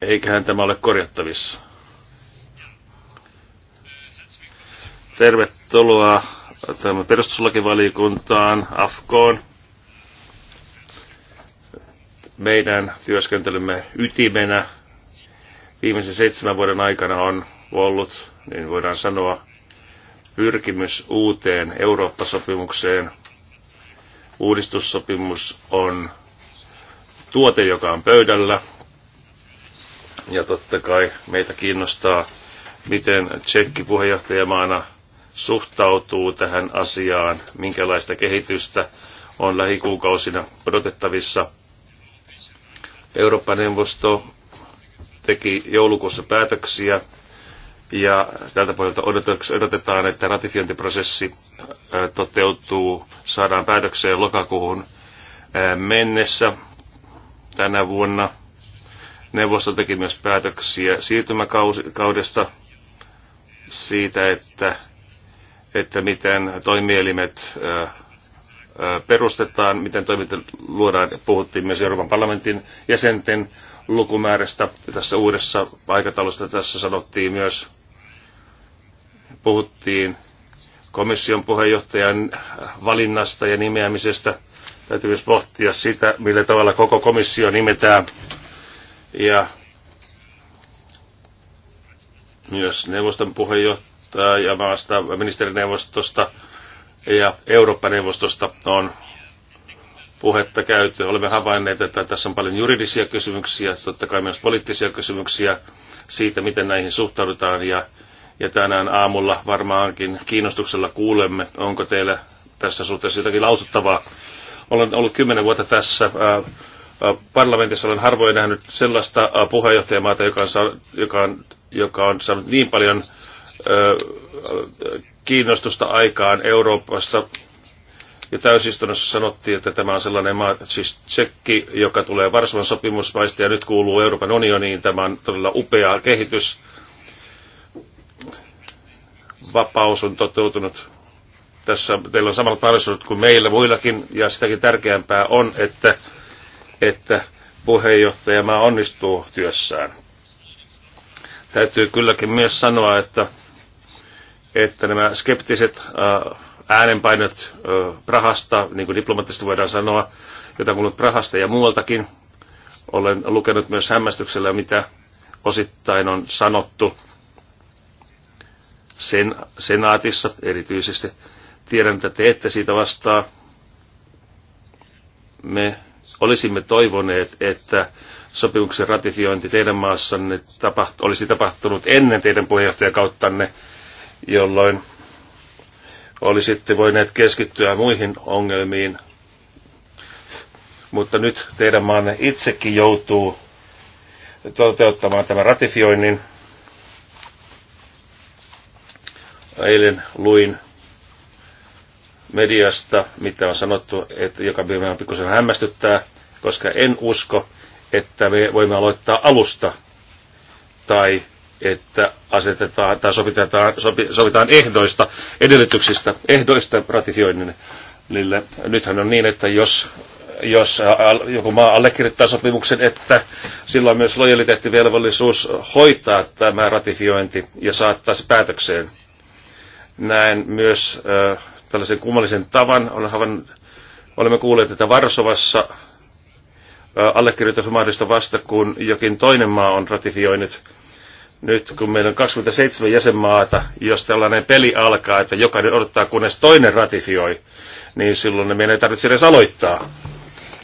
Eiköhän tämä ole korjattavissa. Tervetuloa tämä perustuslakivaliokuntaan, AFKoon. Meidän työskentelymme ytimenä viimeisen seitsemän vuoden aikana on ollut, niin voidaan sanoa, pyrkimys uuteen Eurooppa-sopimukseen. Uudistussopimus on tuote, joka on pöydällä, ja totta kai meitä kiinnostaa, miten Tsekki puheenjohtajamaana suhtautuu tähän asiaan, minkälaista kehitystä on lähikuukausina odotettavissa. Eurooppa-neuvosto teki joulukuussa päätöksiä ja tältä pohjalta odotetaan, että ratifiointiprosessi toteutuu, saadaan päätökseen lokakuuhun mennessä tänä vuonna – Neuvosto teki myös päätöksiä siirtymäkaudesta siitä, että, että miten toimielimet perustetaan, miten toiminta luodaan. Puhuttiin myös Euroopan parlamentin jäsenten lukumäärästä tässä uudessa aikataulusta. Tässä sanottiin myös, puhuttiin komission puheenjohtajan valinnasta ja nimeämisestä. Täytyy myös pohtia sitä, millä tavalla koko komissio nimetään ja myös neuvoston puheenjohtaja ja maasta ministerineuvostosta ja Eurooppa-neuvostosta on puhetta käyty. Olemme havainneet, että tässä on paljon juridisia kysymyksiä, totta kai myös poliittisia kysymyksiä siitä, miten näihin suhtaudutaan. Ja, ja tänään aamulla varmaankin kiinnostuksella kuulemme, onko teillä tässä suhteessa jotakin lausuttavaa. Olen ollut kymmenen vuotta tässä äh, parlamentissa olen harvoin nähnyt sellaista puheenjohtajamaata, joka on, joka on, joka on saanut niin paljon kiinnostusta aikaan Euroopassa. Ja täysistunnossa sanottiin, että tämä on sellainen maa, siis tsekki, joka tulee Varsovan sopimusmaista ja nyt kuuluu Euroopan unioniin. Tämä on todella upea kehitys. Vapaus on toteutunut tässä teillä on samat mahdollisuudet kuin meillä muillakin, ja sitäkin tärkeämpää on, että että puheenjohtajamaa onnistuu työssään. Täytyy kylläkin myös sanoa, että, että nämä skeptiset äh, äänenpainot äh, Prahasta, niin kuin diplomaattisesti voidaan sanoa, jota kuulut Prahasta ja muualtakin, olen lukenut myös hämmästyksellä, mitä osittain on sanottu sen, senaatissa erityisesti. Tiedän, että te ette siitä vastaa. Me olisimme toivoneet, että sopimuksen ratifiointi teidän maassanne tapaht- olisi tapahtunut ennen teidän puheenjohtajakauttanne, jolloin olisitte voineet keskittyä muihin ongelmiin. Mutta nyt teidän maanne itsekin joutuu toteuttamaan tämän ratifioinnin. Eilen luin mediasta, mitä on sanottu, että joka minua pikkusen hämmästyttää, koska en usko, että me voimme aloittaa alusta tai että asetetaan tai sovitetaan, sovi, sovitaan ehdoista, edellytyksistä, ehdoista ratifioinnille. Nythän on niin, että jos, jos joku maa allekirjoittaa sopimuksen, että on myös lojaliteettivelvollisuus hoitaa tämä ratifiointi ja saattaa se päätökseen. Näen myös äh, tällaisen kummallisen tavan. Olemme kuulleet, että Varsovassa allekirjoitus on mahdollista vasta, kun jokin toinen maa on ratifioinut. Nyt kun meillä on 27 jäsenmaata, jos tällainen peli alkaa, että jokainen odottaa, kunnes toinen ratifioi, niin silloin meidän ei tarvitse edes aloittaa.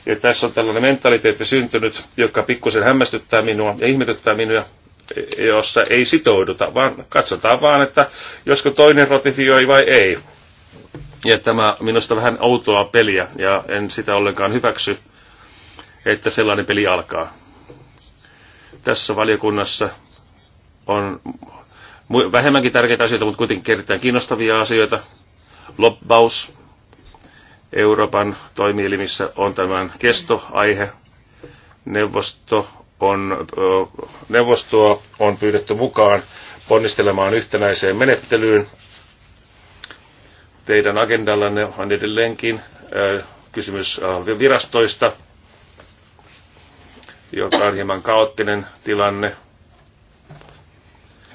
Ja tässä on tällainen mentaliteetti syntynyt, joka pikkusen hämmästyttää minua ja ihmetyttää minua, e-, jossa ei sitouduta, vaan katsotaan vaan, että josko toinen ratifioi vai ei. Ja tämä minusta vähän outoa peliä, ja en sitä ollenkaan hyväksy, että sellainen peli alkaa. Tässä valiokunnassa on vähemmänkin tärkeitä asioita, mutta kuitenkin kertaan kiinnostavia asioita. Lobbaus Euroopan toimielimissä on tämän kestoaihe. Neuvosto on, neuvostoa on pyydetty mukaan ponnistelemaan yhtenäiseen menettelyyn Teidän agendallanne on edelleenkin äh, kysymys äh, virastoista, joka on hieman kaoottinen tilanne.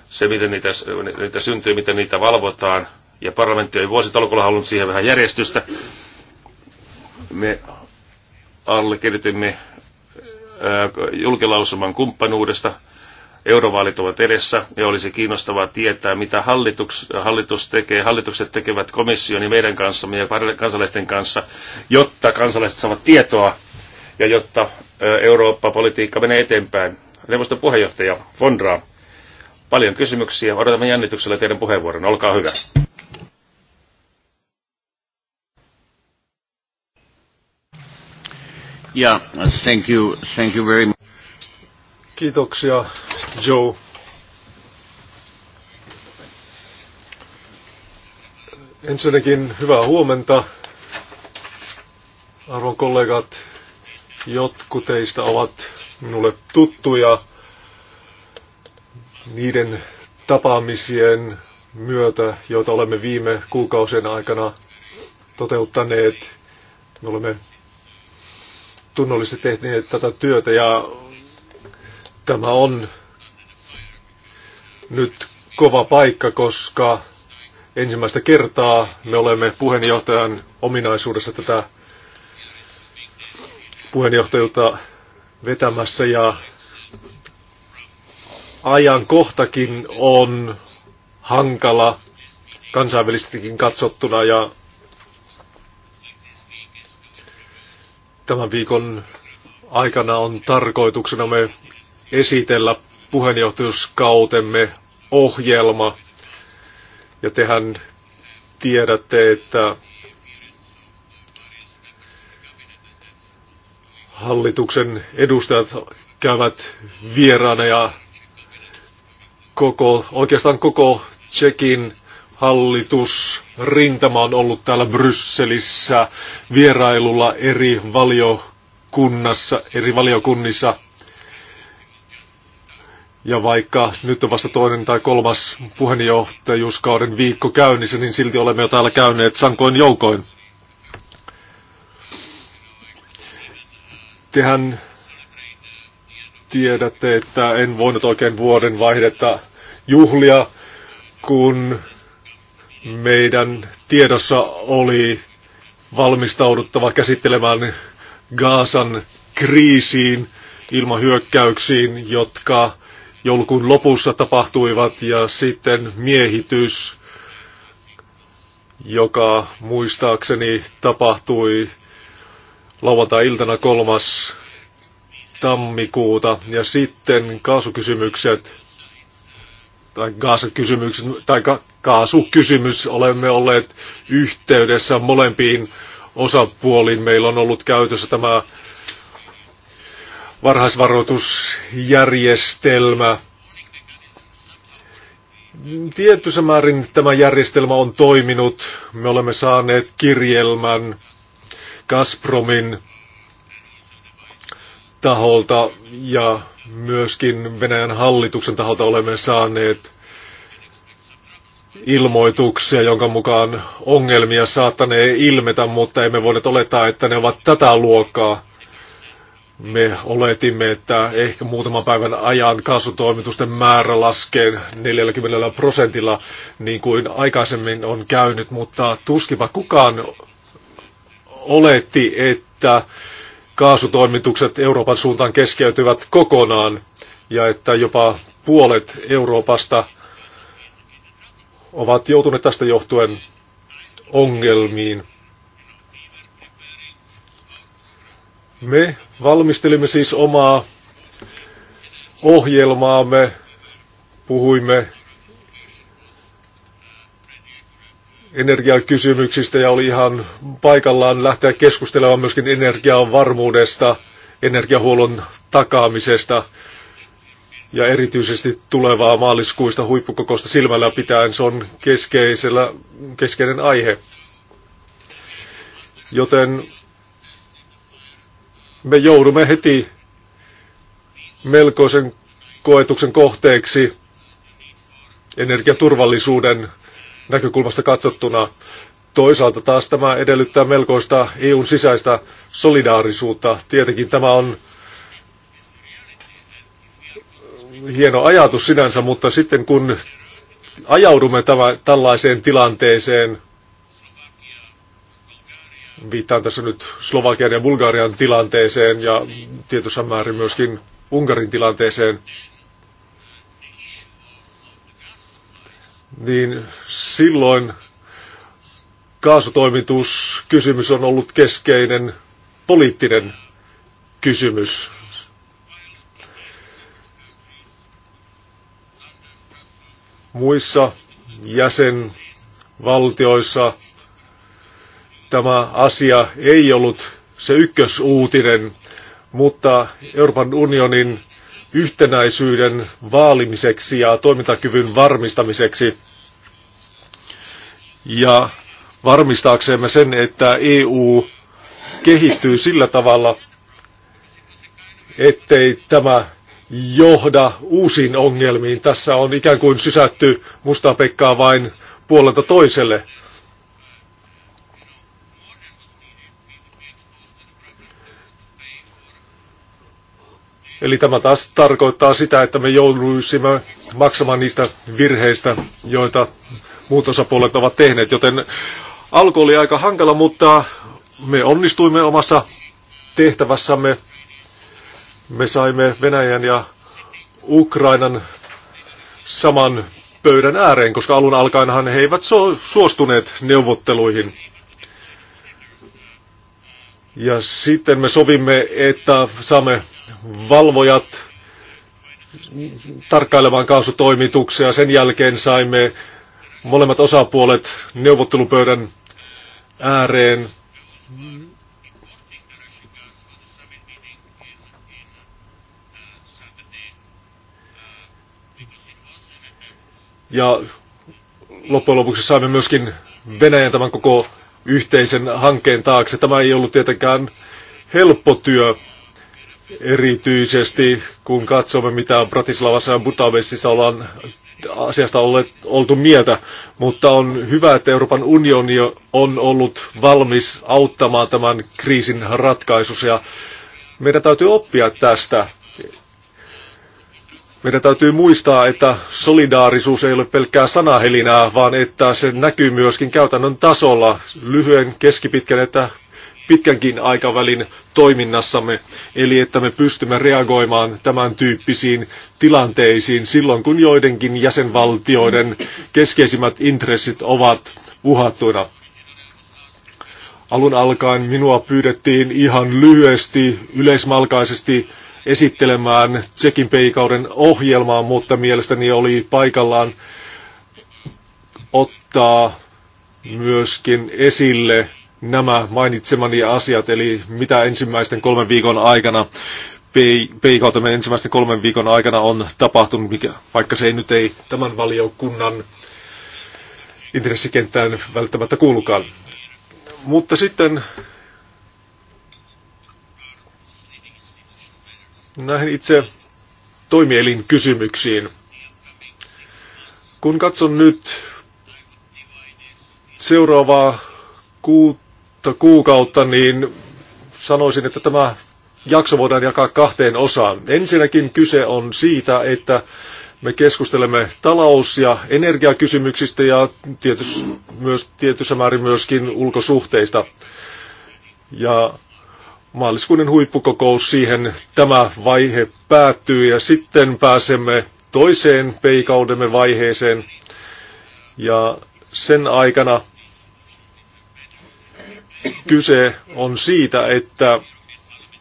Se, miten niitä, niitä syntyy, miten niitä valvotaan, ja parlamentti ei vuositolkulla halunnut siihen vähän järjestystä. Me allekirjoitimme äh, julkilausuman kumppanuudesta Eurovaalit ovat edessä ja olisi kiinnostavaa tietää, mitä hallitus, hallitus tekee, hallitukset tekevät komission ja meidän kanssamme ja kansalaisten kanssa, jotta kansalaiset saavat tietoa ja jotta Eurooppa-politiikka menee eteenpäin. Neuvoston puheenjohtaja Fondra, paljon kysymyksiä. Odotamme jännityksellä teidän puheenvuoron. Olkaa hyvä. Yeah, thank you, thank you very much. Kiitoksia Joe. Ensinnäkin hyvää huomenta, arvon kollegat. Jotkut teistä ovat minulle tuttuja niiden tapaamisien myötä, joita olemme viime kuukausien aikana toteuttaneet. Me olemme tunnollisesti tehneet tätä työtä ja tämä on nyt kova paikka, koska ensimmäistä kertaa me olemme puheenjohtajan ominaisuudessa tätä puheenjohtajuutta vetämässä ja ajankohtakin on hankala kansainvälisestikin katsottuna ja tämän viikon aikana on tarkoituksena me esitellä puheenjohtajuuskautemme ohjelma. Ja tehän tiedätte, että hallituksen edustajat käyvät vieraana ja koko, oikeastaan koko Tsekin hallitus rintama on ollut täällä Brysselissä vierailulla eri valiokunnassa, eri valiokunnissa – ja vaikka nyt on vasta toinen tai kolmas puheenjohtajuuskauden viikko käynnissä, niin silti olemme jo täällä käyneet sankoin joukoin. Tehän tiedätte, että en voinut oikein vuoden vaihdetta juhlia, kun meidän tiedossa oli valmistauduttava käsittelemään Gaasan kriisiin, ilmahyökkäyksiin, jotka joulukuun lopussa tapahtuivat ja sitten miehitys, joka muistaakseni tapahtui lauantai-iltana kolmas tammikuuta ja sitten kaasukysymykset tai kaasukysymykset tai ka- kaasukysymys olemme olleet yhteydessä molempiin osapuoliin. Meillä on ollut käytössä tämä varhaisvaroitusjärjestelmä. Tietyssä määrin tämä järjestelmä on toiminut. Me olemme saaneet kirjelmän Gazpromin taholta ja myöskin Venäjän hallituksen taholta olemme saaneet ilmoituksia, jonka mukaan ongelmia saattanee ilmetä, mutta emme voineet olettaa, että ne ovat tätä luokkaa. Me oletimme, että ehkä muutaman päivän ajan kasvutoimitusten määrä laskee 40 prosentilla, niin kuin aikaisemmin on käynyt, mutta tuskipa kukaan oletti, että kaasutoimitukset Euroopan suuntaan keskeytyvät kokonaan ja että jopa puolet Euroopasta ovat joutuneet tästä johtuen ongelmiin. Me Valmistelimme siis omaa ohjelmaamme, puhuimme energiakysymyksistä ja oli ihan paikallaan lähteä keskustelemaan myöskin energian varmuudesta, energiahuollon takaamisesta ja erityisesti tulevaa maaliskuista huippukokosta silmällä pitäen se on keskeisellä, keskeinen aihe. Joten me joudumme heti melkoisen koetuksen kohteeksi energiaturvallisuuden näkökulmasta katsottuna. Toisaalta taas tämä edellyttää melkoista EUn sisäistä solidaarisuutta. Tietenkin tämä on hieno ajatus sinänsä, mutta sitten kun ajaudumme tämä, tällaiseen tilanteeseen, Viittaan tässä nyt Slovakian ja Bulgarian tilanteeseen ja tietyssä määrin myöskin Unkarin tilanteeseen. Niin silloin kaasutoimituskysymys on ollut keskeinen poliittinen kysymys. Muissa jäsenvaltioissa tämä asia ei ollut se ykkösuutinen, mutta Euroopan unionin yhtenäisyyden vaalimiseksi ja toimintakyvyn varmistamiseksi ja varmistaaksemme sen, että EU kehittyy sillä tavalla, ettei tämä johda uusiin ongelmiin. Tässä on ikään kuin sysätty mustaa pekkaa vain puolelta toiselle. Eli tämä taas tarkoittaa sitä, että me jouduisimme maksamaan niistä virheistä, joita muut osapuolet ovat tehneet. Joten alku oli aika hankala, mutta me onnistuimme omassa tehtävässämme. Me saimme Venäjän ja Ukrainan saman pöydän ääreen, koska alun alkaenhan he eivät so- suostuneet neuvotteluihin. Ja sitten me sovimme, että saamme valvojat tarkkailemaan kaasutoimituksia. Sen jälkeen saimme molemmat osapuolet neuvottelupöydän ääreen. Ja loppujen lopuksi saimme myöskin Venäjän tämän koko yhteisen hankkeen taakse. Tämä ei ollut tietenkään helppo työ. Erityisesti kun katsomme, mitä Bratislavassa ja Budapestissa ollaan asiasta olleet, oltu mieltä, mutta on hyvä, että Euroopan unioni on ollut valmis auttamaan tämän kriisin ratkaisussa ja meidän täytyy oppia tästä. Meidän täytyy muistaa, että solidaarisuus ei ole pelkkää sanahelinää, vaan että se näkyy myöskin käytännön tasolla lyhyen, keskipitkän että pitkänkin aikavälin toiminnassamme, eli että me pystymme reagoimaan tämän tyyppisiin tilanteisiin silloin, kun joidenkin jäsenvaltioiden keskeisimmät intressit ovat uhattuina. Alun alkaen minua pyydettiin ihan lyhyesti, yleismalkaisesti esittelemään Tsekin peikauden ohjelmaa, mutta mielestäni oli paikallaan ottaa myöskin esille nämä mainitsemani asiat, eli mitä ensimmäisten kolmen viikon aikana peikautuminen ensimmäisten kolmen viikon aikana on tapahtunut, mikä, vaikka se ei nyt ei tämän valiokunnan intressikenttään välttämättä kuulukaan. Mutta sitten näihin itse toimielin kysymyksiin. Kun katson nyt seuraavaa kuut kuukautta, niin sanoisin, että tämä jakso voidaan jakaa kahteen osaan. Ensinnäkin kyse on siitä, että me keskustelemme talous- ja energiakysymyksistä ja tietys, myös, tietyssä määrin myöskin ulkosuhteista. Ja maaliskuinen huippukokous siihen tämä vaihe päättyy ja sitten pääsemme toiseen peikaudemme vaiheeseen. Ja sen aikana Kyse on siitä, että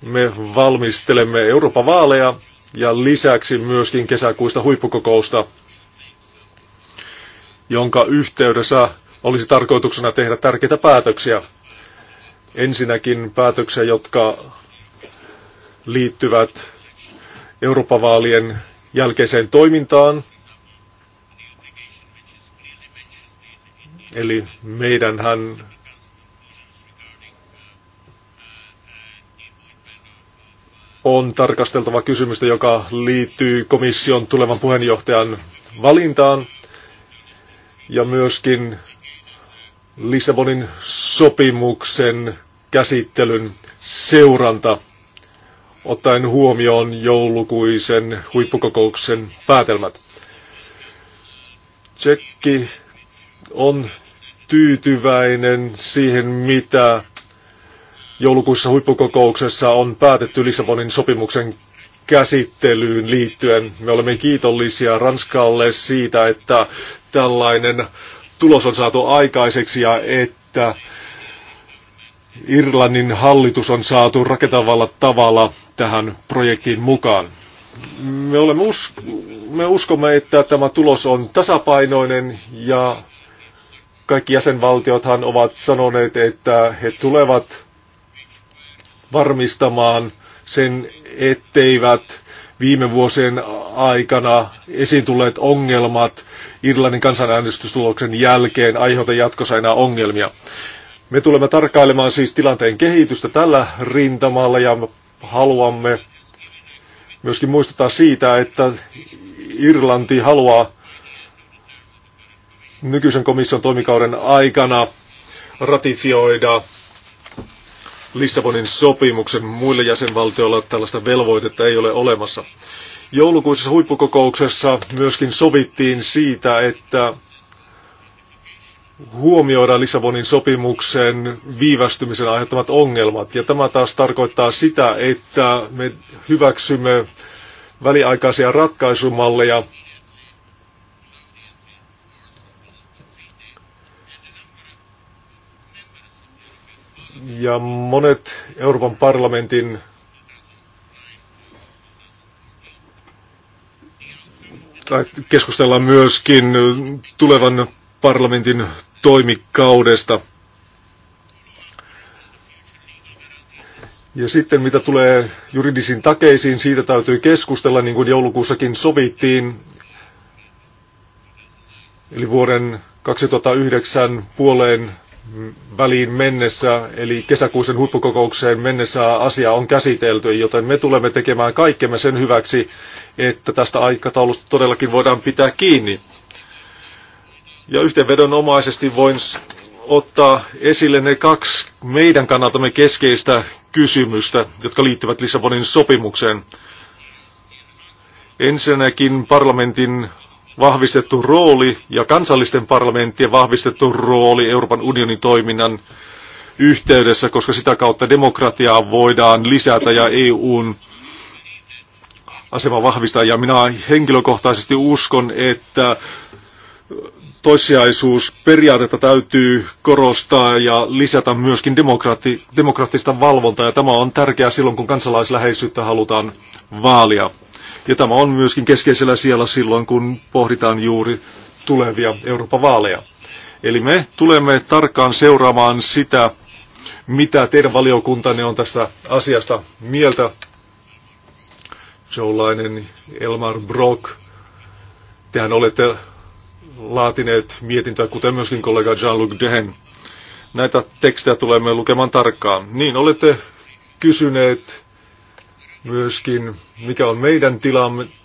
me valmistelemme Euroopan vaaleja ja lisäksi myöskin kesäkuista huippukokousta, jonka yhteydessä olisi tarkoituksena tehdä tärkeitä päätöksiä. Ensinnäkin päätöksiä, jotka liittyvät Euroopan vaalien jälkeiseen toimintaan, Eli meidänhän on tarkasteltava kysymystä, joka liittyy komission tulevan puheenjohtajan valintaan ja myöskin Lissabonin sopimuksen käsittelyn seuranta ottaen huomioon joulukuisen huippukokouksen päätelmät. Tsekki on tyytyväinen siihen, mitä Joulukuussa huippukokouksessa on päätetty Lissabonin sopimuksen käsittelyyn liittyen. Me olemme kiitollisia Ranskalle siitä, että tällainen tulos on saatu aikaiseksi ja että Irlannin hallitus on saatu rakentavalla tavalla tähän projektiin mukaan. Me, olemme us- me uskomme, että tämä tulos on tasapainoinen ja kaikki jäsenvaltiothan ovat sanoneet, että he tulevat varmistamaan sen, etteivät viime vuosien aikana esiin tulleet ongelmat Irlannin kansanäänestystuloksen jälkeen aiheuta jatkossa enää ongelmia. Me tulemme tarkkailemaan siis tilanteen kehitystä tällä rintamalla ja haluamme myöskin muistuttaa siitä, että Irlanti haluaa nykyisen komission toimikauden aikana ratifioida Lissabonin sopimuksen muille jäsenvaltioilla tällaista velvoitetta ei ole olemassa. Joulukuisessa huippukokouksessa myöskin sovittiin siitä, että huomioidaan Lissabonin sopimuksen viivästymisen aiheuttamat ongelmat. Ja tämä taas tarkoittaa sitä, että me hyväksymme väliaikaisia ratkaisumalleja, Ja monet Euroopan parlamentin tai keskustellaan myöskin tulevan parlamentin toimikaudesta. Ja sitten mitä tulee juridisiin takeisiin, siitä täytyy keskustella, niin kuin joulukuussakin sovittiin. Eli vuoden 2009 puoleen väliin mennessä, eli kesäkuisen huippukokoukseen mennessä asia on käsitelty, joten me tulemme tekemään kaikkemme sen hyväksi, että tästä aikataulusta todellakin voidaan pitää kiinni. Ja yhteenvedonomaisesti voin ottaa esille ne kaksi meidän kannaltamme keskeistä kysymystä, jotka liittyvät Lissabonin sopimukseen. Ensinnäkin parlamentin vahvistettu rooli ja kansallisten parlamenttien vahvistettu rooli Euroopan unionin toiminnan yhteydessä, koska sitä kautta demokratiaa voidaan lisätä ja EUn asema vahvistaa. Ja minä henkilökohtaisesti uskon, että toissijaisuusperiaatetta täytyy korostaa ja lisätä myöskin demokraatti, demokraattista valvontaa. Ja tämä on tärkeää silloin, kun kansalaisläheisyyttä halutaan vaalia. Ja tämä on myöskin keskeisellä siellä silloin, kun pohditaan juuri tulevia Euroopan vaaleja. Eli me tulemme tarkkaan seuraamaan sitä, mitä teidän valiokuntanne on tästä asiasta mieltä. Joulainen, Elmar Brock, tehän olette laatineet mietintöä, kuten myöskin kollega Jean-Luc Dehen. Näitä tekstejä tulemme lukemaan tarkkaan. Niin, olette kysyneet myöskin, mikä on meidän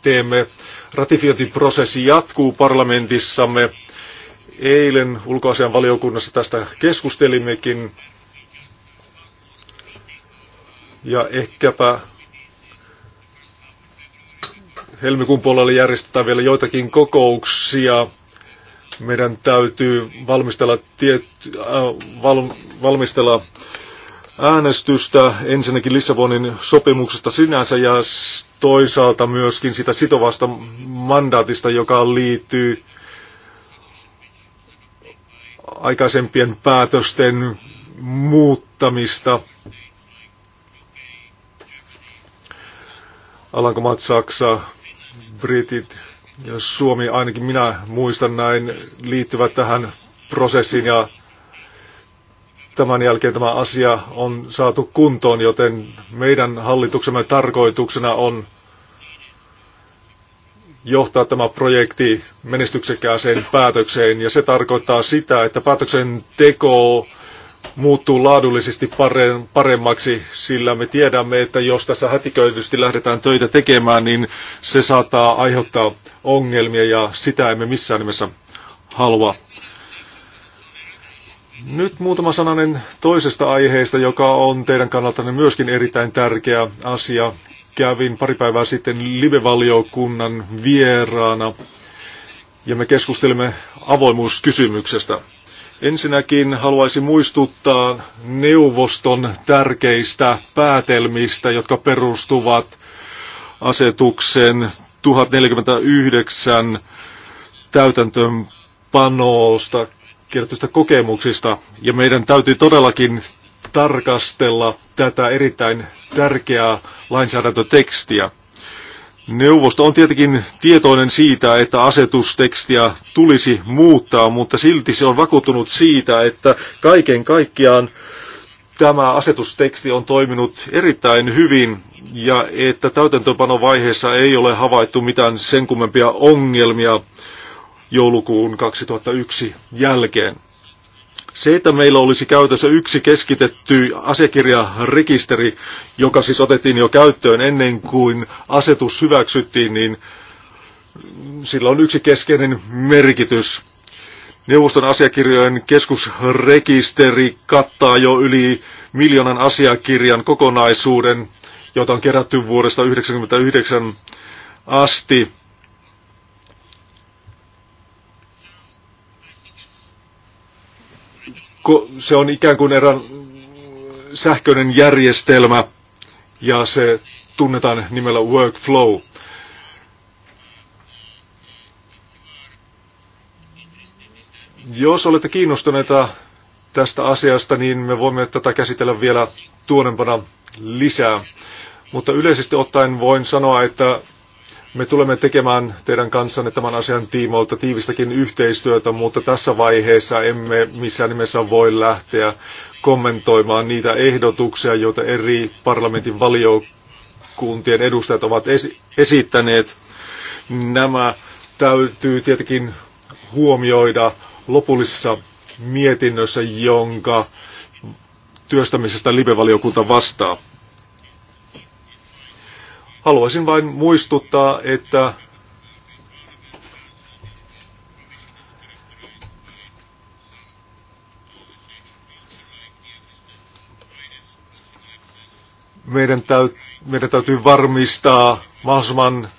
teemme Ratifiointiprosessi jatkuu parlamentissamme. Eilen ulkoasian valiokunnassa tästä keskustelimmekin. Ja ehkäpä helmikuun puolella järjestetään vielä joitakin kokouksia. Meidän täytyy valmistella, tiet, äh, val, valmistella äänestystä ensinnäkin Lissabonin sopimuksesta sinänsä ja toisaalta myöskin sitä sitovasta mandaatista, joka liittyy aikaisempien päätösten muuttamista. Alankomaat, Saksa, Britit ja Suomi, ainakin minä muistan näin, liittyvät tähän prosessiin ja Tämän jälkeen tämä asia on saatu kuntoon, joten meidän hallituksemme tarkoituksena on johtaa tämä projekti menestyksekkääseen päätökseen. Ja se tarkoittaa sitä, että päätöksenteko muuttuu laadullisesti paremmaksi, sillä me tiedämme, että jos tässä hätiköitysti lähdetään töitä tekemään, niin se saattaa aiheuttaa ongelmia ja sitä emme missään nimessä halua. Nyt muutama sananen toisesta aiheesta, joka on teidän kannaltanne myöskin erittäin tärkeä asia. Kävin pari päivää sitten live-valiokunnan vieraana ja me keskustelemme avoimuuskysymyksestä. Ensinnäkin haluaisin muistuttaa neuvoston tärkeistä päätelmistä, jotka perustuvat asetuksen 1049 täytäntöönpanoosta kertoista kokemuksista. Ja meidän täytyy todellakin tarkastella tätä erittäin tärkeää lainsäädäntötekstiä. Neuvosto on tietenkin tietoinen siitä, että asetustekstiä tulisi muuttaa, mutta silti se on vakuuttunut siitä, että kaiken kaikkiaan tämä asetusteksti on toiminut erittäin hyvin ja että täytäntöönpanovaiheessa ei ole havaittu mitään sen kummempia ongelmia joulukuun 2001 jälkeen. Se, että meillä olisi käytössä yksi keskitetty asiakirjarekisteri, joka siis otettiin jo käyttöön ennen kuin asetus hyväksyttiin, niin sillä on yksi keskeinen merkitys. Neuvoston asiakirjojen keskusrekisteri kattaa jo yli miljoonan asiakirjan kokonaisuuden, jota on kerätty vuodesta 1999 asti. se on ikään kuin erään sähköinen järjestelmä ja se tunnetaan nimellä workflow. Jos olette kiinnostuneita tästä asiasta, niin me voimme tätä käsitellä vielä tuonempana lisää. Mutta yleisesti ottaen voin sanoa, että me tulemme tekemään teidän kanssanne tämän asian tiimoilta tiivistäkin yhteistyötä, mutta tässä vaiheessa emme missään nimessä voi lähteä kommentoimaan niitä ehdotuksia, joita eri parlamentin valiokuntien edustajat ovat esittäneet. Nämä täytyy tietenkin huomioida lopullisessa mietinnössä, jonka työstämisestä libevaliokunta vastaa. Haluaisin vain muistuttaa, että meidän, täyt, meidän täytyy varmistaa mahdollisimman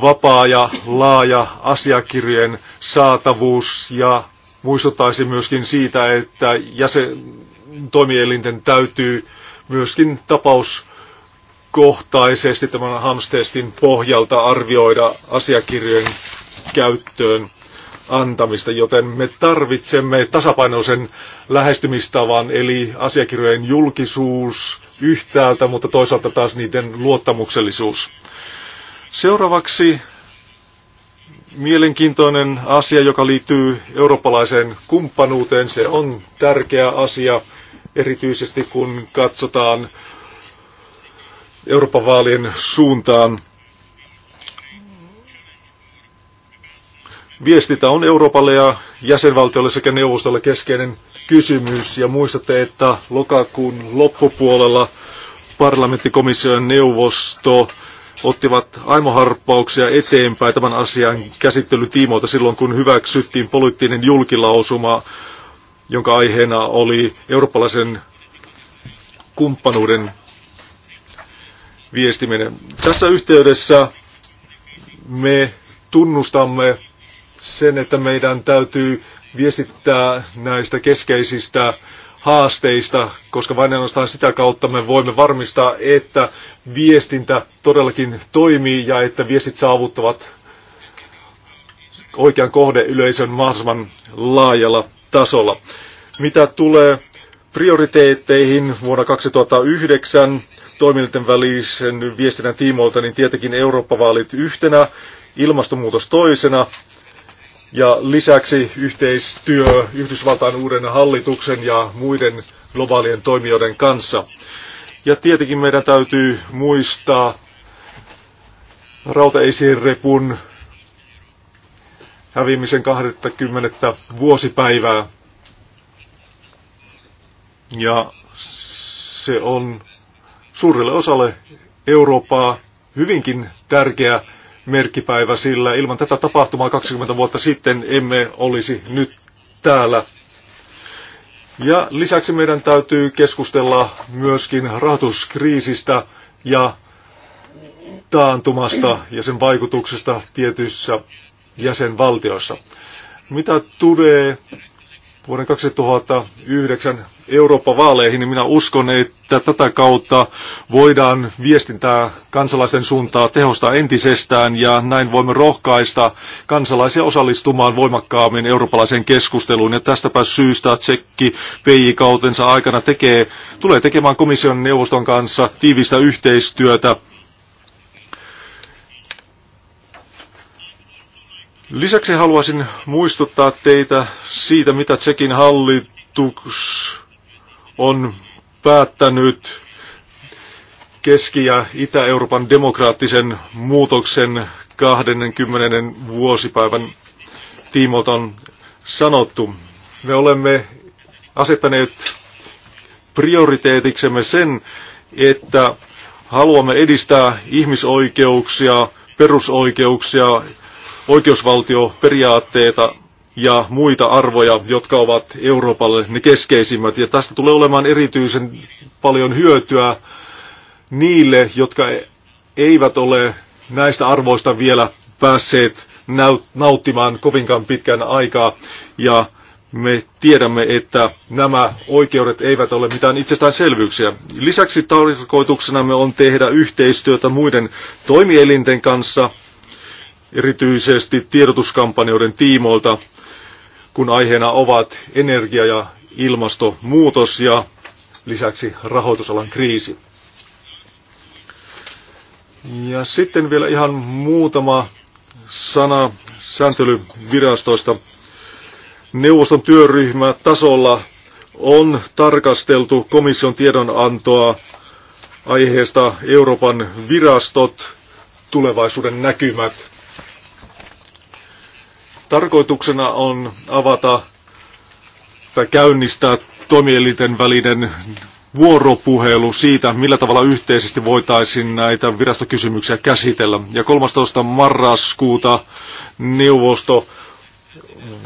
vapaa ja laaja asiakirjojen saatavuus ja muistuttaisin myöskin siitä, että jäsen, toimielinten täytyy myöskin tapaus kohtaisesti tämän hamstestin pohjalta arvioida asiakirjojen käyttöön antamista, joten me tarvitsemme tasapainoisen lähestymistavan, eli asiakirjojen julkisuus yhtäältä, mutta toisaalta taas niiden luottamuksellisuus. Seuraavaksi mielenkiintoinen asia, joka liittyy eurooppalaiseen kumppanuuteen. Se on tärkeä asia, erityisesti kun katsotaan Euroopan vaalien suuntaan. Viestintä on Euroopalle ja jäsenvaltiolle sekä neuvostolle keskeinen kysymys. Ja muistatte, että lokakuun loppupuolella parlamenttikomissio ja neuvosto ottivat aimoharppauksia eteenpäin tämän asian käsittelytiimoilta silloin, kun hyväksyttiin poliittinen julkilausuma, jonka aiheena oli eurooppalaisen kumppanuuden viestiminen. Tässä yhteydessä me tunnustamme sen, että meidän täytyy viestittää näistä keskeisistä haasteista, koska vain ainoastaan sitä kautta me voimme varmistaa, että viestintä todellakin toimii ja että viestit saavuttavat oikean yleisön mahdollisimman laajalla tasolla. Mitä tulee prioriteetteihin vuonna 2009, toimijoiden välisen viestinnän tiimoilta, niin tietenkin Eurooppa-vaalit yhtenä, ilmastonmuutos toisena, ja lisäksi yhteistyö Yhdysvaltain uuden hallituksen ja muiden globaalien toimijoiden kanssa. Ja tietenkin meidän täytyy muistaa rautaesirepun häviämisen 20. vuosipäivää. Ja se on suurelle osalle Eurooppaa hyvinkin tärkeä merkkipäivä, sillä ilman tätä tapahtumaa 20 vuotta sitten emme olisi nyt täällä. Ja lisäksi meidän täytyy keskustella myöskin rahoituskriisistä ja taantumasta ja sen vaikutuksesta tietyissä jäsenvaltioissa. Mitä tulee vuoden 2009 Eurooppa-vaaleihin, niin minä uskon, että tätä kautta voidaan viestintää kansalaisten suuntaa tehostaa entisestään ja näin voimme rohkaista kansalaisia osallistumaan voimakkaammin eurooppalaiseen keskusteluun. Ja tästäpä syystä Tsekki PI-kautensa aikana tekee, tulee tekemään komission neuvoston kanssa tiivistä yhteistyötä Lisäksi haluaisin muistuttaa teitä siitä, mitä Tsekin hallitus on päättänyt Keski- ja Itä-Euroopan demokraattisen muutoksen 20. vuosipäivän tiimoilta on sanottu. Me olemme asettaneet prioriteetiksemme sen, että haluamme edistää ihmisoikeuksia, perusoikeuksia, oikeusvaltioperiaatteita ja muita arvoja, jotka ovat Euroopalle ne keskeisimmät. Ja tästä tulee olemaan erityisen paljon hyötyä niille, jotka e- eivät ole näistä arvoista vielä päässeet nauttimaan kovinkaan pitkän aikaa. Ja me tiedämme, että nämä oikeudet eivät ole mitään itsestäänselvyyksiä. Lisäksi tarkoituksenamme on tehdä yhteistyötä muiden toimielinten kanssa – erityisesti tiedotuskampanjoiden tiimoilta, kun aiheena ovat energia- ja ilmastonmuutos ja lisäksi rahoitusalan kriisi. Ja sitten vielä ihan muutama sana sääntelyvirastoista. Neuvoston työryhmä tasolla on tarkasteltu komission tiedonantoa aiheesta Euroopan virastot, tulevaisuuden näkymät. Tarkoituksena on avata tai käynnistää toimielinten välinen vuoropuhelu siitä, millä tavalla yhteisesti voitaisiin näitä virastokysymyksiä käsitellä. Ja 13. marraskuuta neuvosto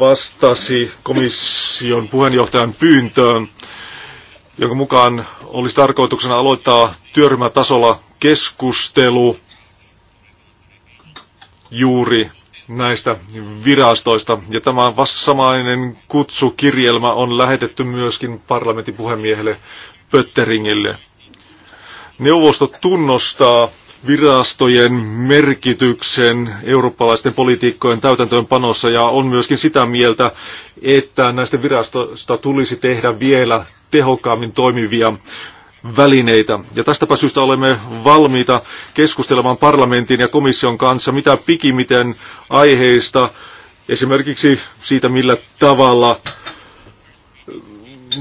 vastasi komission puheenjohtajan pyyntöön, jonka mukaan olisi tarkoituksena aloittaa työryhmätasolla keskustelu juuri näistä virastoista. Ja tämä samainen kutsukirjelmä on lähetetty myöskin parlamentin puhemiehelle Pötteringille. Neuvosto tunnustaa virastojen merkityksen eurooppalaisten politiikkojen täytäntöönpanossa ja on myöskin sitä mieltä, että näistä virastoista tulisi tehdä vielä tehokkaammin toimivia välineitä. Ja tästäpä syystä olemme valmiita keskustelemaan parlamentin ja komission kanssa mitä pikimiten aiheista, esimerkiksi siitä millä tavalla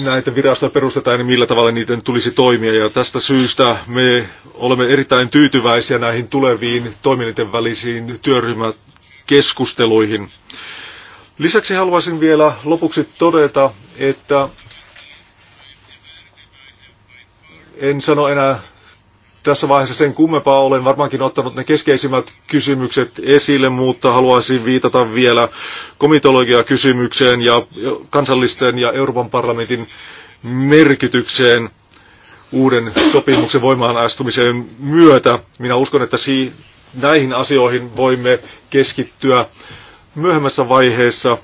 näitä virastoja perustetaan ja millä tavalla niiden tulisi toimia. Ja tästä syystä me olemme erittäin tyytyväisiä näihin tuleviin toiminnan välisiin työryhmäkeskusteluihin. Lisäksi haluaisin vielä lopuksi todeta, että En sano enää tässä vaiheessa sen kummempaa. Olen varmaankin ottanut ne keskeisimmät kysymykset esille, mutta haluaisin viitata vielä komitologiakysymykseen ja kansallisten ja Euroopan parlamentin merkitykseen uuden sopimuksen voimaan astumiseen myötä. Minä uskon, että si- näihin asioihin voimme keskittyä myöhemmässä vaiheessa,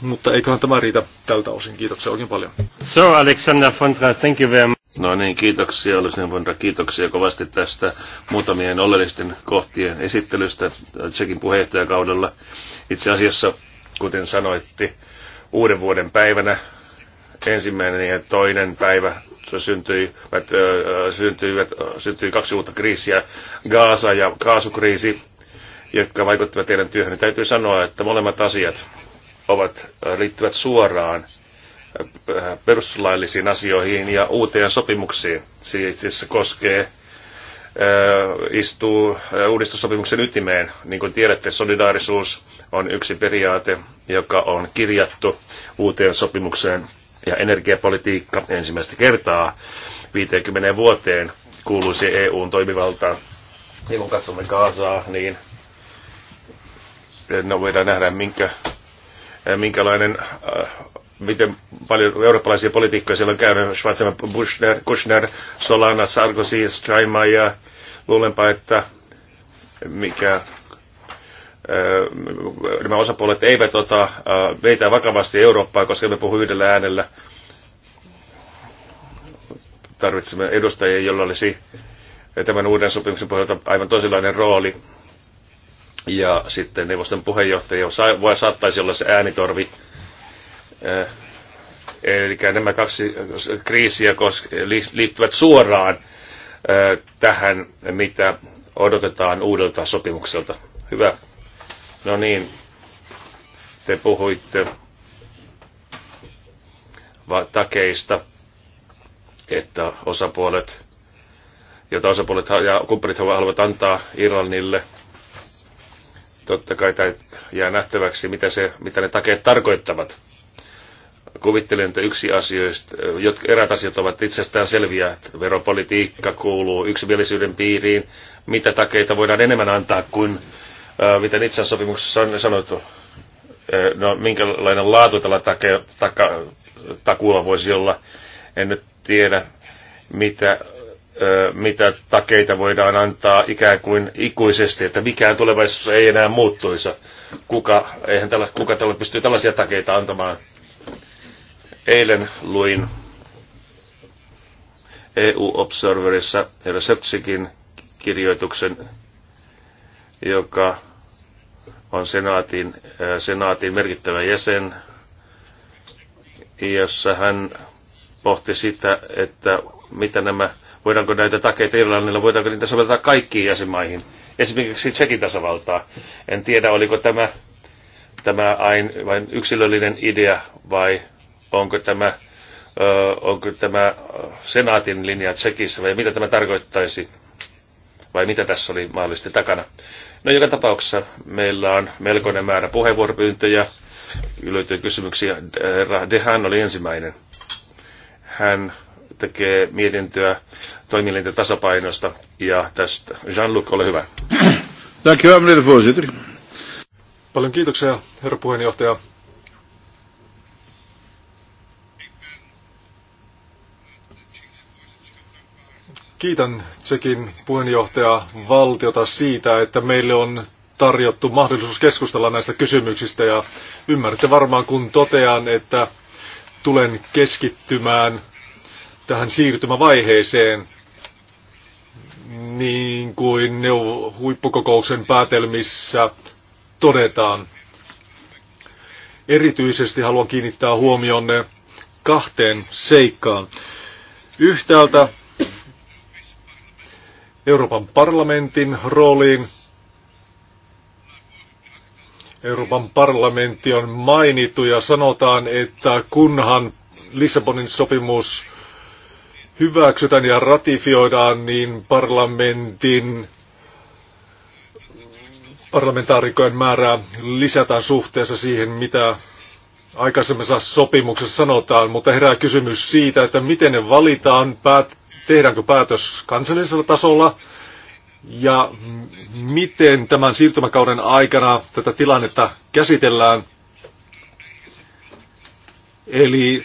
mutta eiköhän tämä riitä tältä osin. Kiitoksia oikein paljon. So Alexander Fontra, thank you very much. No niin, kiitoksia. Olisin voinut kiitoksia kovasti tästä muutamien oleellisten kohtien esittelystä Tsekin puheenjohtajakaudella. Itse asiassa, kuten sanoitti, uuden vuoden päivänä ensimmäinen ja toinen päivä syntyi, äh, syntyi, äh, syntyi kaksi uutta kriisiä, Gaasa ja kaasukriisi, jotka vaikuttivat teidän työhön. Täytyy sanoa, että molemmat asiat ovat, äh, liittyvät suoraan perustuslaillisiin asioihin ja uuteen sopimuksiin. Siis se koskee istuu uudistussopimuksen ytimeen. Niin kuin tiedätte, solidaarisuus on yksi periaate, joka on kirjattu uuteen sopimukseen ja energiapolitiikka ensimmäistä kertaa 50 vuoteen kuuluisi EUn toimivaltaan. Ja kun katsomme Kaasaa, niin no voidaan nähdä, minkä Eh, minkälainen, eh, miten paljon eurooppalaisia poliitikkoja siellä on käynyt, Schwarzenegger, Bushner, Kushner, Solana, Sarkozy, Steinmeier, luulenpa, että mikä eh, nämä osapuolet eivät ota meitä vakavasti Eurooppaa, koska me puhu yhdellä äänellä. Tarvitsemme edustajia, jolla olisi tämän uuden sopimuksen pohjalta aivan toisenlainen rooli. Ja sitten neuvoston puheenjohtaja voi saattaisi olla se äänitorvi. Äh, eli nämä kaksi äh, kriisiä liittyvät suoraan äh, tähän, mitä odotetaan uudelta sopimukselta. Hyvä. No niin, te puhuitte takeista, että osapuolet, joita osapuolet ja kumppanit haluavat antaa Irlannille – Totta kai tai jää nähtäväksi, mitä, se, mitä ne takeet tarkoittavat. Kuvittelen, että yksi asioista, jotka erät asiat ovat itsestään selviä. Veropolitiikka kuuluu yksimielisyyden piiriin. Mitä takeita voidaan enemmän antaa kuin mitä itse sopimuksessa on sanottu? No, minkälainen laatu tällä take, taka, takuulla voisi olla? En nyt tiedä, mitä mitä takeita voidaan antaa ikään kuin ikuisesti, että mikään tulevaisuus ei enää muuttuisi. Kuka, eihän tällä, kuka tällä pystyy tällaisia takeita antamaan? Eilen luin EU-Observerissa herra Sertsikin kirjoituksen, joka on senaatin, senaatin merkittävä jäsen, jossa hän pohti sitä, että mitä nämä Voidaanko näitä takeita Irlannilla, voidaanko niitä soveltaa kaikkiin jäsenmaihin? Esimerkiksi Tsekin tasavaltaa. En tiedä, oliko tämä, tämä ain, vain yksilöllinen idea vai onko tämä, ö, onko tämä senaatin linja Tsekissä vai mitä tämä tarkoittaisi? Vai mitä tässä oli mahdollisesti takana? No joka tapauksessa meillä on melkoinen määrä puheenvuoropyyntöjä. Löytyy kysymyksiä. Dehan oli ensimmäinen. Hän tekee mietintöä toimielinten tasapainosta ja tästä. Jean-Luc, ole hyvä. Paljon kiitoksia, herra puheenjohtaja. Kiitän Tsekin puheenjohtaja valtiota siitä, että meille on tarjottu mahdollisuus keskustella näistä kysymyksistä ja ymmärrätte varmaan kun totean, että tulen keskittymään tähän siirtymävaiheeseen, niin kuin neuvo- huippukokouksen päätelmissä todetaan. Erityisesti haluan kiinnittää huomionne kahteen seikkaan. Yhtäältä Euroopan parlamentin rooliin. Euroopan parlamentti on mainittu ja sanotaan, että kunhan Lissabonin sopimus hyväksytään ja ratifioidaan, niin parlamentin parlamentaarikojen määrää lisätään suhteessa siihen, mitä aikaisemmassa sopimuksessa sanotaan, mutta herää kysymys siitä, että miten ne valitaan, päät, tehdäänkö päätös kansallisella tasolla ja miten tämän siirtymäkauden aikana tätä tilannetta käsitellään. Eli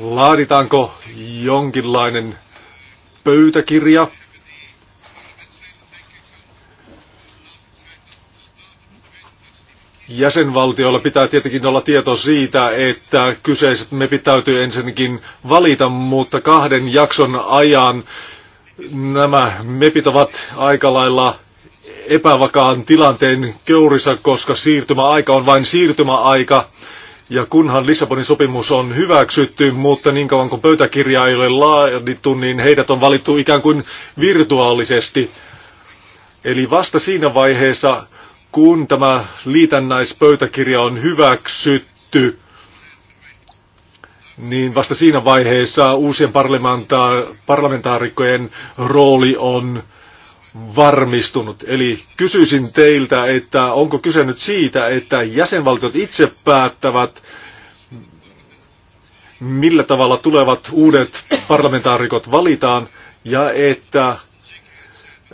laaditaanko jonkinlainen pöytäkirja. Jäsenvaltioilla pitää tietenkin olla tieto siitä, että kyseiset me täytyy ensinnäkin valita, mutta kahden jakson ajan nämä mepit ovat aika lailla epävakaan tilanteen keurissa, koska siirtymäaika on vain siirtymäaika ja kunhan Lissabonin sopimus on hyväksytty, mutta niin kauan kuin pöytäkirja ei ole laadittu, niin heidät on valittu ikään kuin virtuaalisesti. Eli vasta siinä vaiheessa, kun tämä liitännäispöytäkirja on hyväksytty, niin vasta siinä vaiheessa uusien parlamentaarikkojen rooli on varmistunut. Eli kysyisin teiltä, että onko kyse nyt siitä, että jäsenvaltiot itse päättävät, millä tavalla tulevat uudet parlamentaarikot valitaan, ja että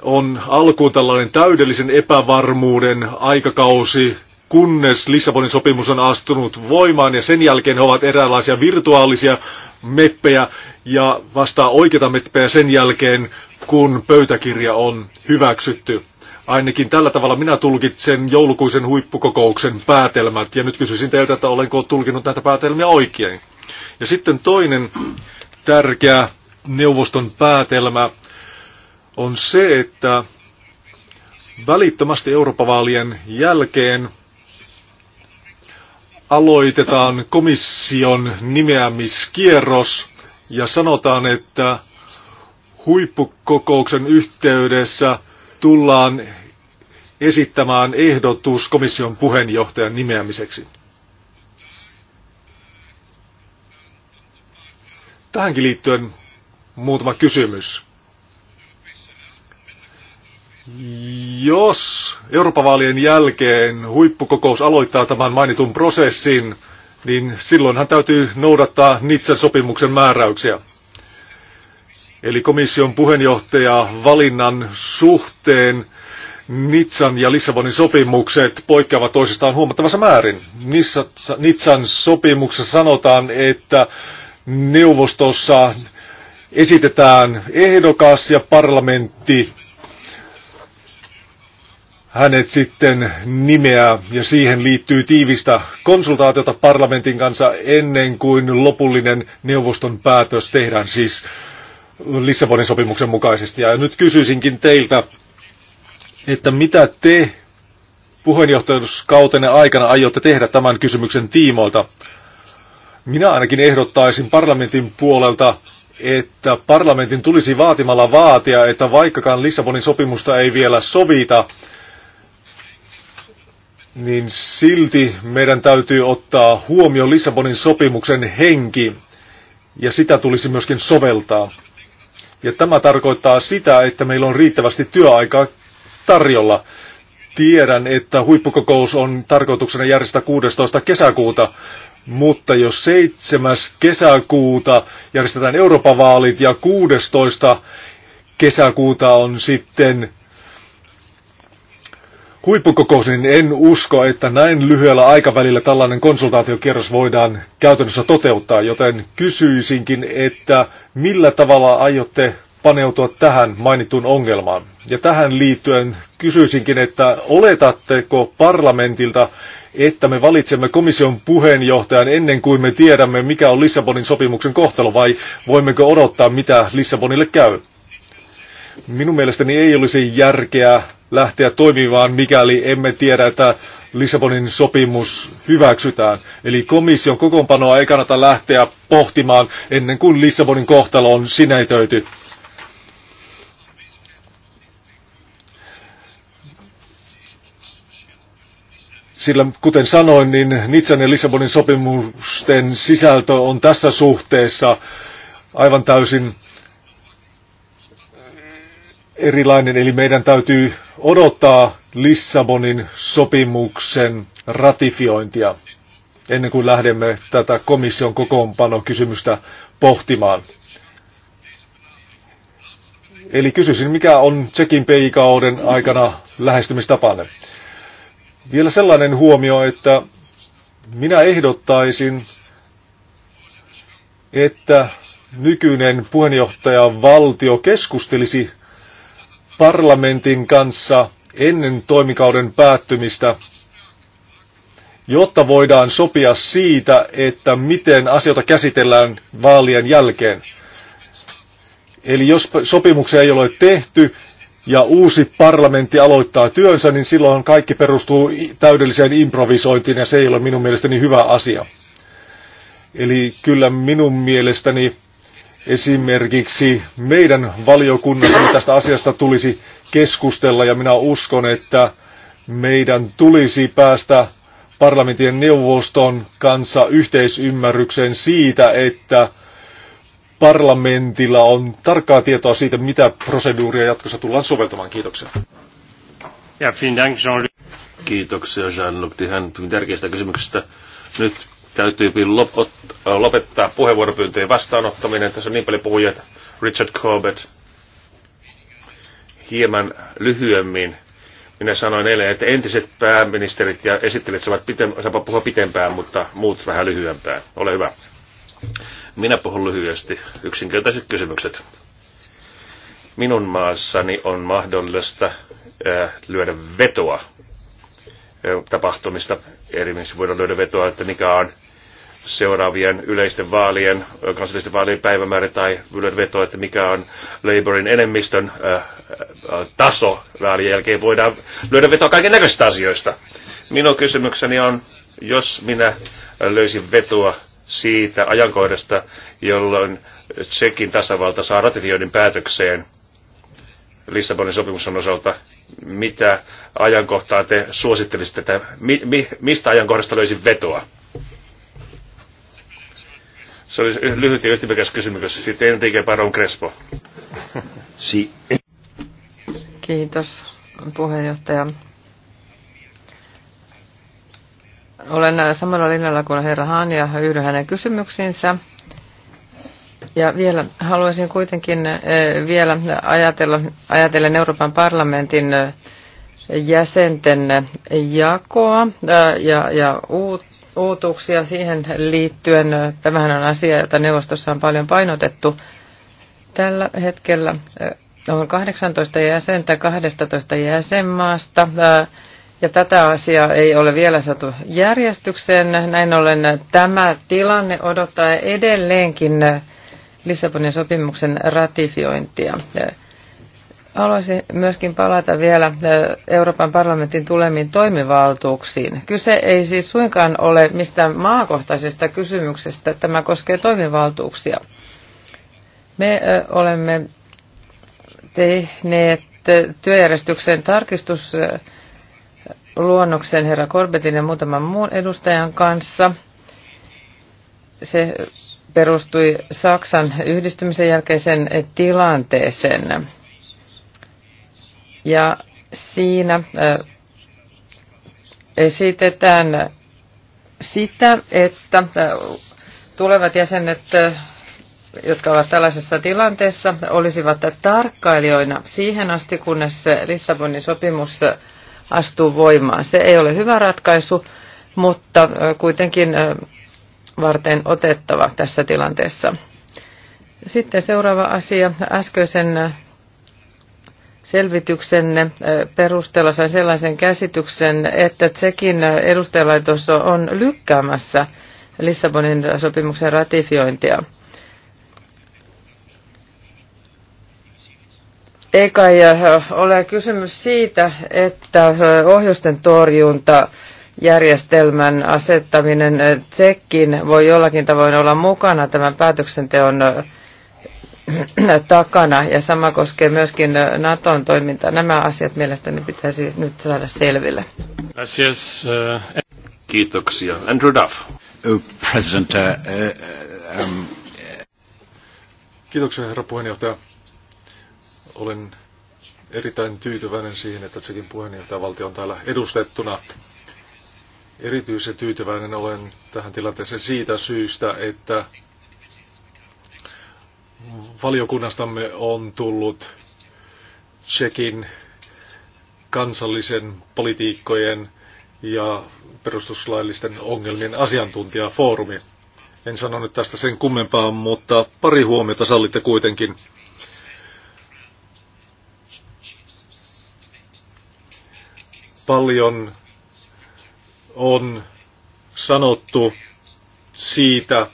on alkuun tällainen täydellisen epävarmuuden aikakausi, kunnes Lissabonin sopimus on astunut voimaan ja sen jälkeen he ovat eräänlaisia virtuaalisia meppejä ja vastaa oikeita meppejä sen jälkeen, kun pöytäkirja on hyväksytty. Ainakin tällä tavalla minä tulkitsen joulukuisen huippukokouksen päätelmät ja nyt kysyisin teiltä, että olenko tulkinut näitä päätelmiä oikein. Ja sitten toinen tärkeä neuvoston päätelmä on se, että välittömästi Euroopan vaalien jälkeen aloitetaan komission nimeämiskierros ja sanotaan, että huippukokouksen yhteydessä tullaan esittämään ehdotus komission puheenjohtajan nimeämiseksi. Tähänkin liittyen muutama kysymys. Jos Euroopan vaalien jälkeen huippukokous aloittaa tämän mainitun prosessin, niin silloinhan täytyy noudattaa Nitsen sopimuksen määräyksiä. Eli komission puheenjohtaja valinnan suhteen Nitsan ja Lissabonin sopimukset poikkeavat toisistaan huomattavassa määrin. Nitsan sopimuksessa sanotaan, että neuvostossa esitetään ehdokas ja parlamentti hänet sitten nimeää ja siihen liittyy tiivistä konsultaatiota parlamentin kanssa ennen kuin lopullinen neuvoston päätös tehdään siis Lissabonin sopimuksen mukaisesti. Ja nyt kysyisinkin teiltä, että mitä te puheenjohtajuuskautenne aikana aiotte tehdä tämän kysymyksen tiimoilta? Minä ainakin ehdottaisin parlamentin puolelta että parlamentin tulisi vaatimalla vaatia, että vaikkakaan Lissabonin sopimusta ei vielä sovita, niin silti meidän täytyy ottaa huomioon Lissabonin sopimuksen henki, ja sitä tulisi myöskin soveltaa. Ja tämä tarkoittaa sitä, että meillä on riittävästi työaikaa tarjolla. Tiedän, että huippukokous on tarkoituksena järjestää 16. kesäkuuta, mutta jos 7. kesäkuuta järjestetään Euroopan vaalit ja 16. kesäkuuta on sitten huippukokous, niin en usko, että näin lyhyellä aikavälillä tällainen konsultaatiokierros voidaan käytännössä toteuttaa, joten kysyisinkin, että millä tavalla aiotte paneutua tähän mainittuun ongelmaan. Ja tähän liittyen kysyisinkin, että oletatteko parlamentilta, että me valitsemme komission puheenjohtajan ennen kuin me tiedämme, mikä on Lissabonin sopimuksen kohtalo, vai voimmeko odottaa, mitä Lissabonille käy? Minun mielestäni ei olisi järkeä lähteä toimimaan, mikäli emme tiedä, että Lissabonin sopimus hyväksytään. Eli komission kokoonpanoa ei kannata lähteä pohtimaan ennen kuin Lissabonin kohtalo on sinetöity. Sillä kuten sanoin, niin Nitsan ja Lissabonin sopimusten sisältö on tässä suhteessa aivan täysin erilainen, eli meidän täytyy odottaa Lissabonin sopimuksen ratifiointia ennen kuin lähdemme tätä komission kokoonpanokysymystä pohtimaan. Eli kysyisin, mikä on Tsekin peikauden aikana lähestymistapanne? Vielä sellainen huomio, että minä ehdottaisin, että nykyinen puheenjohtaja valtio keskustelisi parlamentin kanssa ennen toimikauden päättymistä, jotta voidaan sopia siitä, että miten asioita käsitellään vaalien jälkeen. Eli jos sopimuksia ei ole tehty ja uusi parlamentti aloittaa työnsä, niin silloin kaikki perustuu täydelliseen improvisointiin ja se ei ole minun mielestäni hyvä asia. Eli kyllä minun mielestäni Esimerkiksi meidän valiokunnassa tästä asiasta tulisi keskustella ja minä uskon, että meidän tulisi päästä parlamentin neuvoston kanssa yhteisymmärrykseen siitä, että parlamentilla on tarkkaa tietoa siitä, mitä proseduuria jatkossa tullaan soveltamaan. Kiitoksia. Ja, Kiitoksia Jean-Luc Dihan tärkeästä kysymyksestä. Nyt Täytyy äh, lopettaa puheenvuoropyyntöjen vastaanottaminen. Tässä on niin paljon puhujia, Richard Corbett hieman lyhyemmin. Minä sanoin eilen, että entiset pääministerit ja esittelijät saavat pitem- saavat puhua pitempään, mutta muut vähän lyhyempään. Ole hyvä. Minä puhun lyhyesti. Yksinkertaiset kysymykset. Minun maassani on mahdollista äh, lyödä vetoa äh, tapahtumista. Esimerkiksi voidaan löydä vetoa, että mikä on seuraavien yleisten vaalien, kansallisten vaalien päivämäärä tai yleinen veto, että mikä on Labourin enemmistön äh, taso vaalien jälkeen. Voidaan löydä vetoa kaiken näköisistä asioista. Minun kysymykseni on, jos minä löysin vetoa siitä ajankohdasta, jolloin Tsekin tasavalta saa ratifioinnin päätökseen Lissabonin sopimuksen osalta, mitä ajankohtaa te suosittelisitte, että mi, mi, mistä ajankohdasta löysin vetoa? Se oli lyhyt ja yhtimekäs kysymys. Sitten Enrique Baron Crespo. Si. Kiitos puheenjohtaja. Olen äh, samalla linjalla kuin herra Han ja yhdyn hänen kysymyksiinsä. Ja vielä haluaisin kuitenkin vielä ajatella, ajatella Euroopan parlamentin jäsenten jakoa ja, ja uutta. uutuuksia siihen liittyen. Tämähän on asia, jota neuvostossa on paljon painotettu. Tällä hetkellä on 18 jäsentä 12 jäsenmaasta ja tätä asiaa ei ole vielä saatu järjestykseen. Näin ollen tämä tilanne odottaa edelleenkin Lissabonin sopimuksen ratifiointia. Haluaisin myöskin palata vielä Euroopan parlamentin tulemiin toimivaltuuksiin. Kyse ei siis suinkaan ole mistään maakohtaisesta kysymyksestä. Tämä koskee toimivaltuuksia. Me olemme tehneet työjärjestyksen tarkistusluonnoksen herra Korbetin ja muutaman muun edustajan kanssa. Se perustui Saksan yhdistymisen jälkeisen tilanteeseen. Ja siinä esitetään sitä, että tulevat jäsenet, jotka ovat tällaisessa tilanteessa, olisivat tarkkailijoina siihen asti, kunnes Lissabonin sopimus astuu voimaan. Se ei ole hyvä ratkaisu, mutta kuitenkin varten otettava tässä tilanteessa. Sitten seuraava asia. Äskeisen äh, selvityksen äh, perusteella sain sellaisen käsityksen, että Tsekin äh, edustajalaitos on lykkäämässä Lissabonin sopimuksen ratifiointia. Eikä ole kysymys siitä, että ohjusten torjunta järjestelmän asettaminen eh, tsekkiin voi jollakin tavoin olla mukana tämän päätöksenteon eh, takana ja sama koskee myöskin eh, Naton toimintaa. Nämä asiat mielestäni pitäisi nyt saada selville. Kiitoksia. Andrew Duff. Uh, President, uh, uh, um, Kiitoksia herra puheenjohtaja. Olen erittäin tyytyväinen siihen, että sekin puheenjohtajavaltio on täällä edustettuna. Erityisen tyytyväinen olen tähän tilanteeseen siitä syystä, että valiokunnastamme on tullut Tsekin kansallisen politiikkojen ja perustuslaillisten ongelmien asiantuntijafoorumi. En sano nyt tästä sen kummempaa, mutta pari huomiota sallitte kuitenkin. Paljon on sanottu siitä,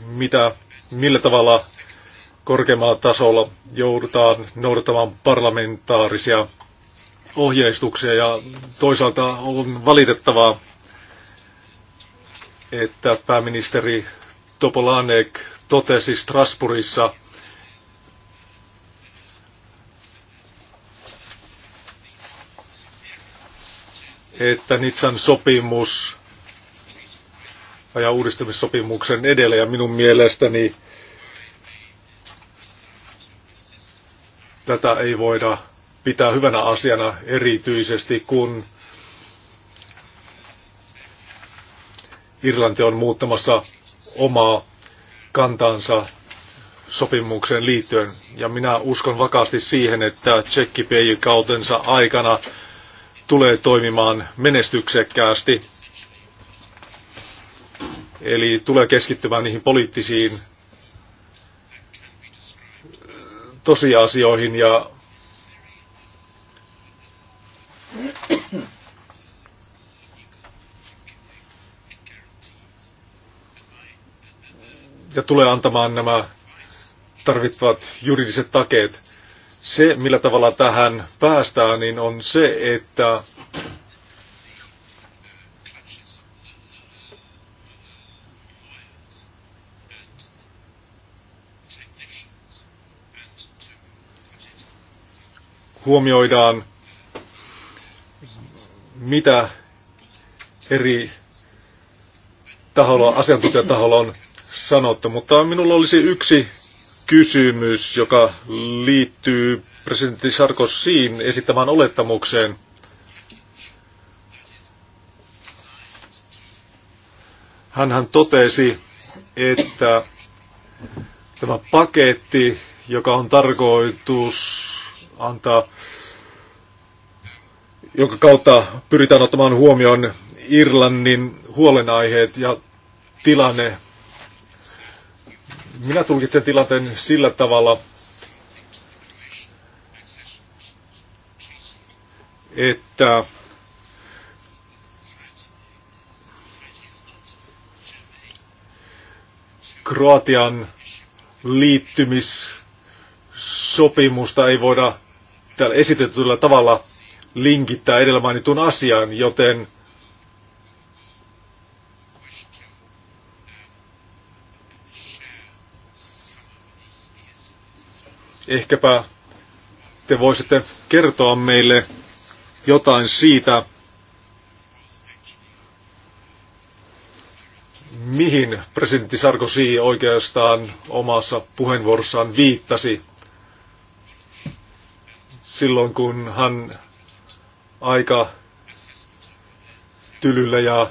mitä, millä tavalla korkeammalla tasolla joudutaan noudattamaan parlamentaarisia ohjeistuksia ja toisaalta on valitettavaa, että pääministeri Topolanek totesi Strasbourgissa – että Nitsan sopimus ja uudistamissopimuksen edellä ja minun mielestäni tätä ei voida pitää hyvänä asiana erityisesti, kun Irlanti on muuttamassa omaa kantansa sopimukseen liittyen. Ja minä uskon vakaasti siihen, että tsekki kautensa aikana tulee toimimaan menestyksekkäästi. Eli tulee keskittymään niihin poliittisiin äh, tosiasioihin ja ja tulee antamaan nämä tarvittavat juridiset takeet. Se, millä tavalla tähän päästään, niin on se, että huomioidaan, mitä eri taholla, asiantuntijataholla on sanottu, mutta minulla olisi yksi kysymys, joka liittyy presidentti Sarkozyin esittämään olettamukseen. Hänhän totesi, että tämä paketti, joka on tarkoitus antaa, jonka kautta pyritään ottamaan huomioon Irlannin huolenaiheet ja tilanne minä tulkitsen tilanteen sillä tavalla, että Kroatian liittymissopimusta ei voida tällä esitetyllä tavalla linkittää edellä mainitun asian, joten Ehkäpä te voisitte kertoa meille jotain siitä, mihin presidentti Sarkozy oikeastaan omassa puheenvuorossaan viittasi silloin, kun hän aika tylyllä ja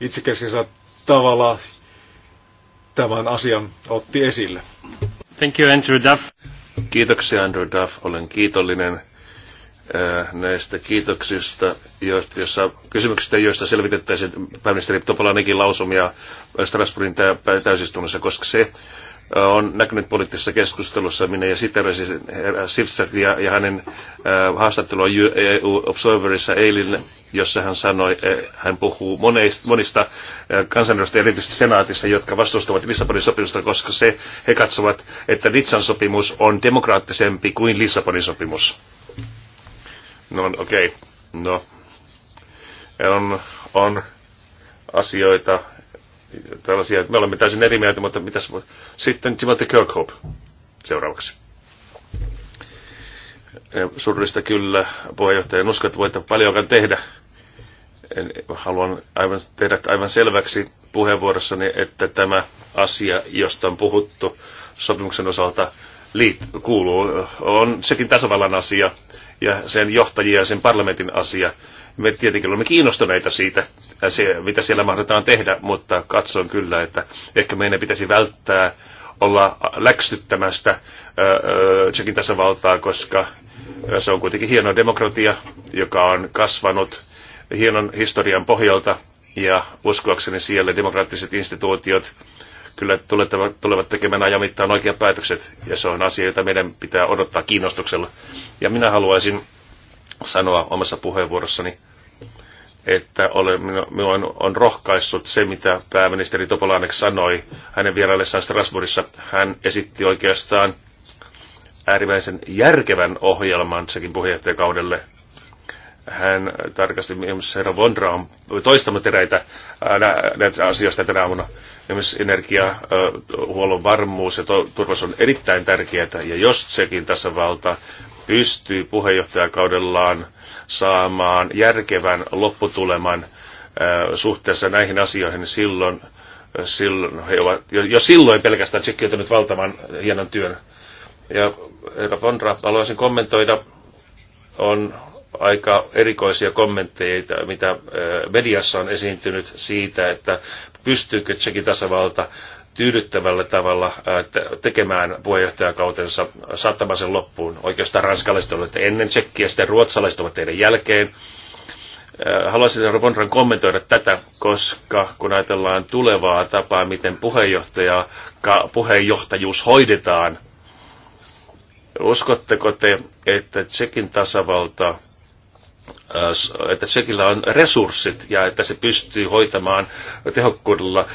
itsekeskeisellä tavalla tämän asian otti esille. Thank you, Andrew Duff. Kiitoksia Andrew Duff, olen kiitollinen äh, näistä kiitoksista, joissa, kysymyksistä, joista selvitettäisiin pääministeri Topolanikin lausumia Strasbourgin täysistunnossa, koska se on näkynyt poliittisessa keskustelussa. Minä ja siteräsin herra Sirsak ja, ja hänen haastattelua EU Observerissa eilen, jossa hän sanoi, hän puhuu moneista, monista kansanedustajista, erityisesti senaatissa, jotka vastustavat Lissabonin sopimusta, koska se, he katsovat, että ritsan sopimus on demokraattisempi kuin Lissabonin sopimus. No okei, okay. no on, on asioita, tällaisia, me olemme täysin eri mieltä, mutta mitäs sitten Timothy Kirkhope seuraavaksi. Surrista kyllä, puheenjohtaja, en usko, että voitte paljonkaan tehdä. En, haluan aivan, tehdä aivan selväksi puheenvuorossani, että tämä asia, josta on puhuttu sopimuksen osalta, liit, kuuluu, on sekin tasavallan asia ja sen johtajia ja sen parlamentin asia me tietenkin olemme kiinnostuneita siitä, mitä siellä mahdotaan tehdä, mutta katson kyllä, että ehkä meidän pitäisi välttää olla läksyttämästä Tsekin tasavaltaa, koska se on kuitenkin hieno demokratia, joka on kasvanut hienon historian pohjalta ja uskoakseni siellä demokraattiset instituutiot kyllä tulevat tekemään ajan mittaan oikeat päätökset ja se on asia, jota meidän pitää odottaa kiinnostuksella. Ja minä haluaisin sanoa omassa puheenvuorossani että olen, minua on, on rohkaissut se, mitä pääministeri Topolanek sanoi hänen vieraillessaan Strasbourgissa. Hän esitti oikeastaan äärimmäisen järkevän ohjelman sekin puheenjohtajakaudelle. Hän tarkasti, myös herra Vondra on toistanut eräitä näitä asioista tänä aamuna. Esimerkiksi energiahuollon varmuus ja turvallisuus on erittäin tärkeää, ja jos sekin tässä valta pystyy puheenjohtajakaudellaan saamaan järkevän lopputuleman suhteessa näihin asioihin silloin, silloin he ovat, jo, jo silloin pelkästään tsekki on valtavan hienon työn. Ja herra von Rapp, haluaisin kommentoida, on aika erikoisia kommentteja, mitä mediassa on esiintynyt siitä, että pystyykö Tsekin tasavalta tyydyttävällä tavalla tekemään puheenjohtajakautensa saattamaan sen loppuun. Oikeastaan ranskalaiset olivat ennen tsekkiä, sitten ruotsalaiset ovat teidän jälkeen. Haluaisin Vondran kommentoida tätä, koska kun ajatellaan tulevaa tapaa, miten puheenjohtaja, puheenjohtajuus hoidetaan, uskotteko te, että Tsekin tasavalta että Tsekillä on resurssit ja että se pystyy hoitamaan tehokkuudella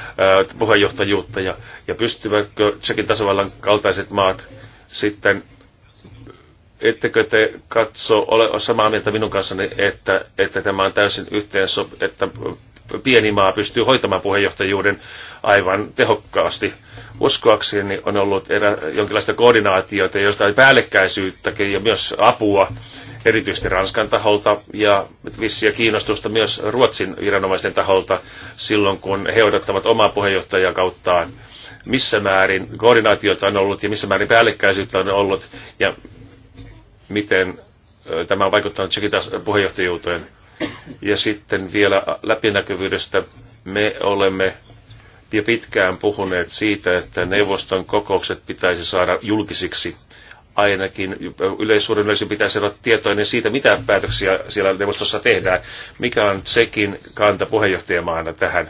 puheenjohtajuutta ja, ja pystyvätkö Tsekin tasavallan kaltaiset maat sitten ettekö te katso, ole samaa mieltä minun kanssani, että, että tämä on täysin yhteensop, että pieni maa pystyy hoitamaan puheenjohtajuuden aivan tehokkaasti. Uskoakseni on ollut erä, jonkinlaista koordinaatiota, jostain päällekkäisyyttäkin ja myös apua erityisesti Ranskan taholta ja vissiä kiinnostusta myös Ruotsin viranomaisten taholta silloin, kun he odottavat omaa kauttaan, missä määrin koordinaatiota on ollut ja missä määrin päällekkäisyyttä on ollut ja miten tämä on vaikuttanut Tsekitas puheenjohtajuuteen. Ja sitten vielä läpinäkyvyydestä. Me olemme jo pitkään puhuneet siitä, että neuvoston kokoukset pitäisi saada julkisiksi ainakin yleissuurin yleisö pitäisi olla tietoinen siitä, mitä päätöksiä siellä neuvostossa tehdään. Mikä on Tsekin kanta puheenjohtajamaana tähän?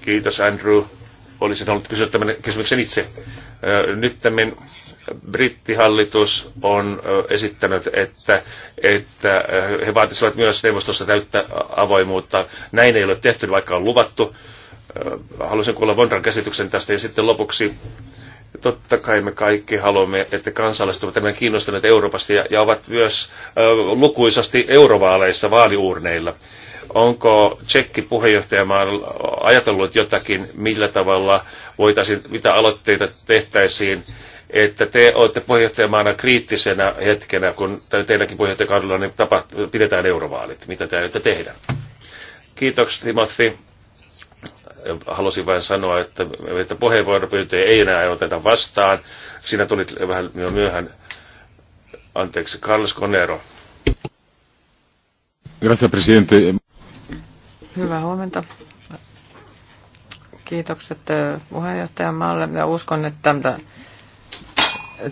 Kiitos Andrew. Olisin ollut kysyä tämän kysymyksen itse. Nyt tämän brittihallitus on esittänyt, että, että he vaatisivat myös neuvostossa täyttä avoimuutta. Näin ei ole tehty, vaikka on luvattu. Haluaisin kuulla Vondran käsityksen tästä. Ja sitten lopuksi Totta kai me kaikki haluamme, että kansalaiset ovat enemmän kiinnostuneet Euroopasta ja, ja ovat myös ö, lukuisasti eurovaaleissa vaaliuurneilla. Onko Tsekki puheenjohtajamaan ajatellut jotakin, millä tavalla voitaisiin, mitä aloitteita tehtäisiin, että te olette puheenjohtajamaana kriittisenä hetkenä, kun teidänkin puheenjohtajakaudella niin pidetään eurovaalit. Mitä te aiotte tehdä? Kiitoksia Timothy halusin vain sanoa, että, että puheenvuoropyyntöjä ei enää oteta vastaan. Sinä tulit vähän myöhään. Anteeksi, Carlos Conero. Grazie, Hyvää huomenta. Kiitokset eh, puheenjohtajamaalle ja uskon, että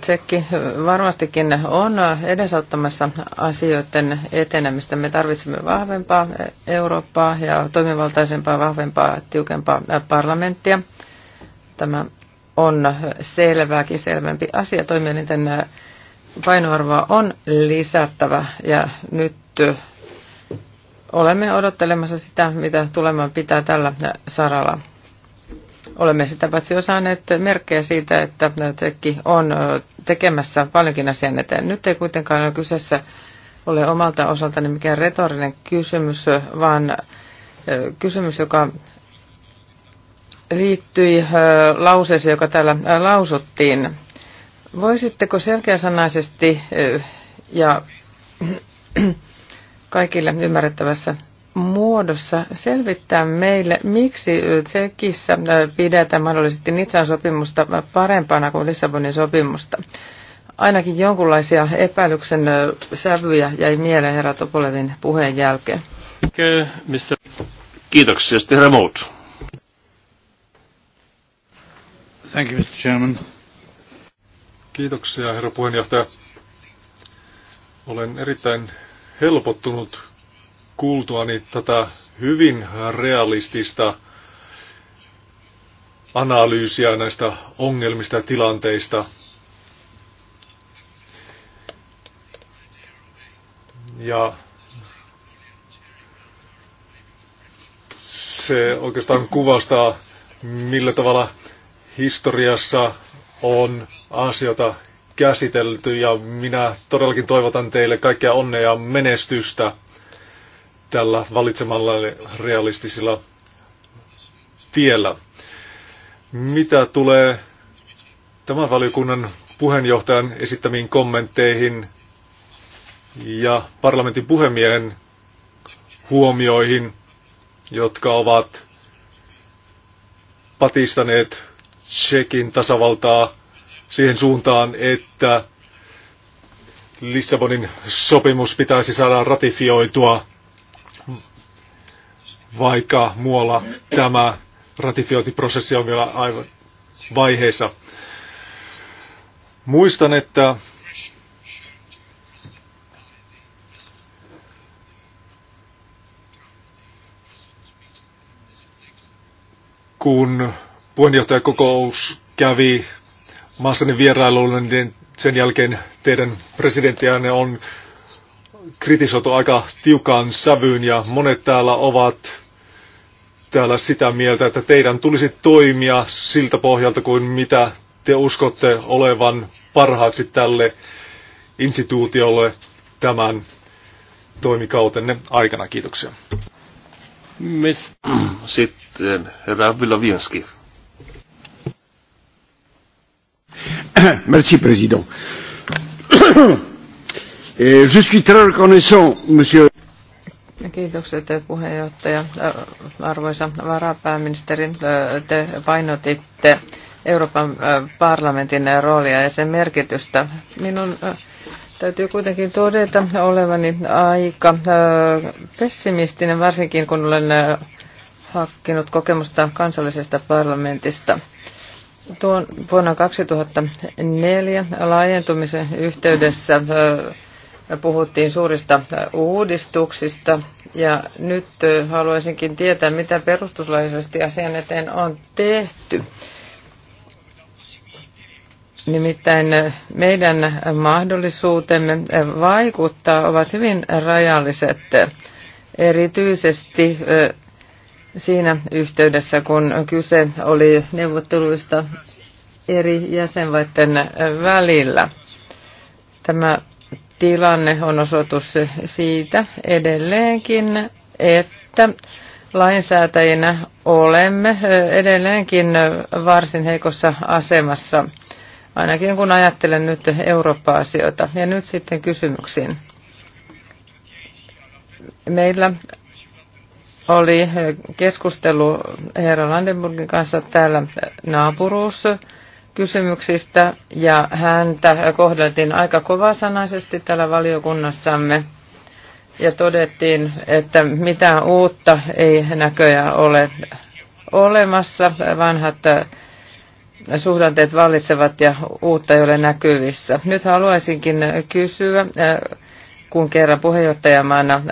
Tsekki varmastikin on edesauttamassa asioiden etenemistä. Me tarvitsemme vahvempaa Eurooppaa ja toimivaltaisempaa, vahvempaa, tiukempaa parlamenttia. Tämä on selvääkin selvempi asia. Toimielinten painoarvoa on lisättävä ja nyt olemme odottelemassa sitä, mitä tulemaan pitää tällä saralla. Olemme sitä paitsi jo saaneet merkkejä siitä, että Tsekki on tekemässä paljonkin asian eteen. Nyt ei kuitenkaan ole kyseessä ole omalta osaltani mikään retorinen kysymys, vaan kysymys, joka liittyi lauseeseen, joka täällä lausuttiin. Voisitteko selkeäsanaisesti ja kaikille ymmärrettävässä muodossa selvittää meille, miksi Tsekissä pidetään mahdollisesti Nitsan sopimusta parempana kuin Lissabonin sopimusta. Ainakin jonkunlaisia epäilyksen sävyjä jäi mieleen herra Topolevin puheen jälkeen. Kiitoksia. Sitten herra Mout. Thank you, Mr. Chairman. Kiitoksia, herra puheenjohtaja. Olen erittäin helpottunut kuultuani niin tätä hyvin realistista analyysiä näistä ongelmista ja tilanteista. Ja se oikeastaan kuvastaa, millä tavalla historiassa on asioita käsitelty ja minä todellakin toivotan teille kaikkea onnea ja menestystä tällä valitsemalla realistisilla tiellä. Mitä tulee tämän valiokunnan puheenjohtajan esittämiin kommentteihin ja parlamentin puhemiehen huomioihin, jotka ovat patistaneet Tsekin tasavaltaa siihen suuntaan, että Lissabonin sopimus pitäisi saada ratifioitua vaikka muualla tämä ratifiointiprosessi on vielä aivan vaiheessa. Muistan, että kun puheenjohtajakokous kävi maassani vierailulla, niin sen jälkeen teidän presidenttiänne on kritisoitu aika tiukan sävyyn ja monet täällä ovat täällä sitä mieltä, että teidän tulisi toimia siltä pohjalta kuin mitä te uskotte olevan parhaaksi tälle instituutiolle tämän toimikautenne aikana. Kiitoksia. Sitten herra Vilavinski. Merci, president. Je suis très reconnaissant, monsieur. Kiitokset puheenjohtaja. Arvoisa varapääministeri, te painotitte Euroopan parlamentin roolia ja sen merkitystä. Minun Täytyy kuitenkin todeta olevani aika pessimistinen, varsinkin kun olen hakkinut kokemusta kansallisesta parlamentista. Tuon vuonna 2004 laajentumisen yhteydessä puhuttiin suurista uudistuksista ja nyt haluaisinkin tietää, mitä perustuslaisesti asian eteen on tehty. Nimittäin meidän mahdollisuutemme vaikuttaa ovat hyvin rajalliset, erityisesti siinä yhteydessä, kun kyse oli neuvotteluista eri jäsenvaiden välillä. Tämä tilanne on osoitus siitä edelleenkin, että lainsäätäjinä olemme edelleenkin varsin heikossa asemassa, ainakin kun ajattelen nyt Eurooppa-asioita. Ja nyt sitten kysymyksiin. Meillä oli keskustelu herra Landenburgin kanssa täällä naapuruus kysymyksistä ja häntä kohdeltiin aika kovasanaisesti täällä valiokunnassamme ja todettiin, että mitään uutta ei näköjään ole olemassa. Vanhat äh, suhdanteet vallitsevat ja uutta ei ole näkyvissä. Nyt haluaisinkin kysyä, äh, kun kerran puheenjohtajamaana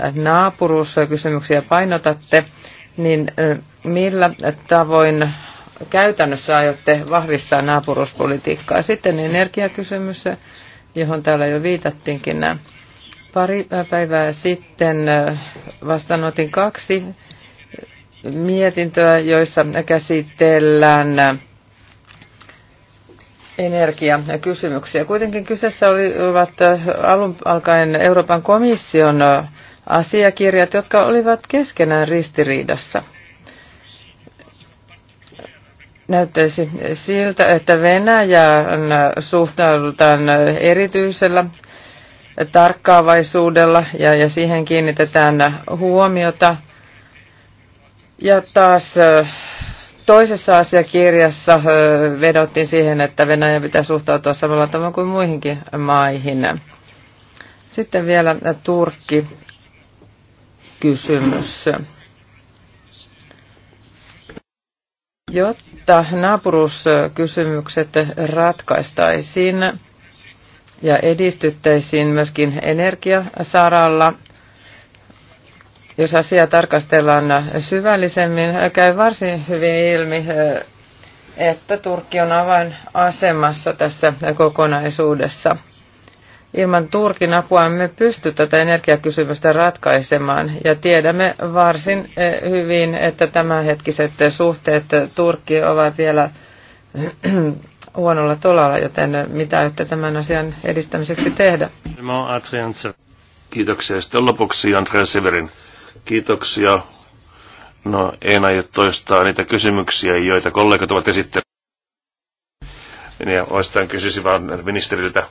kysymyksiä painotatte, niin äh, millä tavoin käytännössä aiotte vahvistaa naapuruspolitiikkaa? Sitten energiakysymys, johon täällä jo viitattiinkin. Pari päivää sitten vastaanotin kaksi mietintöä, joissa käsitellään energiakysymyksiä. Kuitenkin kyseessä olivat alun alkaen Euroopan komission asiakirjat, jotka olivat keskenään ristiriidassa – näyttäisi siltä, että Venäjään suhtaudutaan erityisellä tarkkaavaisuudella ja, ja siihen kiinnitetään huomiota. Ja taas toisessa asiakirjassa vedottiin siihen, että Venäjä pitää suhtautua samalla tavalla kuin muihinkin maihin. Sitten vielä Turkki-kysymys. Jotta naapuruuskysymykset ratkaistaisiin ja edistyttäisiin myöskin energiasaralla, jos asiaa tarkastellaan syvällisemmin, käy varsin hyvin ilmi, että Turkki on avainasemassa tässä kokonaisuudessa. Ilman Turkin apua me pysty tätä energiakysymystä ratkaisemaan ja tiedämme varsin eh, hyvin, että tämänhetkiset suhteet Turkki ovat vielä huonolla tolalla, joten mitä aiotte tämän asian edistämiseksi tehdä? Kiitoksia. Sitten lopuksi Andrea Severin. Kiitoksia. No, en aio toistaa niitä kysymyksiä, joita kollegat ovat esittäneet. Ja oistaan kysyisin vain ministeriltä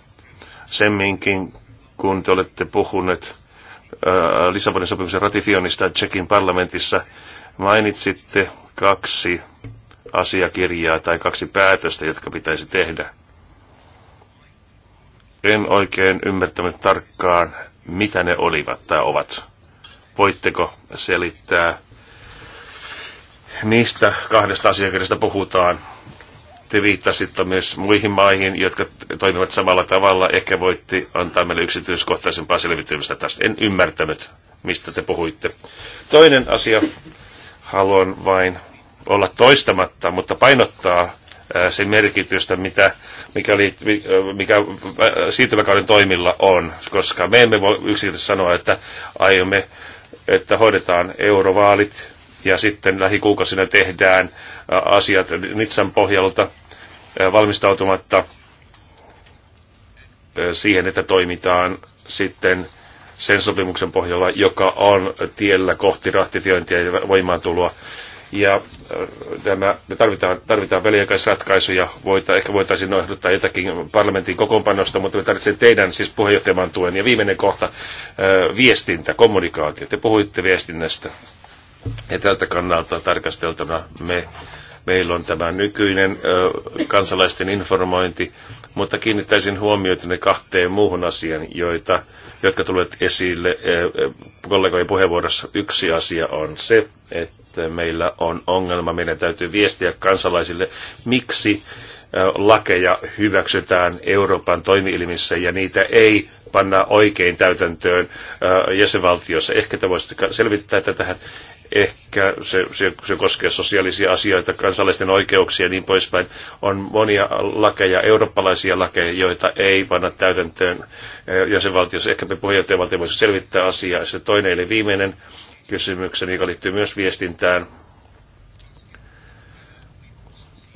semminkin, kun te olette puhuneet äh, Lissabonin sopimuksen ratifioinnista Tsekin parlamentissa, mainitsitte kaksi asiakirjaa tai kaksi päätöstä, jotka pitäisi tehdä. En oikein ymmärtänyt tarkkaan, mitä ne olivat tai ovat. Voitteko selittää? Niistä kahdesta asiakirjasta puhutaan te viittasitte myös muihin maihin, jotka toimivat samalla tavalla. Ehkä voitti antaa meille yksityiskohtaisempaa selvitystä tästä. En ymmärtänyt, mistä te puhuitte. Toinen asia, haluan vain olla toistamatta, mutta painottaa äh, sen merkitystä, mitä, mikä, liit, äh, mikä äh, siirtymäkauden toimilla on, koska me emme voi yksinkertaisesti sanoa, että aiomme, että hoidetaan eurovaalit ja sitten lähikuukausina tehdään asiat Nitsan pohjalta valmistautumatta siihen, että toimitaan sitten sen sopimuksen pohjalla, joka on tiellä kohti rahtifiointia ja voimaantuloa. Ja tämä me tarvitaan, tarvitaan väliaikaisratkaisuja, Voita, ehkä voitaisiin ehdottaa jotakin parlamentin kokoonpanosta, mutta me tarvitsemme teidän siis puheenjohtajan tuen. Ja viimeinen kohta, viestintä, kommunikaatio. Te puhuitte viestinnästä. Ja tältä kannalta tarkasteltuna me Meillä on tämä nykyinen kansalaisten informointi, mutta kiinnittäisin huomiota ne kahteen muuhun asiaan, joita, jotka tulevat esille kollegojen puheenvuorossa. Yksi asia on se, että meillä on ongelma, meidän täytyy viestiä kansalaisille, miksi lakeja hyväksytään Euroopan toimielimissä ja niitä ei panna oikein täytäntöön jäsenvaltiossa. Ehkä te voisitte selvittää tätä tähän. Ehkä se, se, se koskee sosiaalisia asioita, kansalaisten oikeuksia ja niin poispäin. On monia lakeja, eurooppalaisia lakeja, joita ei panna täytäntöön jäsenvaltiossa. Ehkä me puheenjohtajavaltio voisi selvittää asiaa. Se toinen eli viimeinen kysymykseni, joka liittyy myös viestintään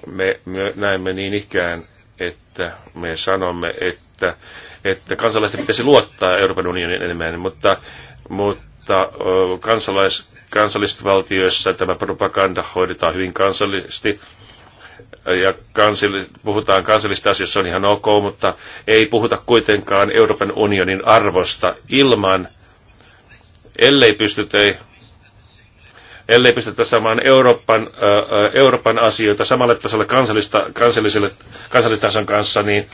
me, me näemme niin ikään, että me sanomme, että, että kansalaisten pitäisi luottaa Euroopan unionin enemmän, mutta, mutta kansalais, kansallisissa valtioissa tämä propaganda hoidetaan hyvin kansallisesti ja kansalli, puhutaan kansallisista asioista, on ihan ok, mutta ei puhuta kuitenkaan Euroopan unionin arvosta ilman, ellei pystytä ellei pystytä saamaan Euroopan, Euroopan asioita samalle tasolle kansallista, kansalliselle, kansallistason kanssa, niin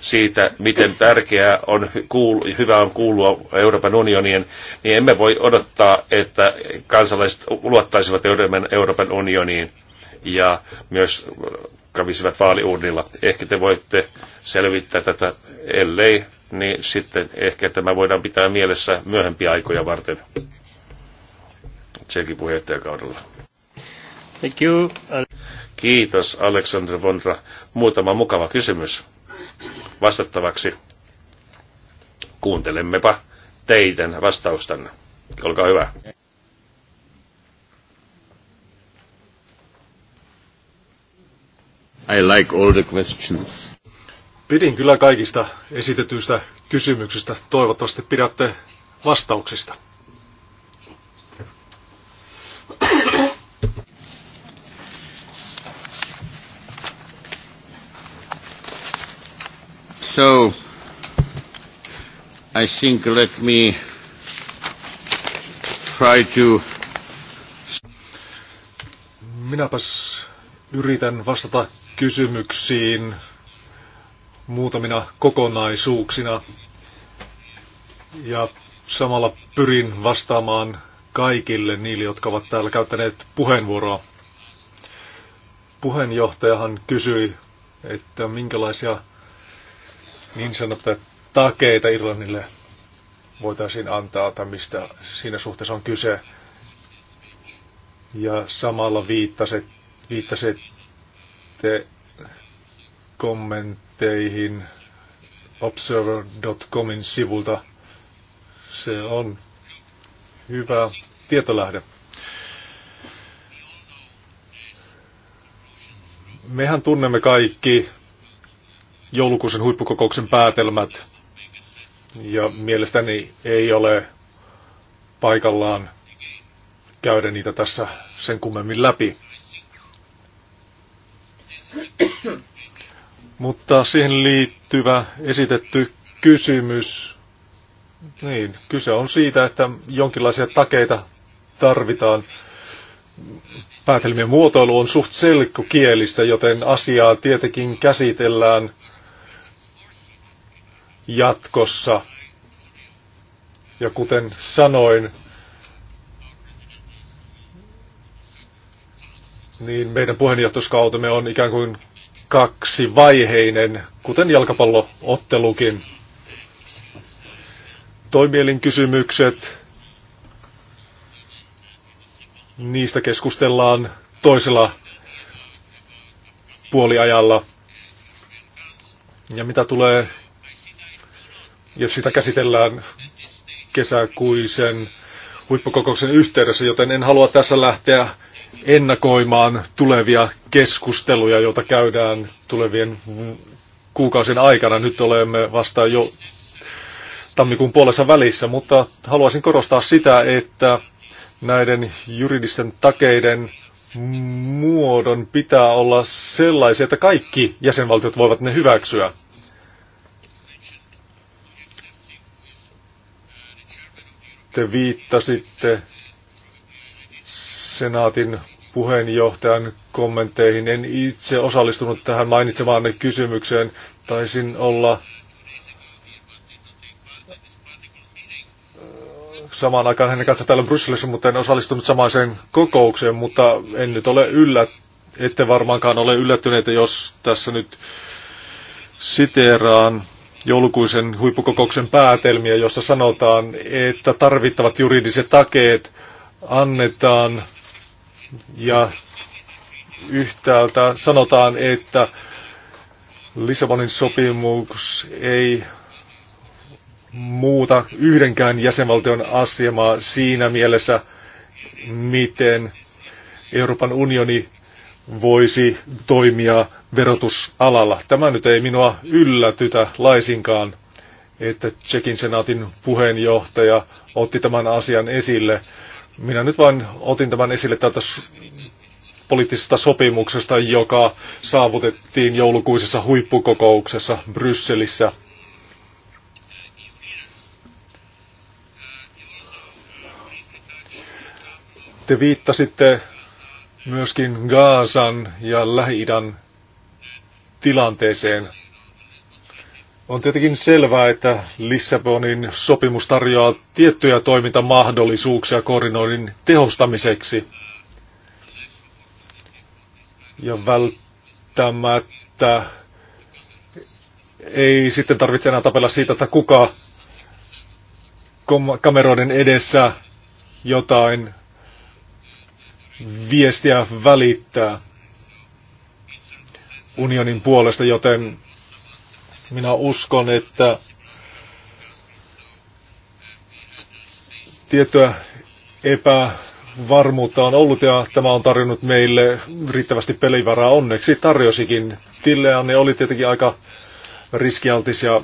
siitä, miten tärkeää on kuulu, hyvä on kuulua Euroopan unionien, niin emme voi odottaa, että kansalaiset luottaisivat Euroopan, Euroopan unioniin ja myös kävisivät vaaliurnilla. Ehkä te voitte selvittää tätä, ellei, niin sitten ehkä tämä voidaan pitää mielessä myöhempiä aikoja varten. Tsekin puheenjohtajakaudella. Thank you. Kiitos, Alexander Vondra. Muutama mukava kysymys vastattavaksi. Kuuntelemmepa teidän vastaustanne. Olkaa hyvä. I like all the questions. Pidin kyllä kaikista esitetyistä kysymyksistä. Toivottavasti pidätte vastauksista. So, I think let me try to... Minäpäs yritän vastata kysymyksiin muutamina kokonaisuuksina ja samalla pyrin vastaamaan kaikille niille, jotka ovat täällä käyttäneet puheenvuoroa. Puheenjohtajahan kysyi, että minkälaisia niin sanottuja takeita Irlannille voitaisiin antaa, tai mistä siinä suhteessa on kyse. Ja samalla viittasit, viittasitte kommentteihin observer.comin sivulta. Se on hyvä tietolähde. Mehän tunnemme kaikki joulukuisen huippukokouksen päätelmät. Ja mielestäni ei ole paikallaan käydä niitä tässä sen kummemmin läpi. Mutta siihen liittyvä esitetty kysymys, niin kyse on siitä, että jonkinlaisia takeita tarvitaan. Päätelmien muotoilu on suht selkkokielistä, joten asiaa tietenkin käsitellään jatkossa. Ja kuten sanoin, niin meidän puheenjohtoskautemme on ikään kuin kaksi vaiheinen, kuten jalkapalloottelukin. Toimielin kysymykset, niistä keskustellaan toisella puoliajalla. Ja mitä tulee jos sitä käsitellään kesäkuisen huippukokouksen yhteydessä, joten en halua tässä lähteä ennakoimaan tulevia keskusteluja, joita käydään tulevien kuukausien aikana. Nyt olemme vasta jo tammikuun puolessa välissä, mutta haluaisin korostaa sitä, että näiden juridisten takeiden muodon pitää olla sellaisia, että kaikki jäsenvaltiot voivat ne hyväksyä. Te viittasitte senaatin puheenjohtajan kommentteihin. En itse osallistunut tähän mainitsemaanne kysymykseen. Taisin olla äh, samaan aikaan hänen kanssa täällä Brysselissä, mutta en osallistunut samaiseen kokoukseen, mutta en nyt ole yllät, ette varmaankaan ole yllättyneitä, jos tässä nyt siteeraan joulukuisen huippukokouksen päätelmiä, jossa sanotaan, että tarvittavat juridiset takeet annetaan ja yhtäältä sanotaan, että Lissabonin sopimus ei muuta yhdenkään jäsenvaltion asemaa siinä mielessä, miten Euroopan unioni voisi toimia verotusalalla. Tämä nyt ei minua yllätytä laisinkaan, että Tsekin senaatin puheenjohtaja otti tämän asian esille. Minä nyt vain otin tämän esille tältä poliittisesta sopimuksesta, joka saavutettiin joulukuisessa huippukokouksessa Brysselissä. Te viittasitte myöskin Gaasan ja Lähi-idän tilanteeseen. On tietenkin selvää, että Lissabonin sopimus tarjoaa tiettyjä toimintamahdollisuuksia koordinoinnin tehostamiseksi ja välttämättä ei sitten tarvitse enää tapella siitä, että kuka kameroiden edessä jotain viestiä välittää unionin puolesta, joten minä uskon, että tiettyä epävarmuutta on ollut ja tämä on tarjonnut meille riittävästi pelivaraa. Onneksi tarjosikin. Tilanne oli tietenkin aika riskialtis ja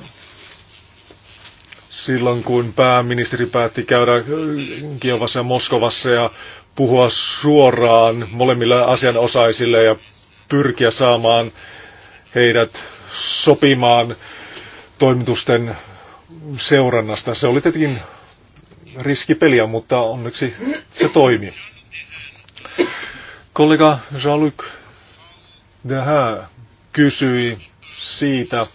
silloin kun pääministeri päätti käydä Kiovassa ja Moskovassa ja puhua suoraan molemmille asianosaisille ja pyrkiä saamaan heidät sopimaan toimitusten seurannasta. Se oli tietenkin riskipeliä, mutta onneksi se toimi. Kollega Jean-Luc Dehain kysyi siitä,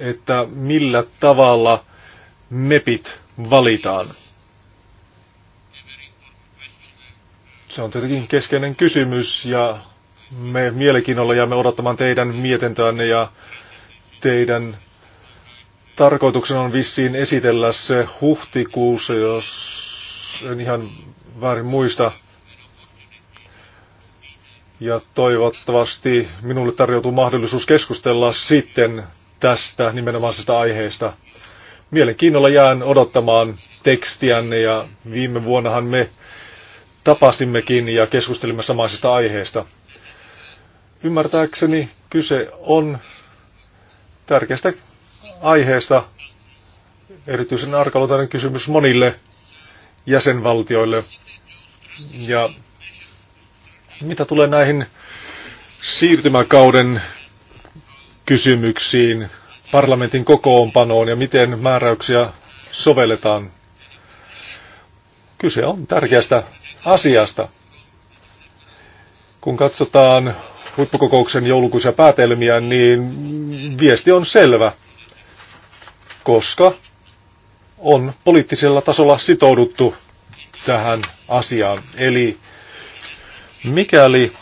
että millä tavalla mepit valitaan. Se on tietenkin keskeinen kysymys ja me mielenkiinnolla jäämme odottamaan teidän mietintöänne ja teidän tarkoituksena on vissiin esitellä se huhtikuussa, jos en ihan väärin muista. Ja toivottavasti minulle tarjoutuu mahdollisuus keskustella sitten tästä nimenomaisesta aiheesta. Mielenkiinnolla jään odottamaan tekstiänne ja viime vuonnahan me tapasimmekin ja keskustelimme samaisista aiheista. Ymmärtääkseni kyse on tärkeästä aiheesta, erityisen arkaluotainen kysymys monille jäsenvaltioille. Ja mitä tulee näihin siirtymäkauden kysymyksiin, parlamentin kokoonpanoon ja miten määräyksiä sovelletaan. Kyse on tärkeästä asiasta. Kun katsotaan huippukokouksen joulukuisia päätelmiä, niin viesti on selvä, koska on poliittisella tasolla sitouduttu tähän asiaan. Eli mikäli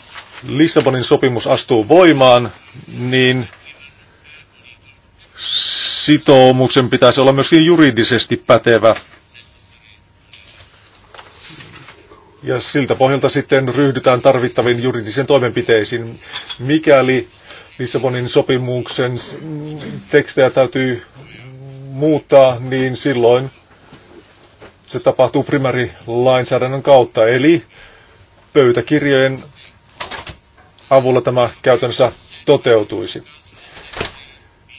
Lissabonin sopimus astuu voimaan, niin sitoumuksen pitäisi olla myöskin juridisesti pätevä ja siltä pohjalta sitten ryhdytään tarvittaviin juridisiin toimenpiteisiin. Mikäli Lissabonin sopimuksen tekstejä täytyy muuttaa, niin silloin se tapahtuu primärilainsäädännön kautta, eli pöytäkirjojen avulla tämä käytännössä toteutuisi.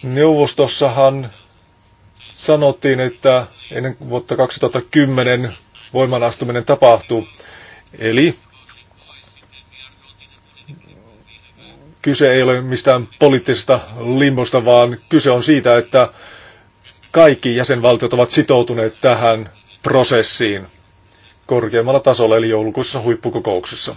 Neuvostossahan sanottiin, että ennen vuotta 2010 voimanastuminen tapahtuu. Eli kyse ei ole mistään poliittisesta limbosta, vaan kyse on siitä, että kaikki jäsenvaltiot ovat sitoutuneet tähän prosessiin korkeammalla tasolla, eli joulukuussa huippukokouksessa.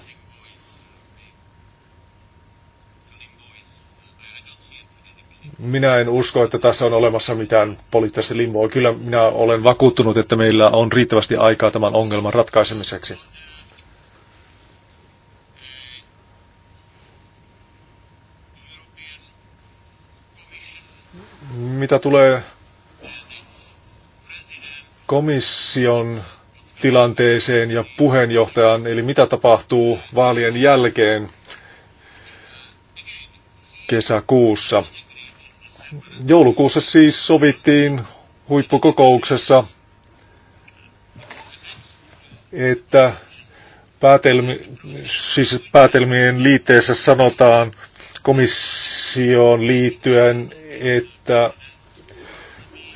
Minä en usko, että tässä on olemassa mitään poliittista limboa. Kyllä minä olen vakuuttunut, että meillä on riittävästi aikaa tämän ongelman ratkaisemiseksi. Mitä tulee komission tilanteeseen ja puheenjohtajan, eli mitä tapahtuu vaalien jälkeen kesäkuussa. Joulukuussa siis sovittiin huippukokouksessa, että päätelmi, siis päätelmien liitteessä sanotaan komissioon liittyen, että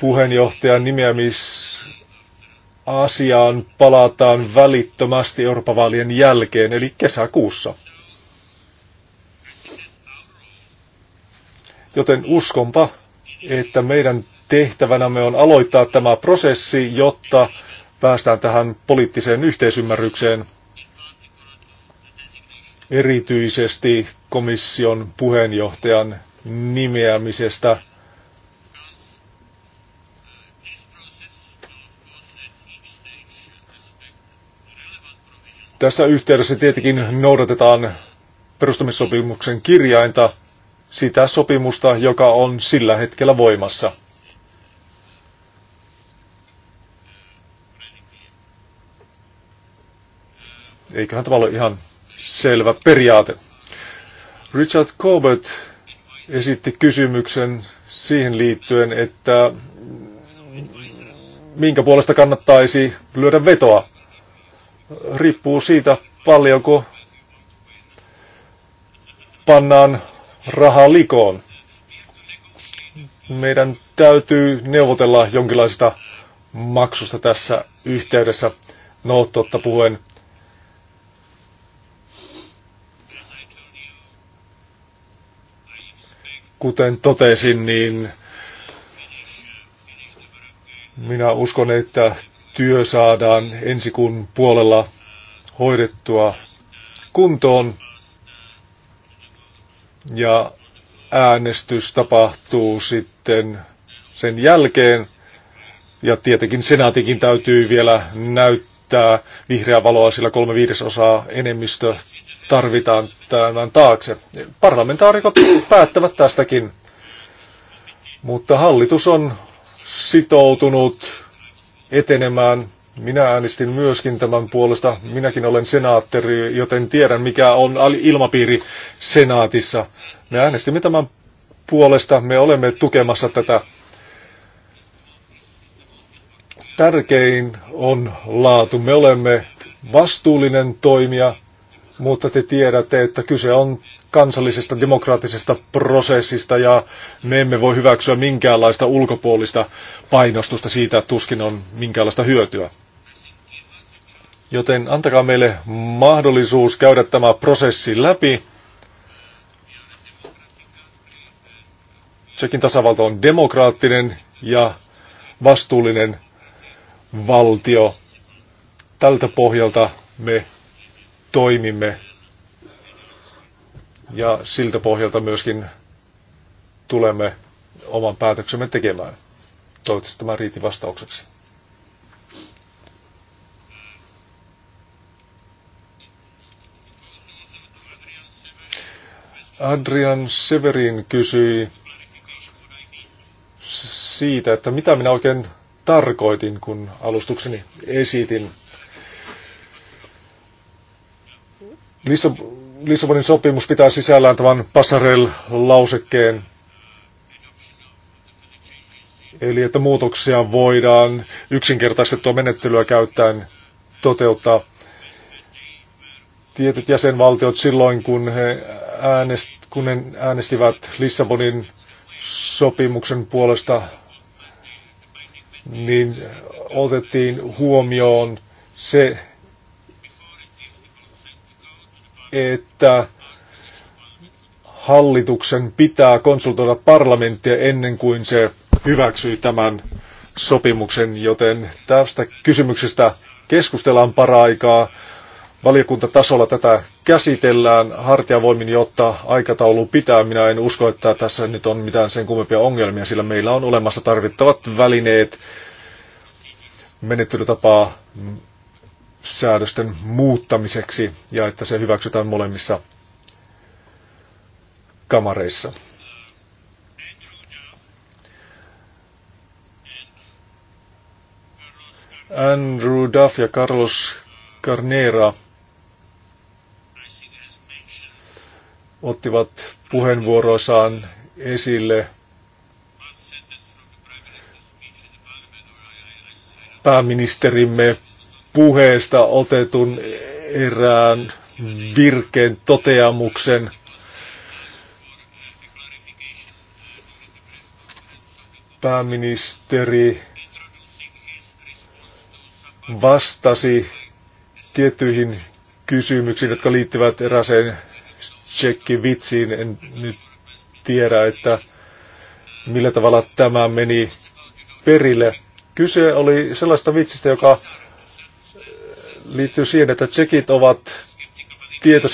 puheenjohtajan nimeämisasiaan palataan välittömästi Euroopan vaalien jälkeen, eli kesäkuussa. Joten uskonpa, että meidän tehtävänämme on aloittaa tämä prosessi, jotta päästään tähän poliittiseen yhteisymmärrykseen, erityisesti komission puheenjohtajan nimeämisestä – Tässä yhteydessä tietenkin noudatetaan perustamissopimuksen kirjainta sitä sopimusta, joka on sillä hetkellä voimassa. Eiköhän tämä ole ihan selvä periaate. Richard Corbett esitti kysymyksen siihen liittyen, että minkä puolesta kannattaisi lyödä vetoa riippuu siitä, paljonko pannaan rahaa likoon. Meidän täytyy neuvotella jonkinlaisesta maksusta tässä yhteydessä. No, totta puhuen. Kuten totesin, niin minä uskon, että työ saadaan ensi kuun puolella hoidettua kuntoon ja äänestys tapahtuu sitten sen jälkeen. Ja tietenkin senaatikin täytyy vielä näyttää vihreää valoa, sillä kolme viidesosaa enemmistö tarvitaan tämän taakse. Parlamentaarikot päättävät tästäkin, mutta hallitus on sitoutunut etenemään. Minä äänestin myöskin tämän puolesta. Minäkin olen senaattori, joten tiedän mikä on ilmapiiri senaatissa. Me äänestimme tämän puolesta. Me olemme tukemassa tätä. Tärkein on laatu. Me olemme vastuullinen toimija, mutta te tiedätte, että kyse on kansallisesta demokraattisesta prosessista ja me emme voi hyväksyä minkäänlaista ulkopuolista painostusta siitä, että tuskin on minkäänlaista hyötyä. Joten antakaa meille mahdollisuus käydä tämä prosessi läpi. Tsekin tasavalta on demokraattinen ja vastuullinen valtio. Tältä pohjalta me toimimme ja siltä pohjalta myöskin tulemme oman päätöksemme tekemään. Toivottavasti tämä riitti vastaukseksi. Adrian Severin kysyi siitä, että mitä minä oikein tarkoitin, kun alustukseni esitin. Lissab- Lissabonin sopimus pitää sisällään tämän passarell lausekkeen eli että muutoksia voidaan yksinkertaistettua menettelyä käyttäen toteuttaa tietyt jäsenvaltiot silloin, kun he, äänest, kun he äänestivät Lissabonin sopimuksen puolesta, niin otettiin huomioon se, että hallituksen pitää konsultoida parlamenttia ennen kuin se hyväksyy tämän sopimuksen, joten tästä kysymyksestä keskustellaan paraikaa. Valiokuntatasolla tätä käsitellään hartiavoimin, jotta aikataulu pitää. Minä en usko, että tässä nyt on mitään sen kummempia ongelmia, sillä meillä on olemassa tarvittavat välineet menettelytapaa säädösten muuttamiseksi ja että se hyväksytään molemmissa kamareissa. Andrew Duff ja Carlos Carnera ottivat puheenvuoroissaan esille pääministerimme puheesta otetun erään virkeen toteamuksen. Pääministeri vastasi tiettyihin kysymyksiin, jotka liittyvät eräseen tsekkivitsiin. En nyt tiedä, että millä tavalla tämä meni perille. Kyse oli sellaista vitsistä, joka liittyy siihen, että tsekit ovat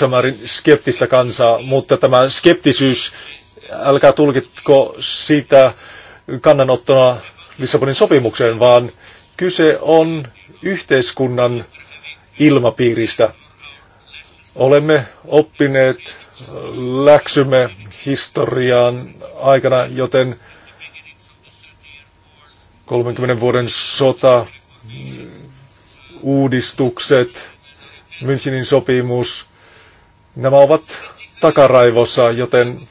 määrin skeptistä kansaa, mutta tämä skeptisyys, älkää tulkitko sitä kannanottona Lissabonin sopimukseen, vaan kyse on yhteiskunnan ilmapiiristä. Olemme oppineet läksymme historiaan aikana, joten 30 vuoden sota uudistukset, Münchenin sopimus, nämä ovat takaraivossa, joten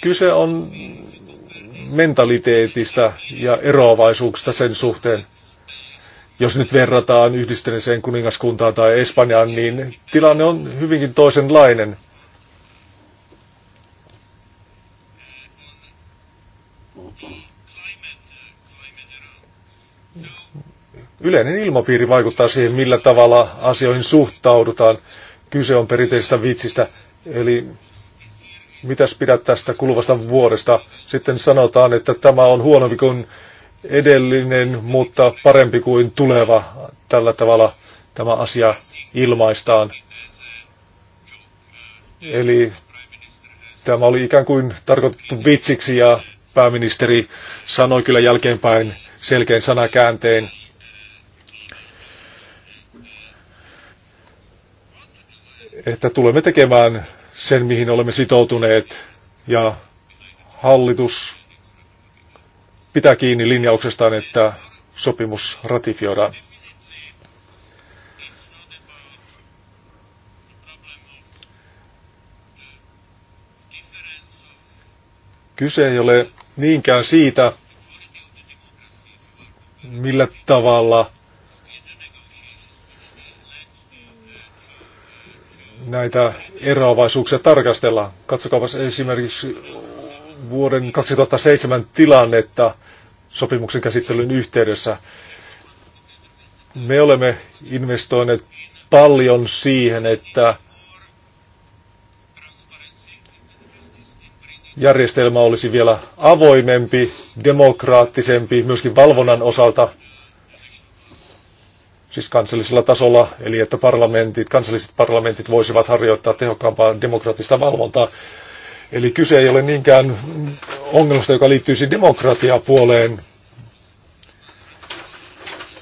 kyse on mentaliteetista ja eroavaisuuksista sen suhteen. Jos nyt verrataan yhdistyneeseen kuningaskuntaan tai Espanjaan, niin tilanne on hyvinkin toisenlainen. yleinen ilmapiiri vaikuttaa siihen, millä tavalla asioihin suhtaudutaan. Kyse on perinteisestä vitsistä, eli mitäs pidät tästä kuluvasta vuodesta. Sitten sanotaan, että tämä on huonompi kuin edellinen, mutta parempi kuin tuleva. Tällä tavalla tämä asia ilmaistaan. Eli tämä oli ikään kuin tarkoitettu vitsiksi ja pääministeri sanoi kyllä jälkeenpäin selkeän sanakäänteen. että tulemme tekemään sen, mihin olemme sitoutuneet, ja hallitus pitää kiinni linjauksestaan, että sopimus ratifioidaan. Kyse ei ole niinkään siitä, millä tavalla näitä eroavaisuuksia tarkastellaan. Katsokaa esimerkiksi vuoden 2007 tilannetta sopimuksen käsittelyn yhteydessä. Me olemme investoineet paljon siihen, että järjestelmä olisi vielä avoimempi, demokraattisempi, myöskin valvonnan osalta siis kansallisella tasolla, eli että parlamentit, kansalliset parlamentit voisivat harjoittaa tehokkaampaa demokraattista valvontaa. Eli kyse ei ole niinkään ongelmasta, joka liittyisi demokratiapuoleen.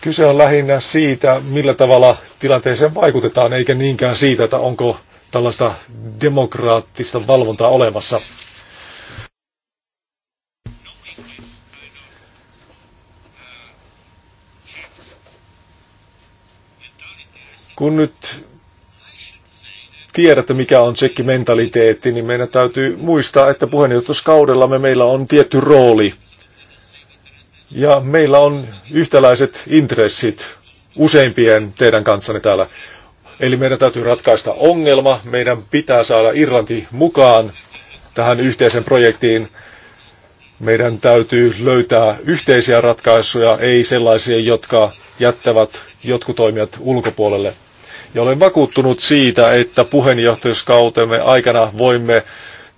Kyse on lähinnä siitä, millä tavalla tilanteeseen vaikutetaan, eikä niinkään siitä, että onko tällaista demokraattista valvontaa olemassa. Kun nyt tiedät, mikä on tsekki mentaliteetti, niin meidän täytyy muistaa, että puheenjohtajuuskaudella me meillä on tietty rooli. Ja meillä on yhtäläiset intressit useimpien teidän kanssanne täällä. Eli meidän täytyy ratkaista ongelma, meidän pitää saada Irlanti mukaan tähän yhteiseen projektiin. Meidän täytyy löytää yhteisiä ratkaisuja, ei sellaisia, jotka jättävät jotkut toimijat ulkopuolelle. Ja olen vakuuttunut siitä, että puheenjohtajuuskautemme aikana voimme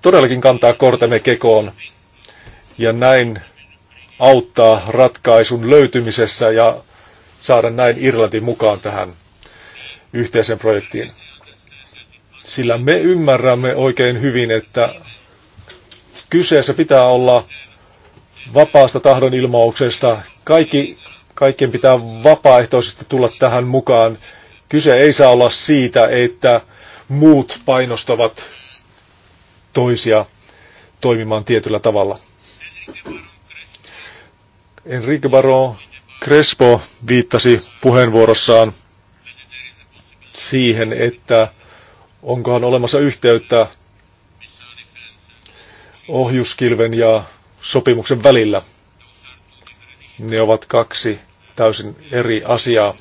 todellakin kantaa kortemme kekoon ja näin auttaa ratkaisun löytymisessä ja saada näin Irlanti mukaan tähän yhteiseen projektiin. Sillä me ymmärrämme oikein hyvin, että kyseessä pitää olla vapaasta tahdonilmauksesta. Kaikki, kaikkien pitää vapaaehtoisesti tulla tähän mukaan Kyse ei saa olla siitä, että muut painostavat toisia toimimaan tietyllä tavalla. Enrique Baro Crespo viittasi puheenvuorossaan siihen, että onkohan olemassa yhteyttä ohjuskilven ja sopimuksen välillä. Ne ovat kaksi täysin eri asiaa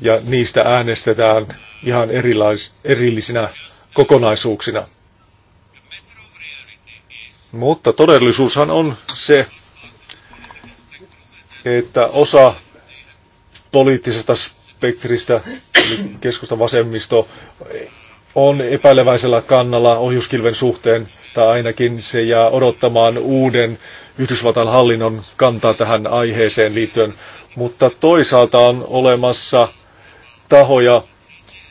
ja niistä äänestetään ihan erilais, erillisinä kokonaisuuksina. Mutta todellisuushan on se, että osa poliittisesta spektristä, eli keskusta vasemmisto, on epäileväisellä kannalla ohjuskilven suhteen, tai ainakin se jää odottamaan uuden Yhdysvaltain hallinnon kantaa tähän aiheeseen liittyen. Mutta toisaalta on olemassa tahoja,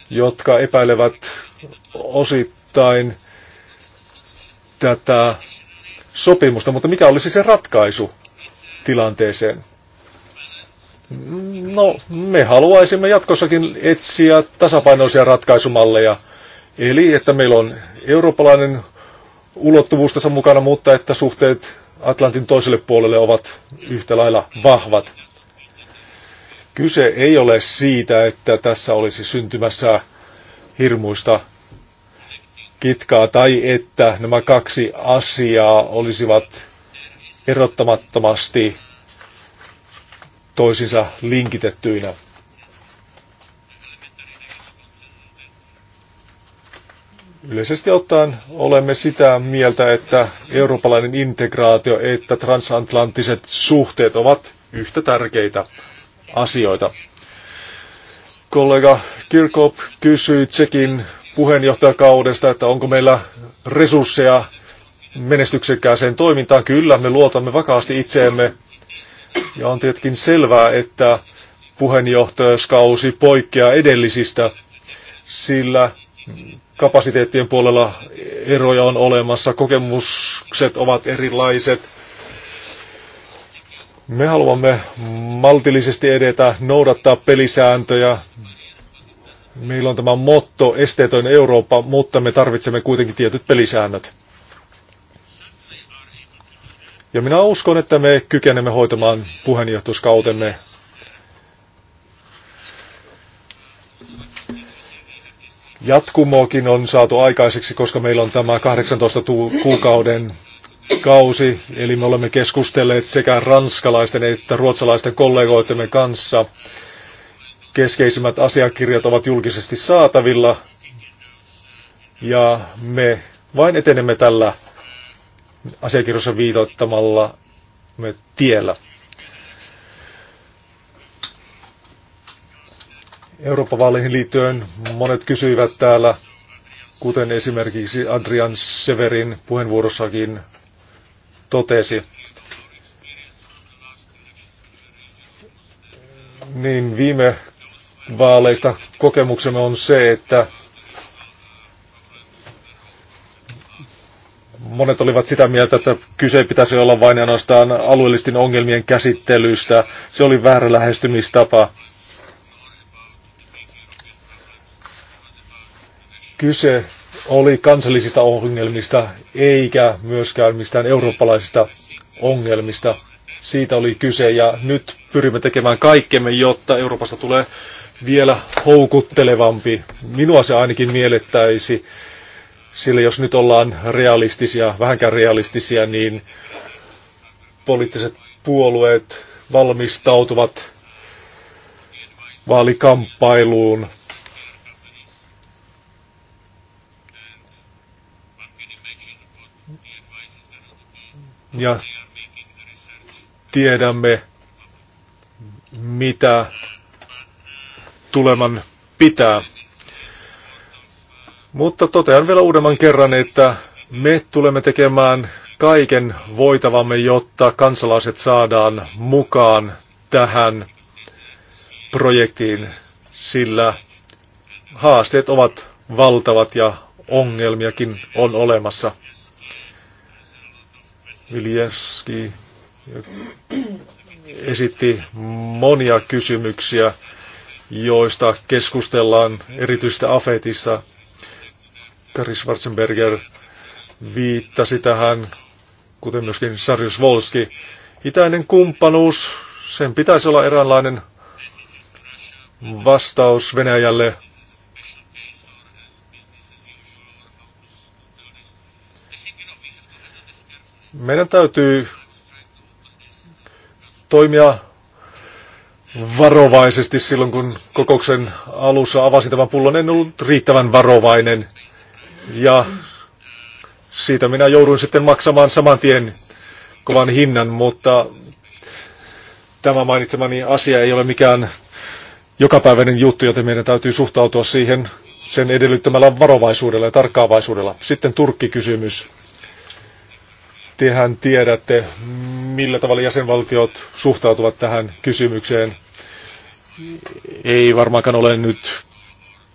jotka epäilevät osittain tätä sopimusta, mutta mikä olisi se ratkaisu tilanteeseen? No, me haluaisimme jatkossakin etsiä tasapainoisia ratkaisumalleja. Eli että meillä on eurooppalainen ulottuvuus tässä mukana, mutta että suhteet Atlantin toiselle puolelle ovat yhtä lailla vahvat. Kyse ei ole siitä, että tässä olisi syntymässä hirmuista kitkaa tai että nämä kaksi asiaa olisivat erottamattomasti toisinsa linkitettyinä. Yleisesti ottaen olemme sitä mieltä, että eurooppalainen integraatio että transatlanttiset suhteet ovat yhtä tärkeitä asioita. Kollega Kirkop kysyi Tsekin puheenjohtajakaudesta, että onko meillä resursseja menestyksekkääseen toimintaan. Kyllä, me luotamme vakaasti itseemme. Ja on tietenkin selvää, että puheenjohtajaskausi poikkeaa edellisistä, sillä kapasiteettien puolella eroja on olemassa, kokemukset ovat erilaiset, me haluamme maltillisesti edetä, noudattaa pelisääntöjä. Meillä on tämä motto, esteetön Eurooppa, mutta me tarvitsemme kuitenkin tietyt pelisäännöt. Ja minä uskon, että me kykenemme hoitamaan puheenjohtuskautemme jatkumoakin on saatu aikaiseksi, koska meillä on tämä 18 kuukauden kausi, eli me olemme keskustelleet sekä ranskalaisten että ruotsalaisten kollegoitemme kanssa. Keskeisimmät asiakirjat ovat julkisesti saatavilla ja me vain etenemme tällä asiakirjassa viitoittamalla me tiellä. Euroopan vaaleihin liittyen monet kysyivät täällä, kuten esimerkiksi Adrian Severin puheenvuorossakin totesi, niin viime vaaleista kokemuksemme on se, että monet olivat sitä mieltä, että kyse pitäisi olla vain ainoastaan alueellisten ongelmien käsittelystä. Se oli väärä lähestymistapa. Kyse oli kansallisista ongelmista eikä myöskään mistään eurooppalaisista ongelmista. Siitä oli kyse ja nyt pyrimme tekemään kaikkemme, jotta Euroopasta tulee vielä houkuttelevampi. Minua se ainakin mielettäisi, sillä jos nyt ollaan realistisia, vähänkään realistisia, niin poliittiset puolueet valmistautuvat vaalikamppailuun ja tiedämme, mitä tuleman pitää. Mutta totean vielä uudemman kerran, että me tulemme tekemään kaiken voitavamme, jotta kansalaiset saadaan mukaan tähän projektiin, sillä haasteet ovat valtavat ja ongelmiakin on olemassa. Viljeski esitti monia kysymyksiä, joista keskustellaan erityisesti Afetissa. Kari Schwarzenberger viittasi tähän, kuten myöskin Sarjus Volski. Itäinen kumppanuus, sen pitäisi olla eräänlainen vastaus Venäjälle Meidän täytyy toimia varovaisesti silloin, kun kokouksen alussa avasin tämän pullon. En ollut riittävän varovainen ja siitä minä jouduin sitten maksamaan saman tien kovan hinnan, mutta tämä mainitsemani asia ei ole mikään jokapäiväinen juttu, joten meidän täytyy suhtautua siihen sen edellyttämällä varovaisuudella ja tarkkaavaisuudella. Sitten Turkki-kysymys. Tehän tiedätte, millä tavalla jäsenvaltiot suhtautuvat tähän kysymykseen. Ei varmaankaan ole nyt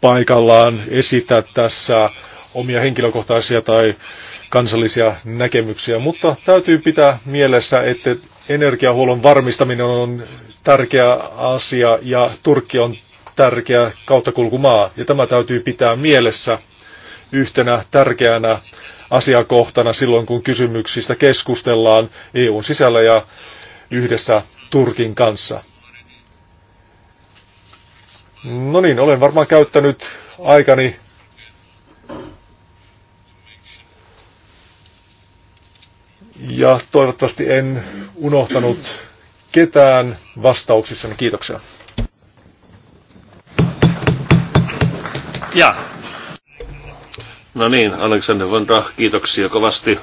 paikallaan esittää tässä omia henkilökohtaisia tai kansallisia näkemyksiä, mutta täytyy pitää mielessä, että energiahuollon varmistaminen on tärkeä asia ja Turkki on tärkeä kauttakulkumaa ja tämä täytyy pitää mielessä yhtenä tärkeänä asiakohtana silloin, kun kysymyksistä keskustellaan EUn sisällä ja yhdessä Turkin kanssa. No niin, olen varmaan käyttänyt aikani ja toivottavasti en unohtanut ketään vastauksissani. Kiitoksia. Ja, No niin, Alexander von Rach, kiitoksia kovasti.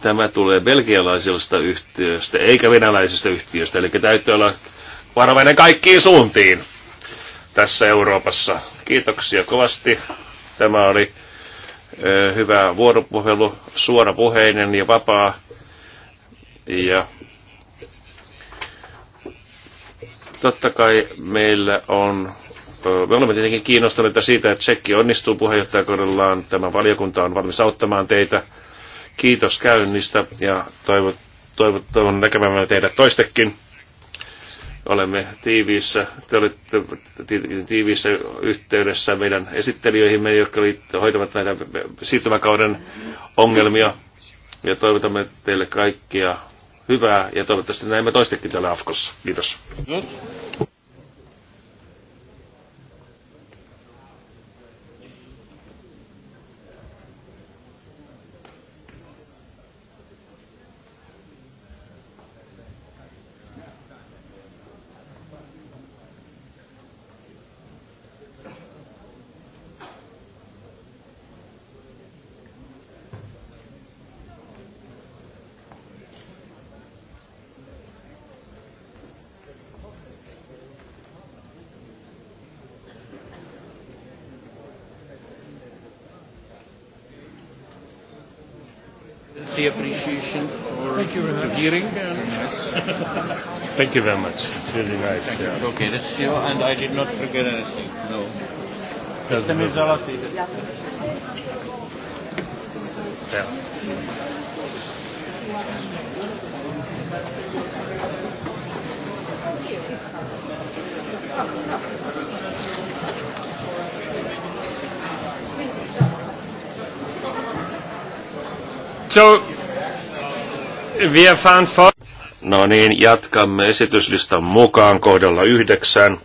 Tämä tulee belgialaisesta yhtiöstä, eikä venäläisestä yhtiöstä, eli täytyy olla varovainen kaikkiin suuntiin tässä Euroopassa. Kiitoksia kovasti. Tämä oli ö, hyvä vuoropuhelu, suorapuheinen ja vapaa. Ja totta kai meillä on me olemme tietenkin kiinnostuneita siitä, että Tsekki onnistuu puheenjohtajakaudellaan. Tämä valiokunta on valmis auttamaan teitä. Kiitos käynnistä ja toivon, toivon, toivon näkemämme teidät toistekin. Olemme tiiviissä, te olette tiiviissä yhteydessä meidän esittelijöihimme, jotka hoitavat näitä siirtymäkauden ongelmia. Ja toivotamme teille kaikkia hyvää ja toivottavasti näemme toistekin täällä Afkossa. Kiitos. hearing. Thank you very much. It's really nice. Thank yeah. you. Okay, that's you, and I did not forget anything. No. Mr. Mirzalati. Yeah. So Wir fahren fort. No niin, jatkamme esityslistan mukaan kohdalla yhdeksän.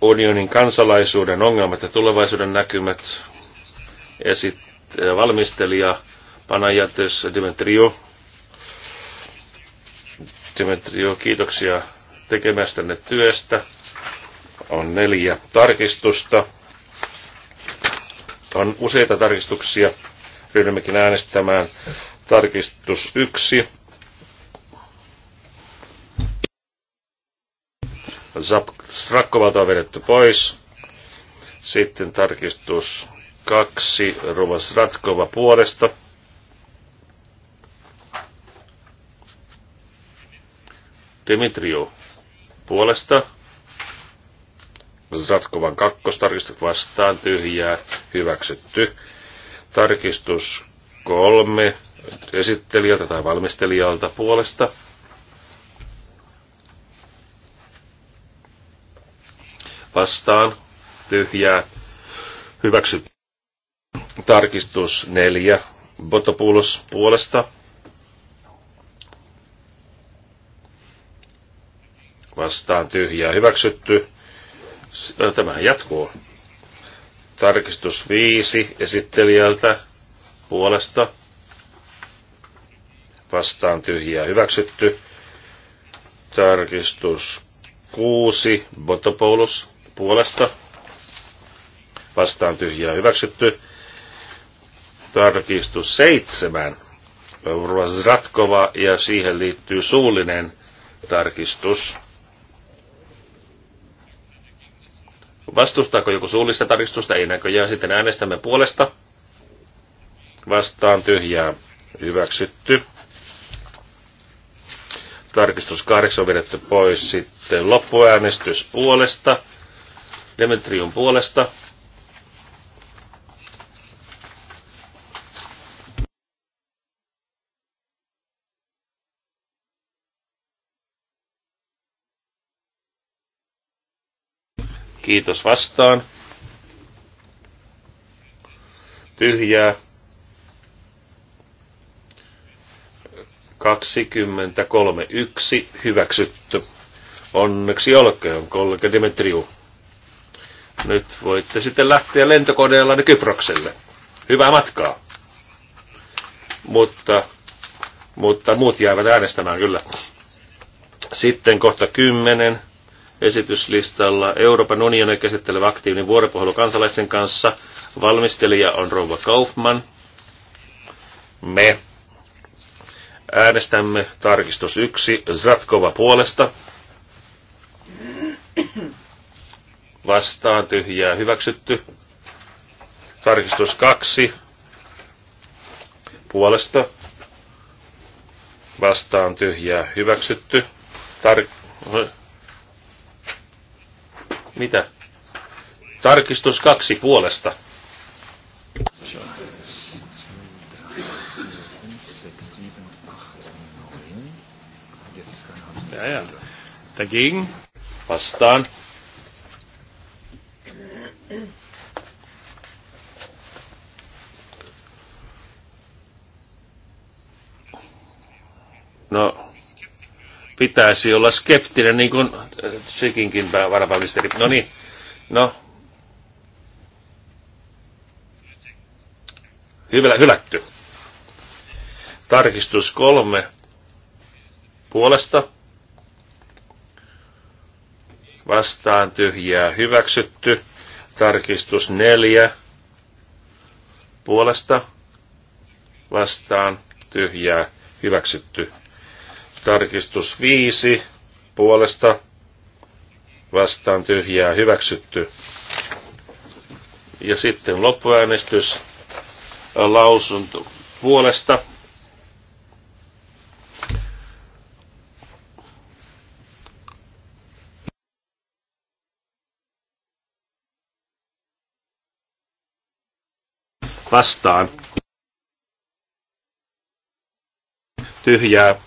Unionin kansalaisuuden ongelmat ja tulevaisuuden näkymät. Esit, äh, valmistelija Panajates Dimitrio. Dimitrio, kiitoksia tekemästänne työstä. On neljä tarkistusta. On useita tarkistuksia Ryhdymmekin äänestämään tarkistus 1. Strakkovalta on vedetty pois. Sitten tarkistus 2. Ruvas Stratkova puolesta. Dimitriu puolesta. Zratkovan kakkostarkistus vastaan tyhjää, hyväksytty. Tarkistus kolme esittelijältä tai valmistelijalta puolesta. Vastaan tyhjää. Hyväksy. Tarkistus neljä. Botopulos puolesta. Vastaan tyhjää. Hyväksytty. No, Tämähän jatkuu. Tarkistus 5 esittelijältä puolesta. Vastaan tyhjää hyväksytty. Tarkistus 6 Botopoulos puolesta. Vastaan tyhjää hyväksytty. Tarkistus 7 Ratkova ja siihen liittyy suullinen tarkistus. Vastustaako joku suullista tarkistusta? Ei näköjään. Sitten äänestämme puolesta. Vastaan tyhjää. Hyväksytty. Tarkistus 8 on vedetty pois. Sitten loppuäänestys puolesta. Demetrium puolesta Kiitos vastaan. Tyhjää. 23.1. Hyväksytty. Onneksi olkoon, kollega Dimitriu. Nyt voitte sitten lähteä lentokoneella Kyprokselle. Hyvää matkaa. Mutta, mutta muut jäävät äänestämään kyllä. Sitten kohta 10 esityslistalla Euroopan unionin käsittelevä aktiivinen vuoropuhelu kansalaisten kanssa. Valmistelija on Rouva Kaufman. Me äänestämme tarkistus 1 Zatkova puolesta. Vastaan tyhjää hyväksytty. Tarkistus 2 puolesta. Vastaan tyhjää hyväksytty. Tark- mitä? Tarkistus kaksi puolesta. Ja, ja. Dagegen? Vastaan. No, pitäisi olla skeptinen, niin kuin äh, sekinkin varapääministeri. No niin, no. Hyvä, hylätty. Tarkistus kolme puolesta. Vastaan tyhjää hyväksytty. Tarkistus neljä puolesta. Vastaan tyhjää hyväksytty Tarkistus 5 puolesta vastaan tyhjää hyväksytty. Ja sitten loppuäänestys lausunto puolesta. Vastaan. Tyhjää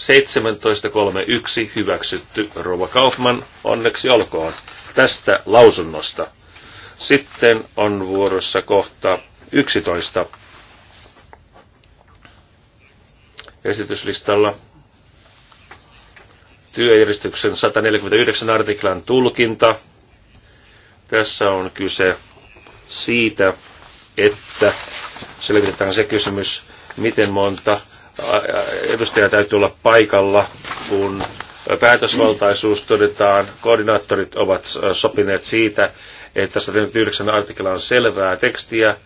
17.31 hyväksytty Rova Kaufman, onneksi olkoon, tästä lausunnosta. Sitten on vuorossa kohta 11 esityslistalla työjärjestyksen 149 artiklan tulkinta. Tässä on kyse siitä, että selvitetään se kysymys, miten monta edustaja täytyy olla paikalla, kun päätösvaltaisuus todetaan. Koordinaattorit ovat sopineet siitä, että 109 artikla on selvää tekstiä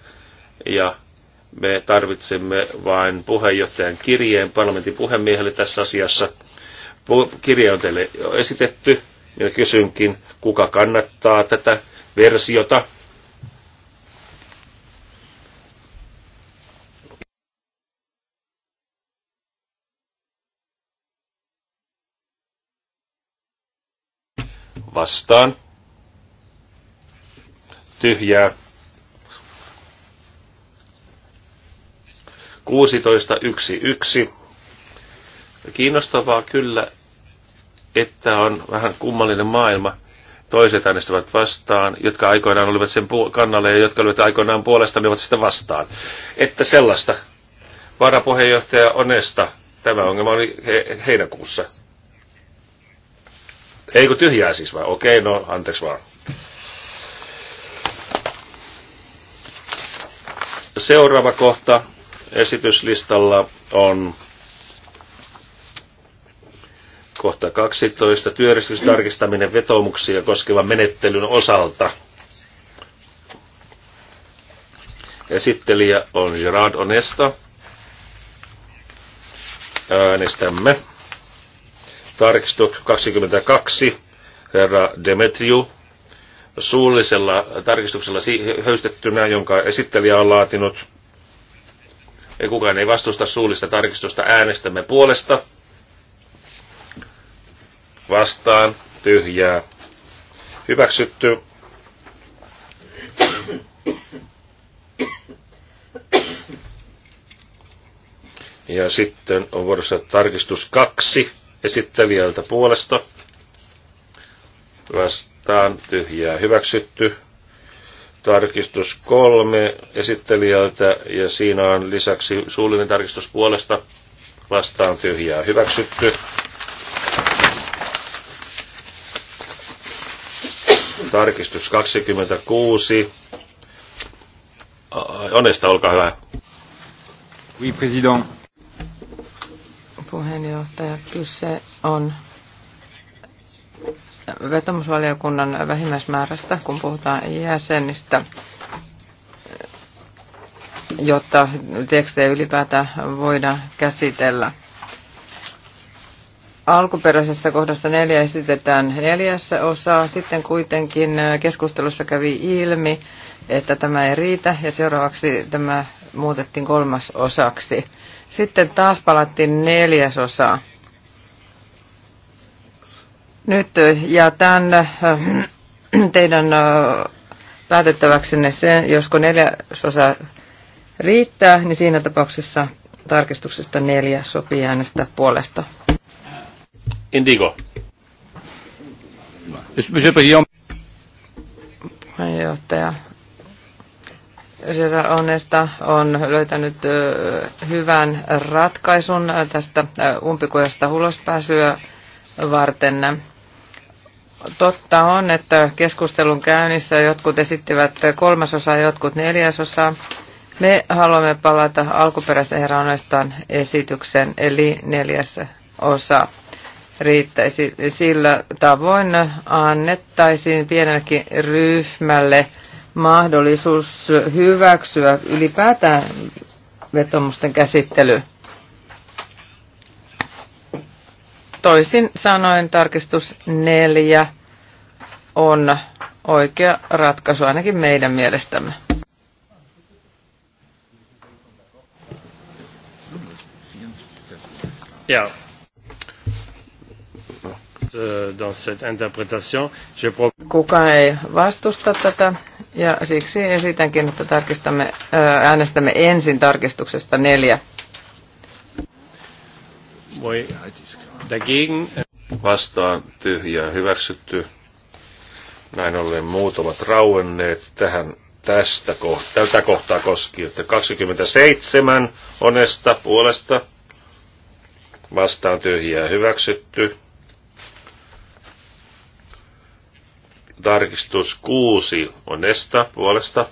ja me tarvitsemme vain puheenjohtajan kirjeen parlamentin puhemiehelle tässä asiassa. Kirje on teille esitetty. Minä kysynkin, kuka kannattaa tätä versiota vastaan. Tyhjää. 16.1.1. Kiinnostavaa kyllä, että on vähän kummallinen maailma. Toiset äänestävät vastaan, jotka aikoinaan olivat sen kannalle ja jotka olivat aikoinaan puolesta, ne ovat sitä vastaan. Että sellaista. Varapuheenjohtaja Onesta. Tämä ongelma oli he- heinäkuussa Eikö tyhjää siis vai? Okei, no anteeksi vaan. Seuraava kohta esityslistalla on kohta 12 työllisyystarkistaminen vetoomuksia koskevan menettelyn osalta. Esittelijä on Gerard Onesta. Äänestämme. Tarkistus 22, herra Demetriu, suullisella tarkistuksella höystettynä, jonka esittelijä on laatinut. Ei kukaan ei vastusta suullista tarkistusta, äänestämme puolesta. Vastaan, tyhjää. Hyväksytty. Ja sitten on vuorossa tarkistus kaksi esittelijältä puolesta. Vastaan tyhjää hyväksytty. Tarkistus kolme esittelijältä ja siinä on lisäksi suullinen tarkistus puolesta. Vastaan tyhjää hyväksytty. Tarkistus 26. Onesta, olkaa hyvä. Oui, président puheenjohtaja. Kyse on vetomusvaliokunnan vähimmäismäärästä, kun puhutaan jäsenistä, jotta tekstejä ylipäätään voidaan käsitellä. Alkuperäisessä kohdassa neljä esitetään neljässä osaa. Sitten kuitenkin keskustelussa kävi ilmi, että tämä ei riitä ja seuraavaksi tämä muutettiin kolmas osaksi. Sitten taas palattiin neljäsosa. Nyt ja tämän teidän päätettäväksenne se, josko neljäsosa riittää, niin siinä tapauksessa tarkistuksesta neljä sopii äänestä puolesta. Indigo. Puheenjohtaja, Sierra Onesta on löytänyt hyvän ratkaisun tästä umpikujasta ulospääsyä varten. Totta on, että keskustelun käynnissä jotkut esittivät kolmasosa, jotkut neljäsosa. Me haluamme palata alkuperäisen herran esityksen, eli neljäs osa riittäisi. Sillä tavoin annettaisiin pienelläkin ryhmälle – mahdollisuus hyväksyä ylipäätään vetomusten käsittely. Toisin sanoen tarkistus neljä on oikea ratkaisu ainakin meidän mielestämme. Joo. Euh, Kuka ei vastusta tätä ja siksi esitänkin, että tarkistamme, äh, äänestämme ensin tarkistuksesta neljä. Voi dagegen. Vastaan tyhjää hyväksytty. Näin ollen muut ovat rauenneet tähän tästä kohtaa, tältä kohtaa koski, että 27 onesta puolesta vastaan tyhjää hyväksytty. Tarkistus 6 on esta puolesta.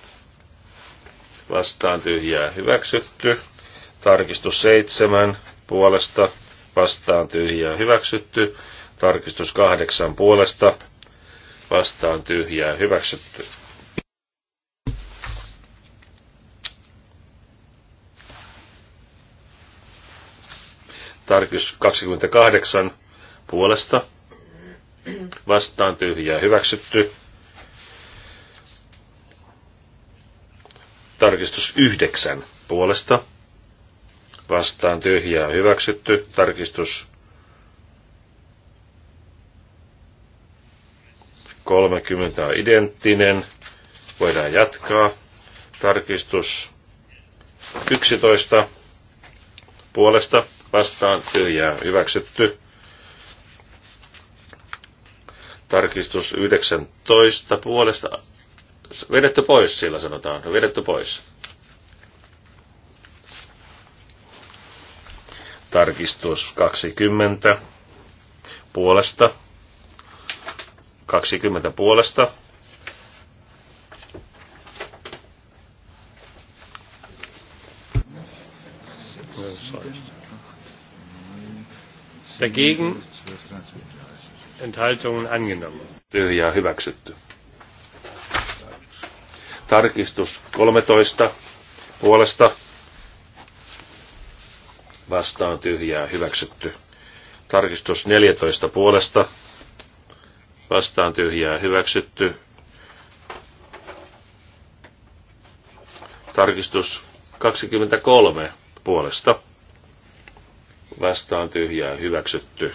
Vastaan tyhjää hyväksytty. Tarkistus 7 puolesta. Vastaan tyhjää hyväksytty. Tarkistus 8 puolesta. Vastaan tyhjää hyväksytty. Tarkistus 28 puolesta vastaan tyhjää hyväksytty. Tarkistus yhdeksän puolesta vastaan tyhjää hyväksytty. Tarkistus 30 on identtinen. Voidaan jatkaa. Tarkistus 11 puolesta vastaan tyhjää hyväksytty. Tarkistus 19 puolesta. Vedetty pois, sillä sanotaan. No, vedetty pois. Tarkistus 20 puolesta. 20 puolesta. Dagegen Enthaltungen angenommen. Tyhjää hyväksytty. Tarkistus 13 puolesta vastaan tyhjää hyväksytty. Tarkistus 14 puolesta vastaan tyhjää hyväksytty. Tarkistus 23 puolesta vastaan tyhjää hyväksytty.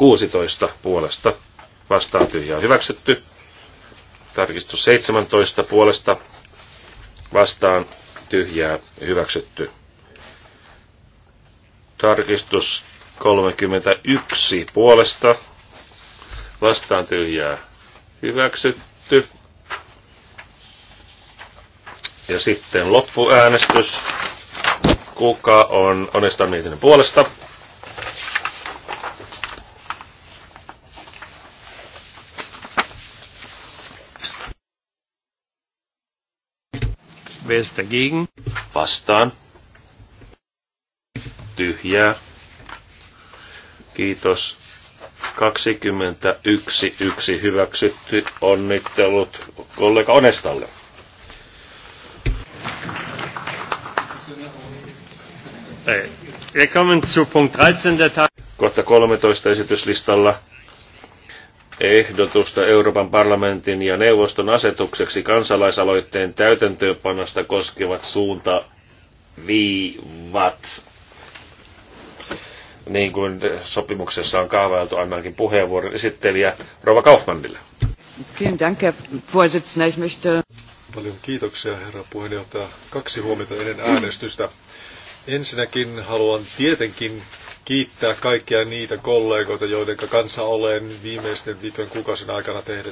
16 puolesta vastaan tyhjää hyväksytty. Tarkistus 17 puolesta vastaan tyhjää hyväksytty. Tarkistus 31 puolesta vastaan tyhjää hyväksytty. Ja sitten loppuäänestys. Kuka on onnistunut mietinnön puolesta? Wer ist dagegen? Vastaan. Tyhjää. Kiitos. 21 yksi hyväksytty. Onnittelut kollega Onestalle. Äh, wir kommen zu Punkt 13 der Kohta 13 esityslistalla ehdotusta Euroopan parlamentin ja neuvoston asetukseksi kansalaisaloitteen täytäntöönpanosta koskevat suuntaviivat. Niin kuin sopimuksessa on kaavailtu, annankin puheenvuoron esittelijä Rova Kaufmannille. Paljon kiitoksia, herra puheenjohtaja. Kaksi huomiota ennen äänestystä. Ensinnäkin haluan tietenkin kiittää kaikkia niitä kollegoita, joiden kanssa olen viimeisten viikon kuukausien aikana tehdä,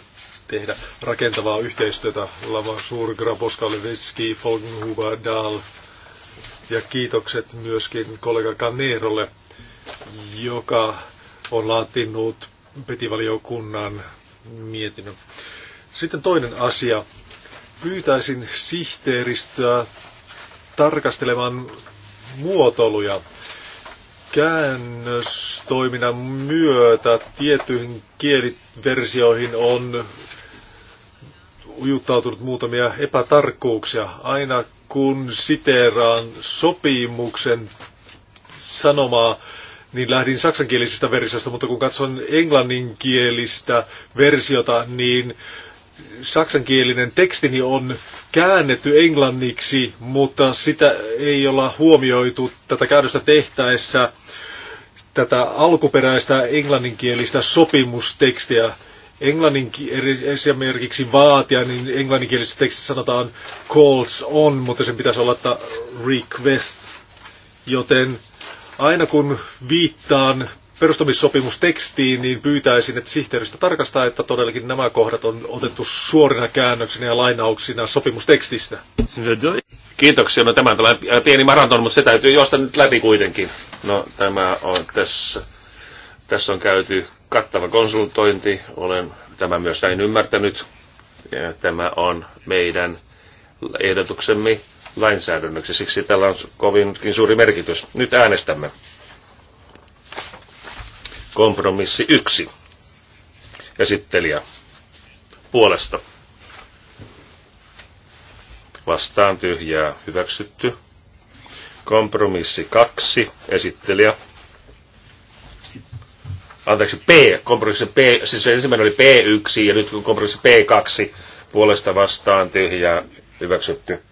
tehdä rakentavaa yhteistyötä. Lava Surgra, Boskalivitski, Folgenhuber, Dahl. Ja kiitokset myöskin kollega Kaneerolle, joka on laatinut petivaliokunnan mietinnön. Sitten toinen asia. Pyytäisin sihteeristöä tarkastelemaan muotoiluja käännöstoiminnan myötä tiettyihin kieliversioihin on ujuttautunut muutamia epätarkkuuksia. Aina kun siteeraan sopimuksen sanomaa, niin lähdin saksankielisestä versiosta, mutta kun katson englanninkielistä versiota, niin äh, saksankielinen tekstini on käännetty englanniksi, mutta sitä ei olla huomioitu tätä käännöstä tehtäessä tätä alkuperäistä englanninkielistä sopimustekstiä. Englannin, esimerkiksi vaatia, niin englanninkielisessä tekstissä sanotaan calls on, mutta sen pitäisi olla että requests. Joten aina kun viittaan perustamissopimustekstiin, niin pyytäisin, että sihteeristä tarkastaa, että todellakin nämä kohdat on otettu suorina käännöksinä ja lainauksina sopimustekstistä. Kiitoksia. No tämä on tällainen äh, pieni maraton, mutta se täytyy josta nyt läpi kuitenkin. No tämä on tässä. Tässä on käyty kattava konsultointi. Olen tämä myös näin ymmärtänyt. Ja tämä on meidän ehdotuksemme lainsäädännöksi. Siksi tällä on kovinkin suuri merkitys. Nyt äänestämme. Kompromissi yksi. Esittelijä puolesta. Vastaan tyhjää hyväksytty. Kompromissi kaksi. Esittelijä. Anteeksi, P. Kompromissi P. Siis ensimmäinen oli P1 ja nyt kompromissi P2. Puolesta vastaan tyhjää hyväksytty.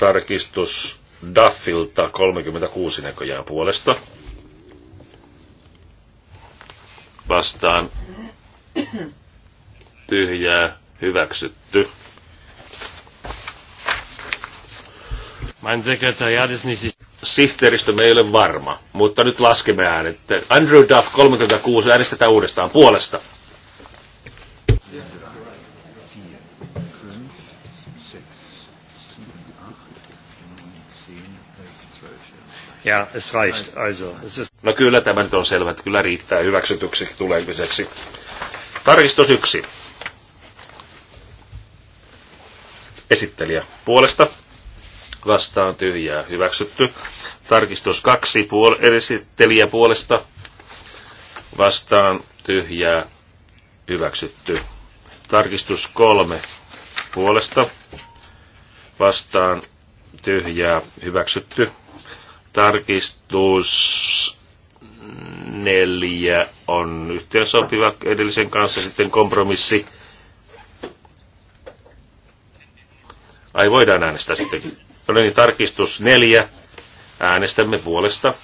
Tarkistus Duffilta 36 näköjään puolesta vastaan tyhjää hyväksytty. Mein Sekretariat Sihteeristö meille varma, mutta nyt laskemme äänet. Andrew Duff 36 äänestetään uudestaan puolesta. Ja, es reicht. Also, es ist... No kyllä tämä nyt on selvä, että kyllä riittää hyväksytyksi tulemiseksi. Tarkistus yksi. Esittelijä puolesta. Vastaan tyhjää hyväksytty. Tarkistus kaksi. Puol- esittelijä puolesta. Vastaan tyhjää hyväksytty. Tarkistus kolme. Puolesta. Vastaan tyhjää hyväksytty Tarkistus neljä on sopiva edellisen kanssa sitten kompromissi. Ai voidaan äänestää sittenkin. No niin, tarkistus neljä. Äänestämme puolesta.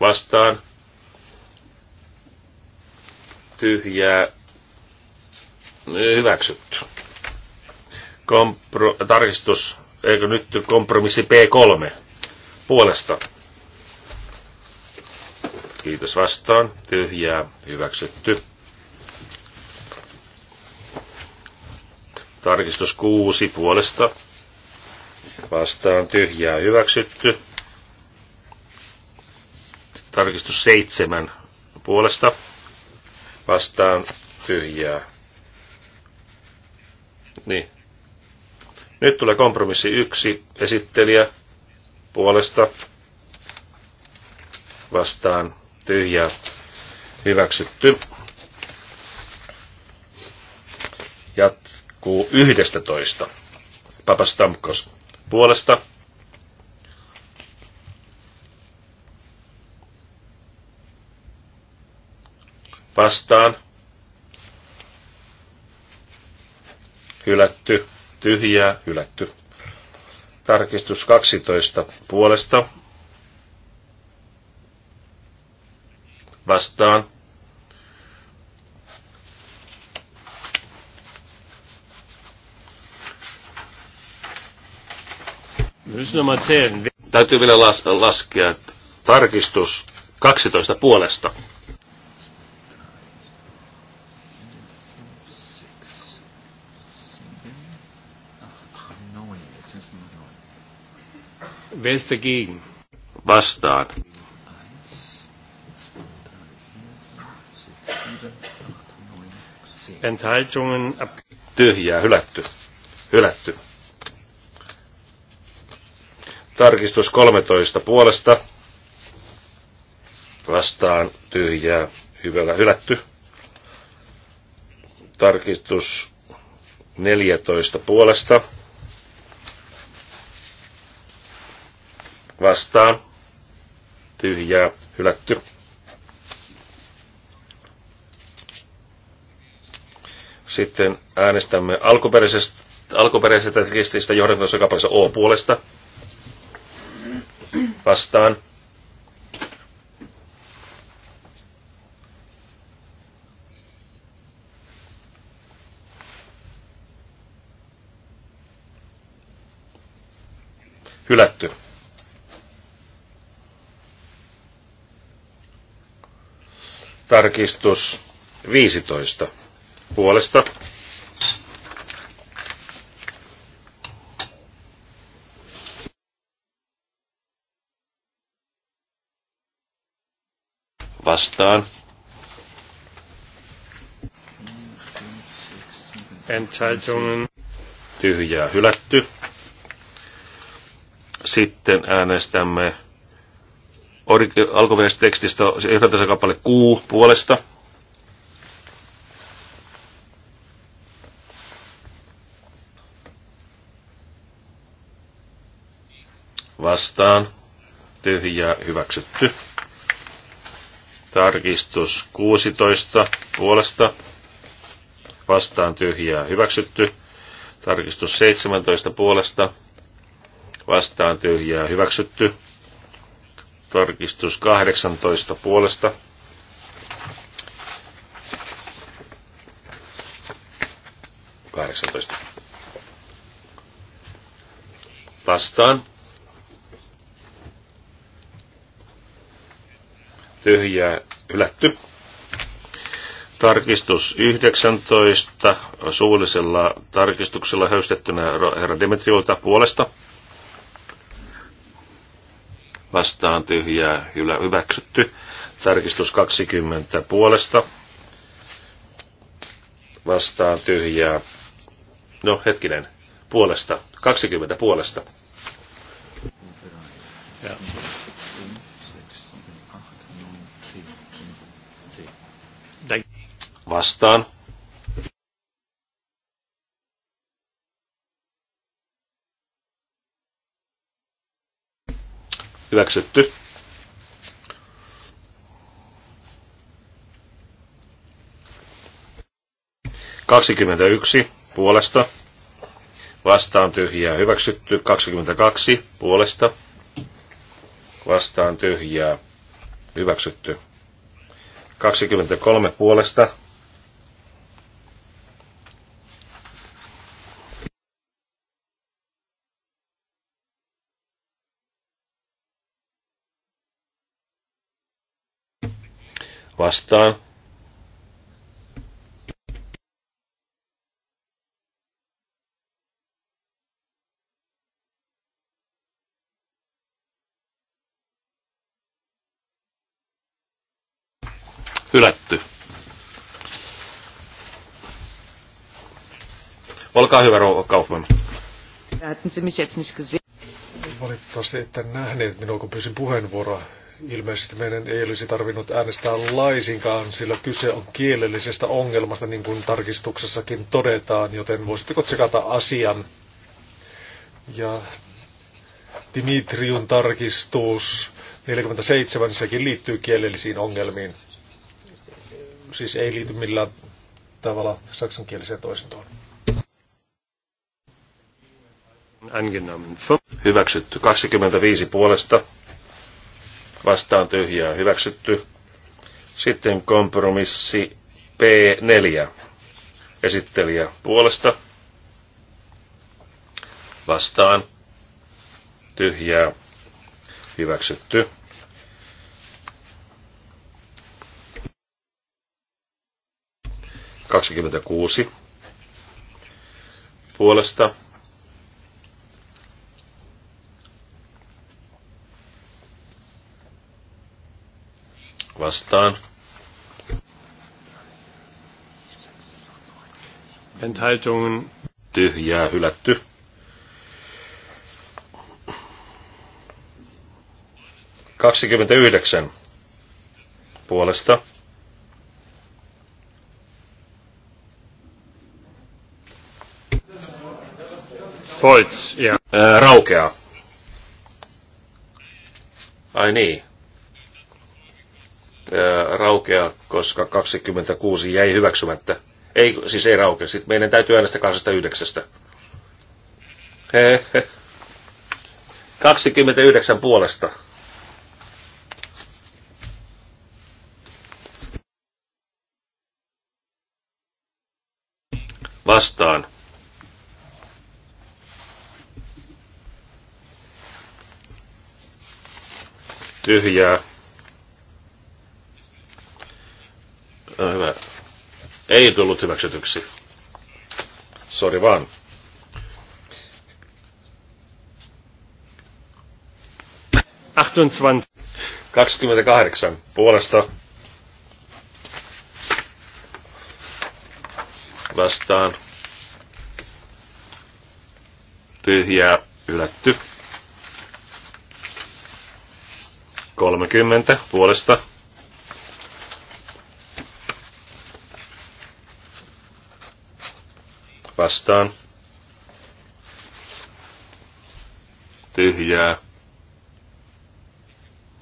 Vastaan. Tyhjää. Hyväksytty. Kompro, tarkistus, eikö nyt kompromissi P3 puolesta. Kiitos vastaan. Tyhjää. Hyväksytty. Tarkistus 6 puolesta. Vastaan tyhjää hyväksytty. Tarkistus 7 puolesta. Vastaan tyhjää. Niin. Nyt tulee kompromissi yksi esittelijä puolesta vastaan tyhjää hyväksytty. Jatkuu 11. Papastamkos puolesta vastaan. Hylätty, tyhjää, hylätty. Tarkistus 12 puolesta. Vastaan. Täytyy vielä las- laskea tarkistus 12 puolesta. Wer ist dagegen? Vastaan. Enthaltungen ab. Tyhjä, hylätty, hylätty. Tarkistus 13 puolesta. Vastaan tyhjää, hyvällä hylätty. Tarkistus 14 puolesta vastaan tyhjää hylätty. Sitten äänestämme alkuperäisestä, alkuperäisestä tekstistä johdannossa kappaleessa O puolesta vastaan. Hylätty. Tarkistus 15 puolesta. Vastaan. Entitlement. Tyhjää hylätty. Sitten äänestämme alkuperäisestä tekstistä kappale kuu puolesta. Vastaan. Tyhjää hyväksytty. Tarkistus 16 puolesta. Vastaan tyhjää hyväksytty. Tarkistus 17 puolesta. Vastaan tyhjää hyväksytty tarkistus 18 puolesta. Kahdeksantoista. Vastaan. Tyhjää hylätty. Tarkistus 19 suullisella tarkistuksella höystettynä herra Dimitriolta puolesta vastaan tyhjää hylä hyväksytty. Tarkistus 20 puolesta vastaan tyhjää. No hetkinen, puolesta, 20 puolesta. Ja. Vastaan Hyväksytty. Kaksikymmentäyksi puolesta. Vastaan tyhjää hyväksytty. 22 puolesta. Vastaan tyhjää hyväksytty. 23 puolesta vastaan. Hylätty. Olkaa hyvä, Rouva Kaufman. Valitettavasti että nähneet minua, kun pyysin puheenvuoroa ilmeisesti meidän ei olisi tarvinnut äänestää laisinkaan, sillä kyse on kielellisestä ongelmasta, niin kuin tarkistuksessakin todetaan, joten voisitteko tsekata asian. Ja Dimitriun tarkistus 47, sekin liittyy kielellisiin ongelmiin. Siis ei liity millään tavalla saksankieliseen toisintoon. Hyväksytty 25 puolesta vastaan tyhjää hyväksytty. Sitten kompromissi P4 esittelijä puolesta vastaan tyhjää hyväksytty. kuusi puolesta vastaan. Enthaltungen. Tyhjää hylätty. yhdeksän puolesta. Voits, ja. Ää, raukeaa. Ai niin raukea, koska 26 jäi hyväksymättä. Ei, siis ei raukea. Sitten meidän täytyy äänestää 29. 29 puolesta. Vastaan. Tyhjää. No hyvä. Ei tullut hyväksytyksi. Sori vaan. Achtundzwanzig. 28 puolesta vastaan tyhjää ylätty 30 puolesta vastaan. Tyhjää.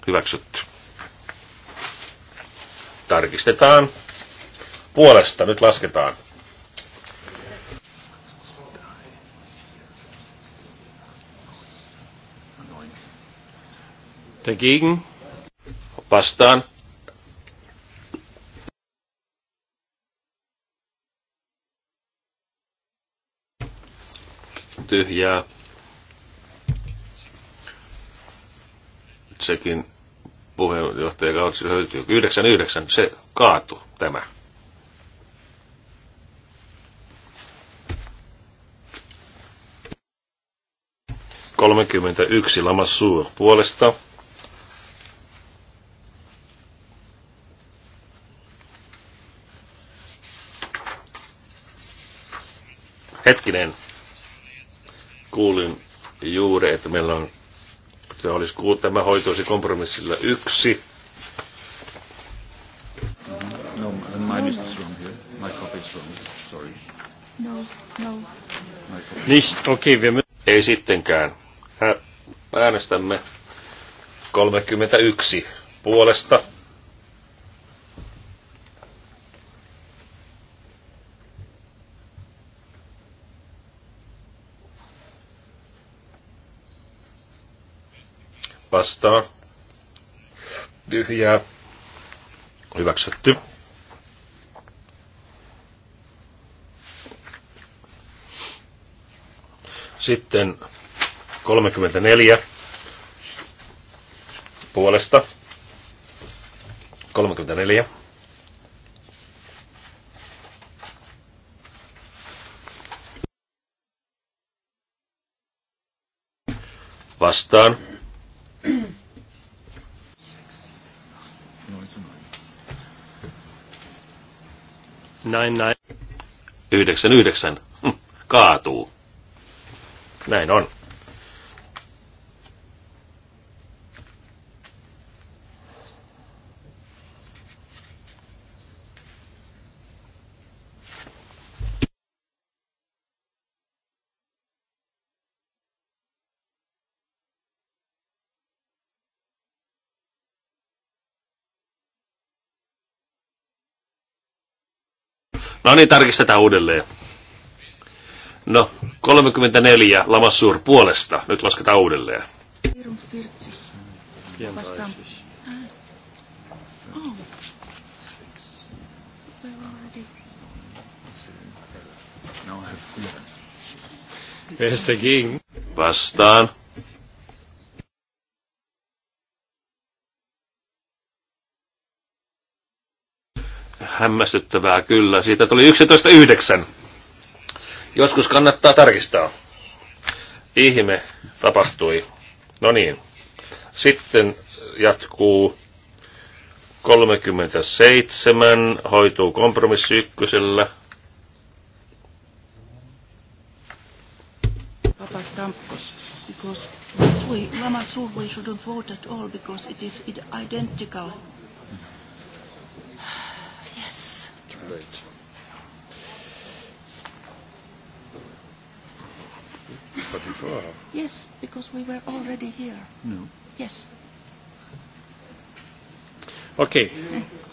Hyväksytty. Tarkistetaan. Puolesta nyt lasketaan. Dagegen. Vastaan. tyhjää. Tsekin puheenjohtajakaudeksi löytyy 99, se kaatu tämä. yksi Lamassuur puolesta. Hetkinen. Kuulin juuri, että meillä on, se olisi, tämä hoitoisi kompromissilla yksi. No, my is wrong here. My copy is wrong. Sorry. No, no. okay, Ei sittenkään. Äänestämme 31 puolesta vastaan. Tyhjää. Hyväksytty. Sitten 34 puolesta. 34. Vastaan. Näin, näin. 99. Kaatuu. Näin on. No niin, tarkistetaan uudelleen. No, 34 Lamassur puolesta. Nyt lasketaan uudelleen. 44. Vastaan. Hämmästyttävää kyllä. Siitä tuli 11.9. Joskus kannattaa tarkistaa. Ihme tapahtui. No niin. Sitten jatkuu 37, hoituu kompromissi ykkösellä. Papastamkos, because this way, Lama Survey shouldn't vote at all because it is identical late. But before? Yes, because we were already here. No. Yes. Okei.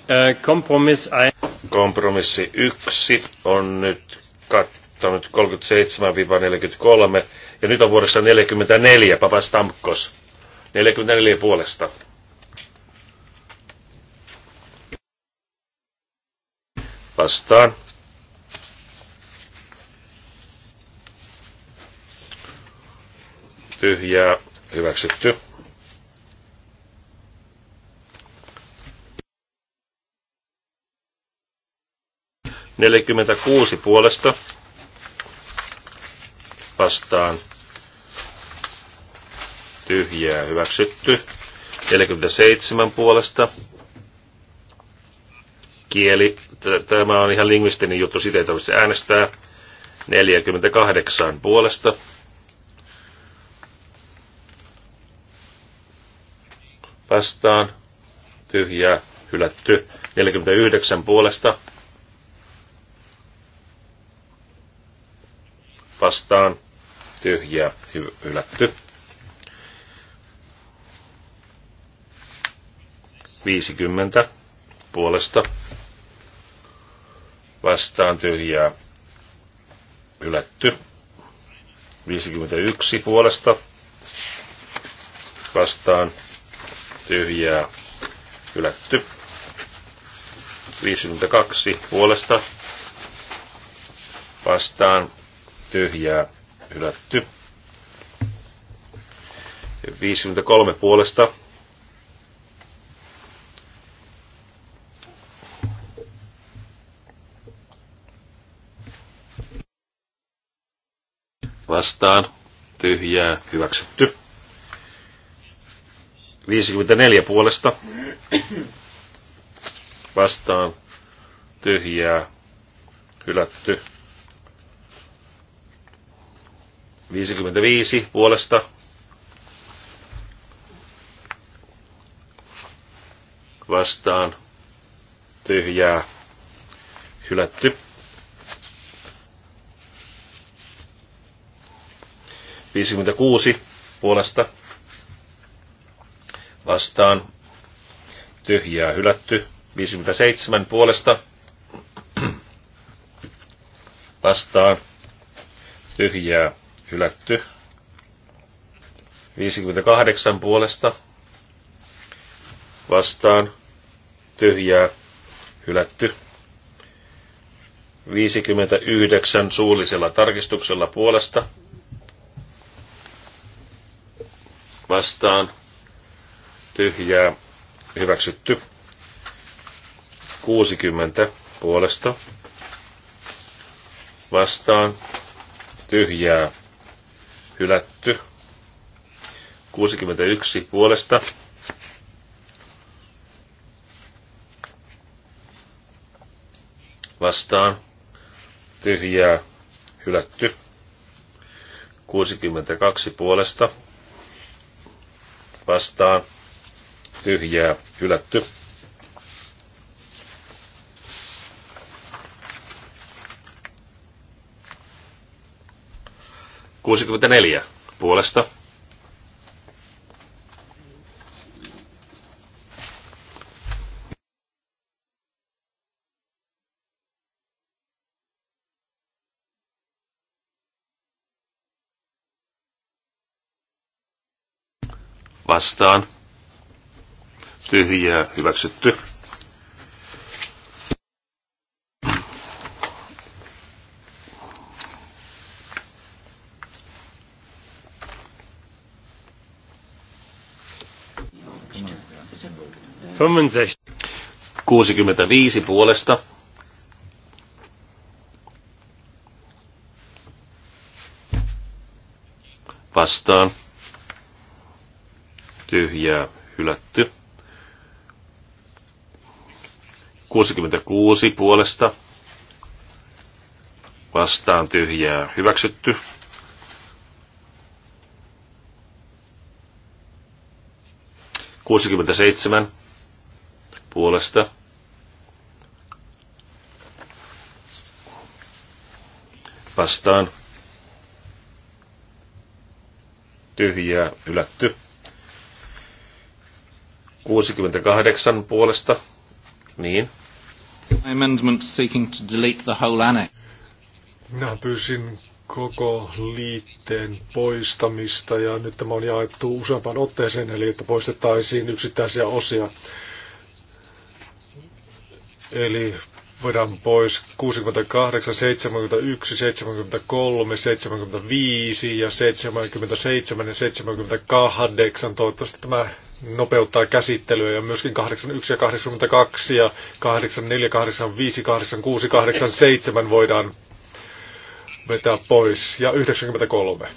Okay. Kompromiss Kompromissi yksi on nyt kattanut 37-43 ja nyt on vuodessa 44 Papa Stamkos. 44 puolesta vastaan. Tyhjää hyväksytty. Neljäkymmentäkuusi puolesta vastaan tyhjää hyväksytty. 47 puolesta kieli. Tämä on ihan lingvistinen juttu, sitä ei tarvitse äänestää. 48 puolesta. Vastaan. Tyhjää. Hylätty. 49 puolesta. Vastaan. Tyhjää. Hylätty. 50 puolesta vastaan tyhjää ylätty. 51 puolesta vastaan tyhjää ylätty. 52 puolesta vastaan tyhjää ylätty. 53 puolesta vastaan, tyhjää, hyväksytty. 54 puolesta vastaan, tyhjää, hylätty. 55 puolesta vastaan, tyhjää, hylätty. 56 puolesta vastaan tyhjää hylätty. 57 puolesta vastaan tyhjää hylätty. 58 puolesta vastaan tyhjää hylätty. 59 suullisella tarkistuksella puolesta vastaan tyhjää hyväksytty. 60 puolesta vastaan tyhjää hylätty. 61 puolesta vastaan tyhjää hylätty. 62 puolesta vastaan tyhjää hylätty. Kuusikymmentäneljä puolesta vastaan tyhjää hyväksytty. viisi puolesta. Vastaan tyhjää hylätty. 66 puolesta vastaan tyhjää hyväksytty. seitsemän puolesta. Vastaan. Tyhjää ylätty. 68 puolesta. Niin. Amendment seeking to delete the whole annex. Minä pyysin koko liitteen poistamista ja nyt tämä on jaettu useampaan otteeseen, eli että poistettaisiin yksittäisiä osia. Eli voidaan pois 68, 71, 73, 75 ja 77 ja 78. Toivottavasti tämä nopeuttaa käsittelyä ja myöskin 81 ja 82 ja 84, 85, 86, 87 voidaan vetää pois ja 93.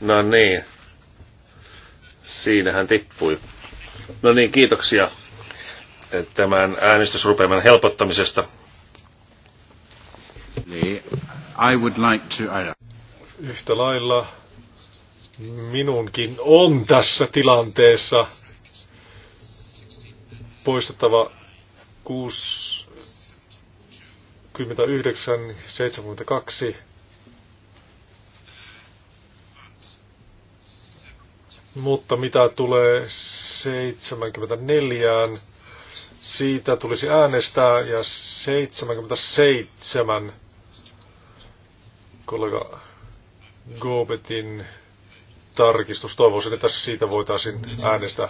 No niin, Siinä hän tippui. No niin, kiitoksia tämän äänestysrupeaman helpottamisesta. I would like to... Yhtä lailla minunkin on tässä tilanteessa poistettava 6, 69, 72 Mutta mitä tulee 74, siitä tulisi äänestää ja 77 kollega Gobetin tarkistus. Toivoisin, että siitä voitaisiin äänestää.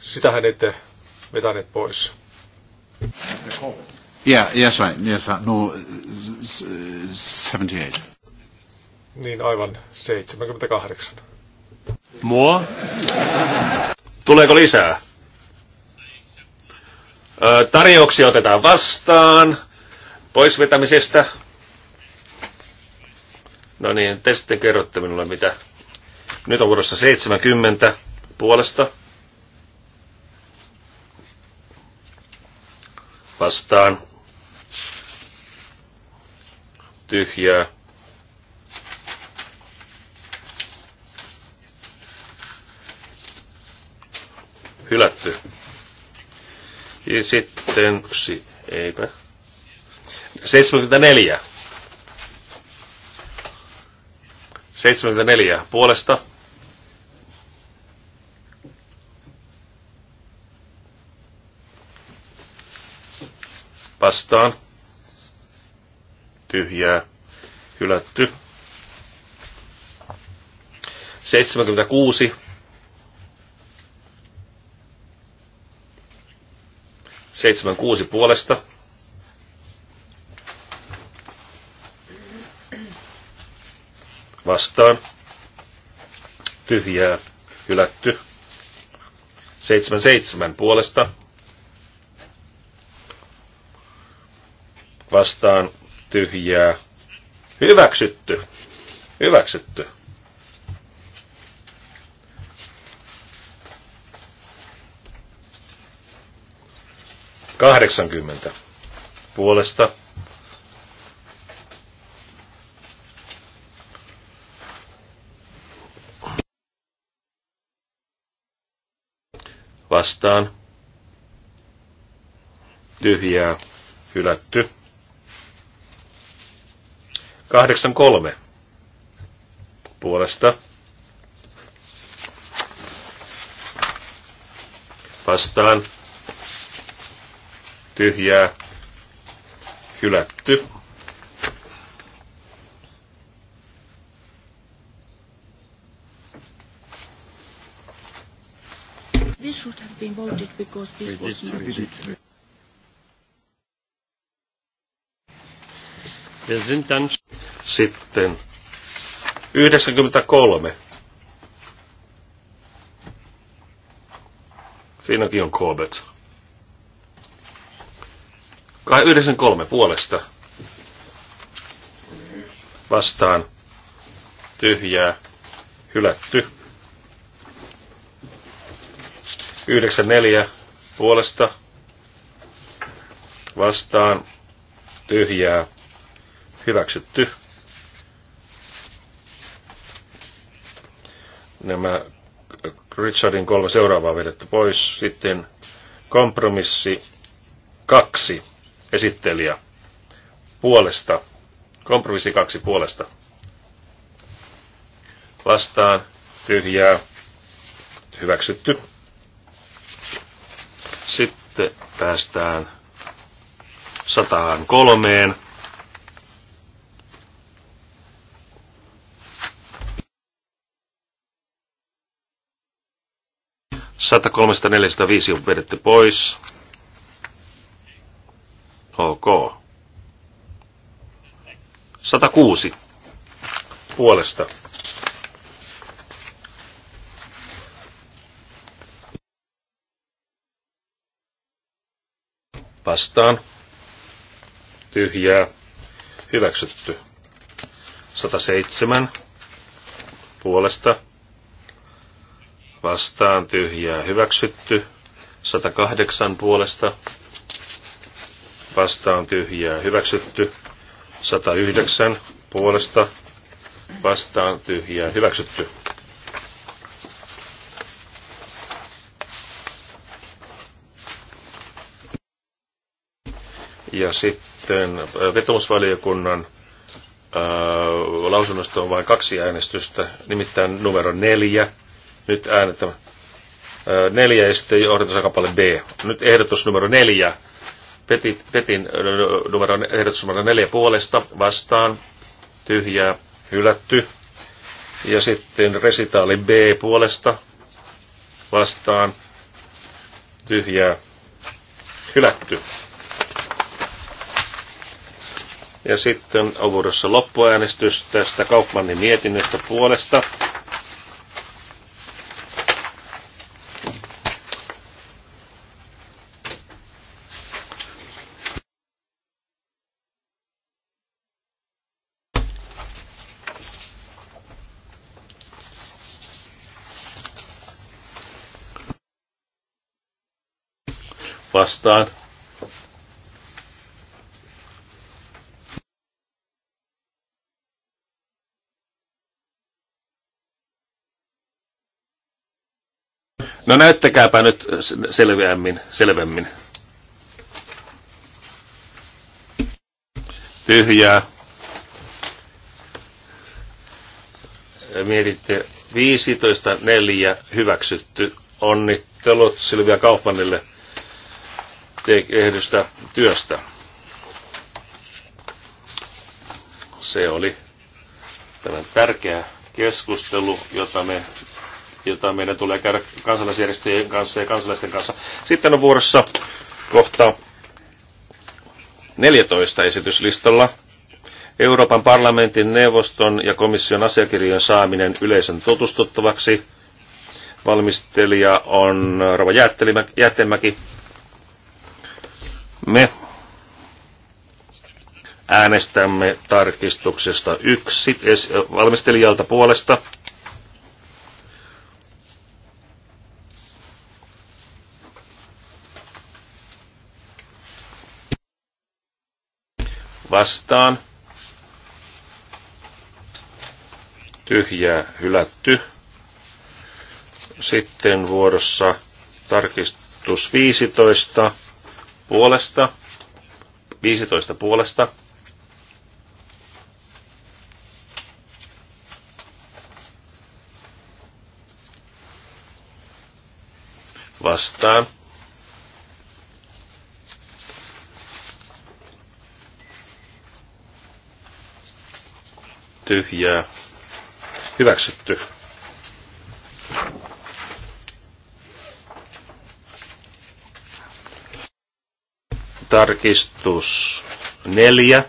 Sitähän ette vetäneet pois. Yeah, yes, right. Yes, right. Uh, no, 78. Niin, aivan 78. Mua? Tuleeko lisää? tarjouksia otetaan vastaan. Poisvetämisestä. No niin, te sitten kerrotte minulle mitä. Nyt on vuorossa 70 puolesta. Vastaan. Tyhjää hylätty. Ja sitten si, eipä. 74. 74 puolesta. Vastaan. Tyhjää. Hylätty. 76 76 puolesta. Vastaan. Tyhjää. Hylätty. 77 puolesta. Vastaan. Tyhjää. Hyväksytty. Hyväksytty. 80 puolesta. Vastaan. Tyhjää. Hylätty. 83 puolesta. Vastaan tyhjää, hylätty. This should have been voted because this was not... sind dann sitten 93. Siinäkin on Corbett. 93 puolesta vastaan tyhjää hylätty. 94 puolesta vastaan tyhjää hyväksytty. Nämä Richardin kolme seuraavaa vedetty pois. Sitten kompromissi kaksi esittelijä puolesta, kompromissi kaksi puolesta. Vastaan, tyhjää, hyväksytty. Sitten päästään 103. Sata kolmesta neljästä viisi on vedetty pois. Ok. 106 puolesta. Vastaan. Tyhjää. Hyväksytty. 107 puolesta. Vastaan tyhjää hyväksytty. 108 puolesta vastaan tyhjää hyväksytty. 109 puolesta vastaan tyhjää hyväksytty. Ja sitten äh, vetomusvaliokunnan äh, lausunnosta on vain kaksi äänestystä, nimittäin numero neljä. Nyt äänetä äh, neljä ja sitten johdatuskappale B. Nyt ehdotus numero neljä Petit, Petin numero, ehdotus numero neljä puolesta vastaan, tyhjää, hylätty. Ja sitten resitaali B puolesta vastaan, tyhjää, hylätty. Ja sitten on vuorossa loppuäänestys tästä Kaupmannin mietinnöstä puolesta vastaan. No näyttäkääpä nyt selvemmin, selvemmin. Tyhjää. Mietitte 15.4. hyväksytty. Onnittelut Silvia kaupanille tehdystä työstä. Se oli tämän tärkeä keskustelu, jota, me, jota meidän tulee käydä kansalaisjärjestöjen kanssa ja kansalaisten kanssa. Sitten on vuorossa kohta 14 esityslistalla. Euroopan parlamentin neuvoston ja komission asiakirjojen saaminen yleisön tutustuttavaksi. Valmistelija on Rova Jäättemäki. Me äänestämme tarkistuksesta yksi valmistelijalta puolesta. Vastaan. Tyhjää hylätty. Sitten vuorossa tarkistus 15 puolesta, 15 puolesta. Vastaan. Tyhjää. Hyväksytty. tarkistus neljä,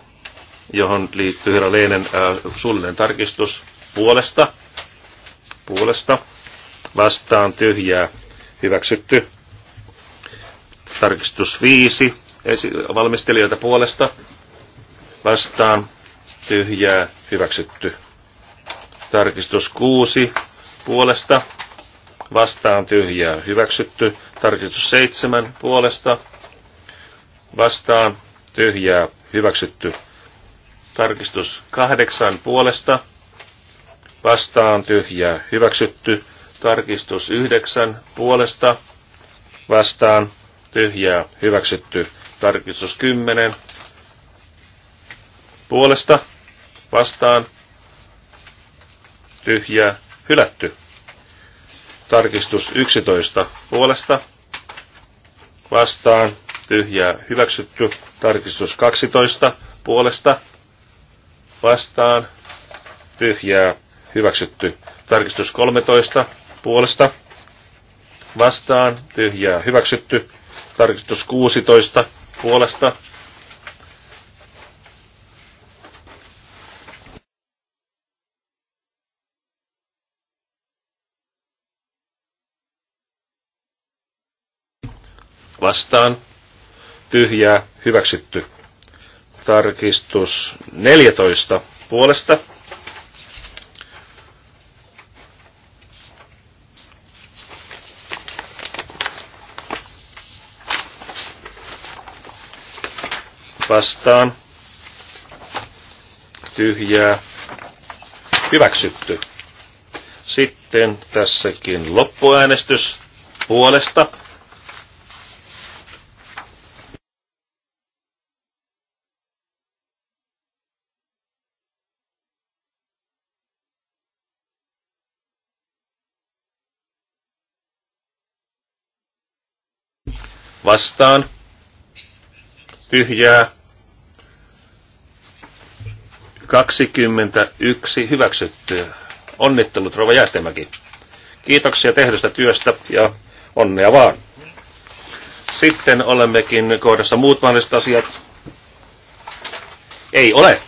johon liittyy herra Leinen äh, suullinen tarkistus puolesta, puolesta vastaan tyhjää hyväksytty. Tarkistus viisi valmistelijoita puolesta vastaan tyhjää hyväksytty. Tarkistus kuusi puolesta vastaan tyhjää hyväksytty. Tarkistus seitsemän puolesta vastaan tyhjää hyväksytty. Tarkistus kahdeksan puolesta vastaan tyhjää hyväksytty. Tarkistus yhdeksän puolesta vastaan tyhjää hyväksytty. Tarkistus kymmenen puolesta vastaan tyhjää hylätty. Tarkistus 11 puolesta vastaan tyhjää hyväksytty. Tarkistus 12 puolesta vastaan tyhjää hyväksytty. Tarkistus 13 puolesta vastaan tyhjää hyväksytty. Tarkistus 16 puolesta vastaan tyhjää, hyväksytty. Tarkistus 14 puolesta. Vastaan. Tyhjää. Hyväksytty. Sitten tässäkin loppuäänestys puolesta. vastaan, tyhjää, 21 hyväksytty. Onnittelut Rova Jäätemäki. Kiitoksia tehdystä työstä ja onnea vaan. Sitten olemmekin kohdassa muut mahdolliset asiat. Ei ole.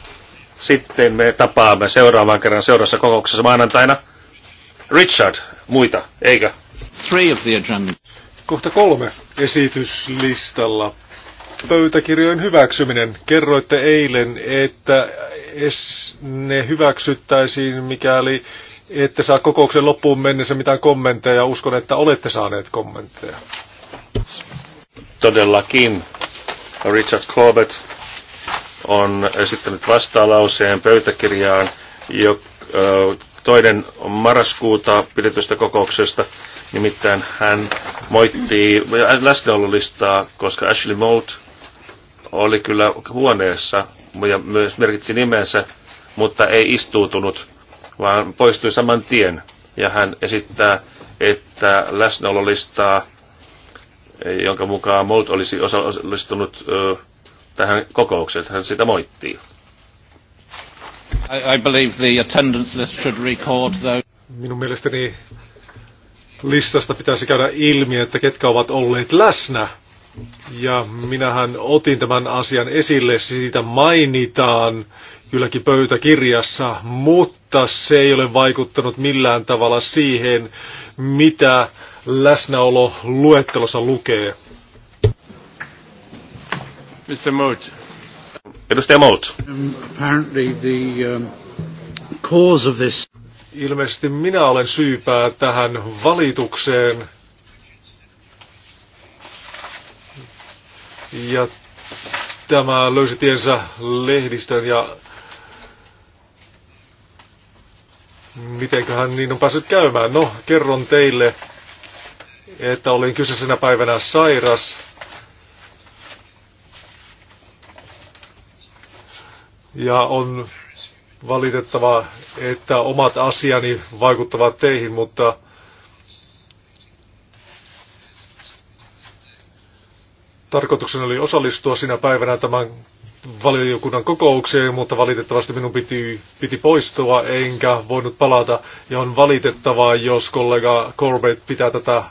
Sitten me tapaamme seuraavan kerran seuraavassa kokouksessa maanantaina. Richard, muita, eikö? Three of the agenda. Kohta kolme esityslistalla. Pöytäkirjojen hyväksyminen. Kerroitte eilen, että ne hyväksyttäisiin, mikäli ette saa kokouksen loppuun mennessä mitään kommentteja. Uskon, että olette saaneet kommentteja. Todellakin. Richard Corbett on esittänyt vastalauseen pöytäkirjaan, joka toinen marraskuuta pidetystä kokouksesta. Nimittäin hän moitti läsnäololistaa, koska Ashley Mould oli kyllä huoneessa ja myös merkitsi nimensä, mutta ei istuutunut, vaan poistui saman tien. Ja hän esittää, että läsnäololistaa, jonka mukaan Mould olisi osallistunut tähän kokoukseen, hän sitä moittii. I, I believe the attendance list should record Minun mielestäni listasta pitäisi käydä ilmi, että ketkä ovat olleet läsnä. Ja minähän otin tämän asian esille, siitä mainitaan kylläkin pöytäkirjassa, mutta se ei ole vaikuttanut millään tavalla siihen, mitä läsnäolo luettelossa lukee. Mr. Mote. Edustaja Moltz. Um, um, Ilmeisesti minä olen syypää tähän valitukseen. Ja tämä löysi tiensä lehdistön ja mitenköhän niin on päässyt käymään. No, kerron teille, että olin kyseisenä päivänä sairas Ja on valitettavaa, että omat asiani vaikuttavat teihin, mutta tarkoituksena oli osallistua sinä päivänä tämän valiokunnan kokoukseen, mutta valitettavasti minun piti, piti poistua enkä voinut palata. Ja on valitettavaa, jos kollega Corbett pitää tätä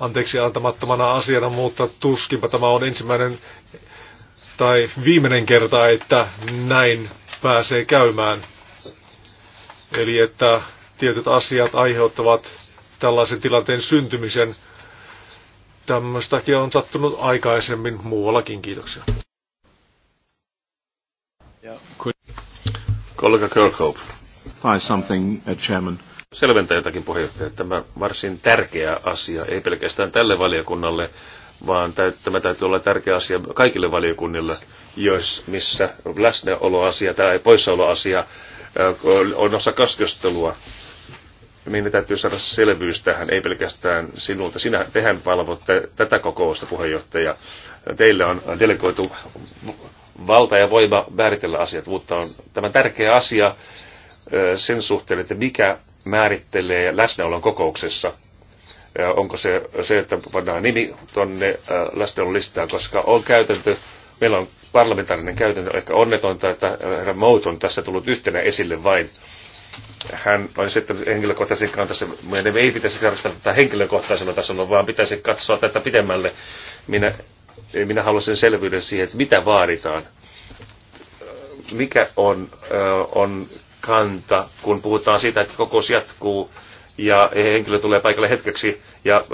anteeksi antamattomana asiana, mutta tuskinpa tämä on ensimmäinen tai viimeinen kerta, että näin pääsee käymään. Eli että tietyt asiat aiheuttavat tällaisen tilanteen syntymisen. Tämmöistäkin on sattunut aikaisemmin muuallakin. Kiitoksia. Kollega Kirkhope. Find something, uh, Chairman. Selventä jotakin puheenjohtaja. Tämä varsin tärkeä asia, ei pelkästään tälle valiokunnalle, vaan tämä täytyy olla tärkeä asia kaikille valiokunnille, jos, missä läsnäoloasia tai poissaoloasia on osa keskustelua. Meidän niin täytyy saada selvyys tähän, ei pelkästään sinulta. Sinä tehän palvotte tätä kokousta, puheenjohtaja. teille on delegoitu valta ja voima määritellä asiat, mutta on tämä tärkeä asia sen suhteen, että mikä määrittelee läsnäolon kokouksessa – onko se, se että pannaan nimi tuonne äh, lastenlistaan, koska on käytäntö, meillä on parlamentaarinen käytäntö, ehkä onnetonta, että äh, herra Mout on tässä tullut yhtenä esille vain. Hän on sitten henkilökohtaisen kantansa, meidän ei pitäisi tarkastella tätä henkilökohtaisella tasolla, vaan pitäisi katsoa tätä pidemmälle. Minä, minä haluaisin selvyyden siihen, että mitä vaaditaan. Mikä on, äh, on kanta, kun puhutaan siitä, että kokous jatkuu ja henkilö tulee paikalle hetkeksi ja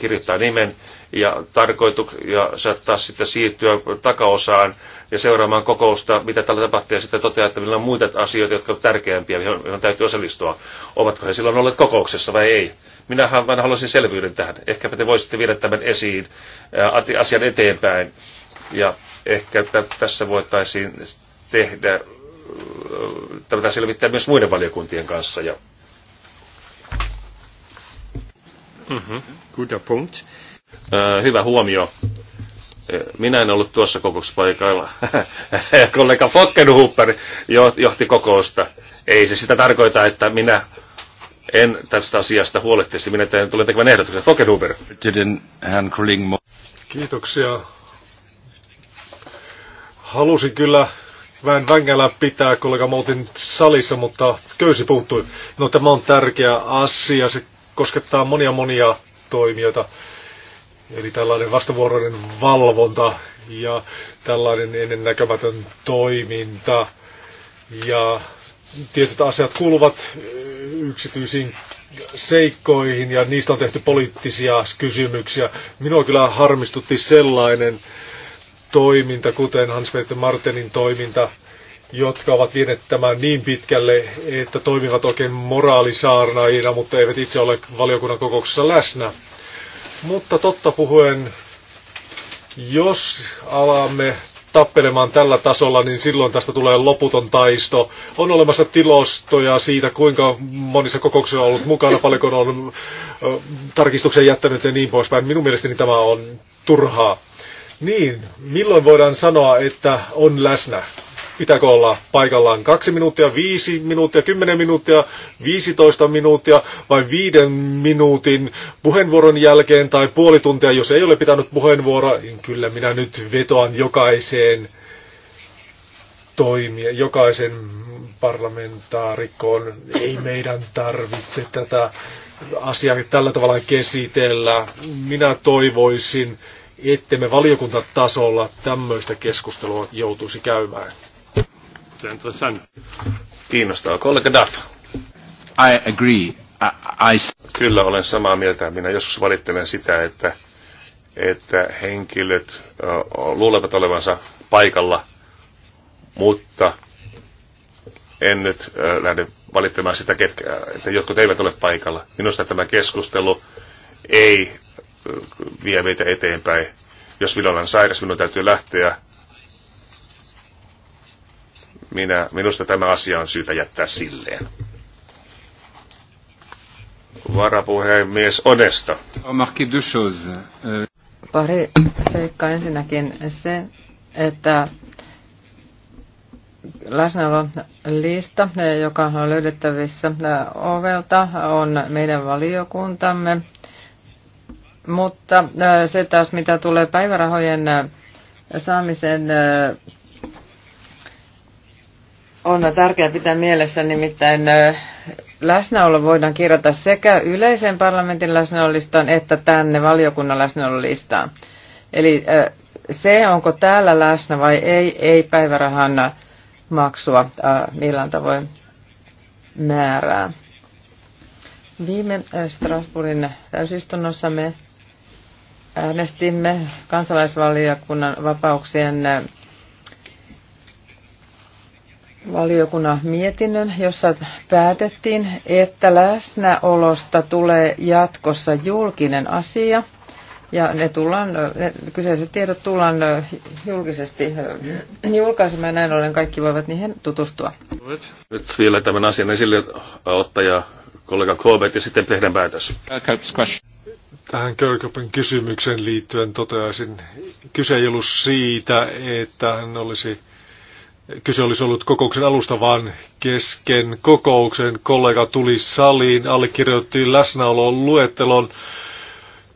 kirjoittaa nimen ja tarkoituk ja saattaa sitten siirtyä takaosaan ja seuraamaan kokousta, mitä tällä tapahtuu ja sitten toteaa, että meillä on muita asioita, jotka ovat tärkeämpiä, joihin täytyy osallistua. Ovatko he silloin olleet kokouksessa vai ei? Minä vain haluaisin selvyyden tähän. Ehkäpä te voisitte viedä tämän esiin asian eteenpäin ja ehkä tässä voitaisiin tehdä, tämä selvittää myös muiden valiokuntien kanssa ja Mm-hmm. Hyvä huomio. Minä en ollut tuossa kokouspaikalla. Kollega Fokkenhuber johti kokousta. Ei se sitä tarkoita, että minä en tästä asiasta huolehtisi. Minä tein, tulen tekemään ehdotuksen. Fokkenhuber. Kiitoksia. Halusin kyllä vähän vängällä pitää kollega Moutin salissa, mutta köysi puuttui. No tämä on tärkeä asia. Se koskettaa monia monia toimijoita. Eli tällainen vastavuoroinen valvonta ja tällainen ennennäkemätön toiminta. Ja tietyt asiat kuuluvat eh, yksityisiin seikkoihin ja niistä on tehty poliittisia kysymyksiä. Minua kyllä harmistutti sellainen toiminta, kuten Hans-Peter Martenin toiminta, jotka ovat vieneet tämän niin pitkälle, että toimivat oikein moraalisaarnaajina, mutta eivät itse ole valiokunnan kokouksessa läsnä. Mutta totta puhuen, jos alamme tappelemaan tällä tasolla, niin silloin tästä tulee loputon taisto. On olemassa tilostoja siitä, kuinka monissa kokouksissa on ollut mukana, paljonko on tarkistuksen jättänyt ja niin poispäin. Minun mielestäni tämä on turhaa. Niin, milloin voidaan sanoa, että on läsnä? Pitääkö olla paikallaan kaksi minuuttia, viisi minuuttia, kymmenen minuuttia, viisitoista minuuttia vai viiden minuutin puheenvuoron jälkeen tai puoli tuntia, jos ei ole pitänyt puheenvuoroa, niin kyllä minä nyt vetoan jokaiseen toimia, jokaisen parlamentaarikkoon. Ei meidän tarvitse tätä asiaa tällä tavalla käsitellä. Minä toivoisin, ettemme valiokuntatasolla tämmöistä keskustelua joutuisi käymään. Sehr Kiinnostaa. Kollega Duff. I agree. I, I... Kyllä olen samaa mieltä. Minä joskus valittelen sitä, että, että henkilöt uh, luulevat olevansa paikalla, mutta en nyt uh, lähde valittamaan sitä, ketkä, että jotkut eivät ole paikalla. Minusta tämä keskustelu ei vie meitä eteenpäin. Jos minä olen sairas, minun täytyy lähteä minä, minusta tämä asia on syytä jättää silleen. Varapuhemies Onesta. Euh, Pari seikkaa ensinnäkin se, että läsnäolo lista, joka on löydettävissä ovelta, on meidän valiokuntamme. Mutta äh, se taas, mitä tulee päivärahojen äh, saamisen äh, on tärkeää pitää mielessä, nimittäin läsnäolo voidaan kirjata sekä yleisen parlamentin läsnäolistaan että tänne valiokunnan läsnäololistaan. Eli se, onko täällä läsnä vai ei, ei päivärahan maksua millään tavoin määrää. Viime Strasbourgin täysistunnossa me äänestimme kansalaisvaliokunnan vapauksien valiokunnan mietinnön, jossa päätettiin, että läsnäolosta tulee jatkossa julkinen asia ja ne, tullaan, ne kyseiset tiedot tullaan julkisesti julkaisemaan näin ollen kaikki voivat niihin tutustua. Nyt vielä tämän asian esille ottaja kollega Colbert ja sitten tehdään päätös. Tähän Kirkhopin kysymykseen liittyen toteaisin, kyse ei ollut siitä, että hän olisi kyse olisi ollut kokouksen alusta, vaan kesken kokouksen kollega tuli saliin, allekirjoitti läsnäolon luettelon,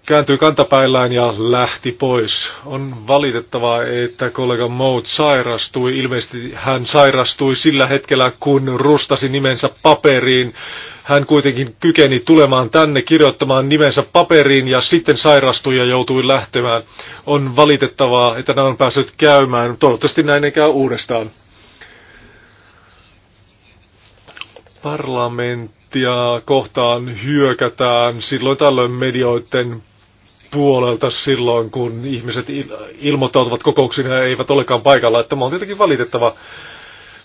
kääntyi kantapäillään ja lähti pois. On valitettavaa, että kollega Mout sairastui. Ilmeisesti hän sairastui sillä hetkellä, kun rustasi nimensä paperiin hän kuitenkin kykeni tulemaan tänne kirjoittamaan nimensä paperiin ja sitten sairastui ja joutui lähtemään. On valitettavaa, että näin on päässyt käymään. Toivottavasti näin ei käy uudestaan. Parlamenttia kohtaan hyökätään silloin tällöin medioiden puolelta silloin, kun ihmiset ilmoittautuvat kokouksiin ja eivät olekaan paikalla. Tämä on tietenkin valitettava.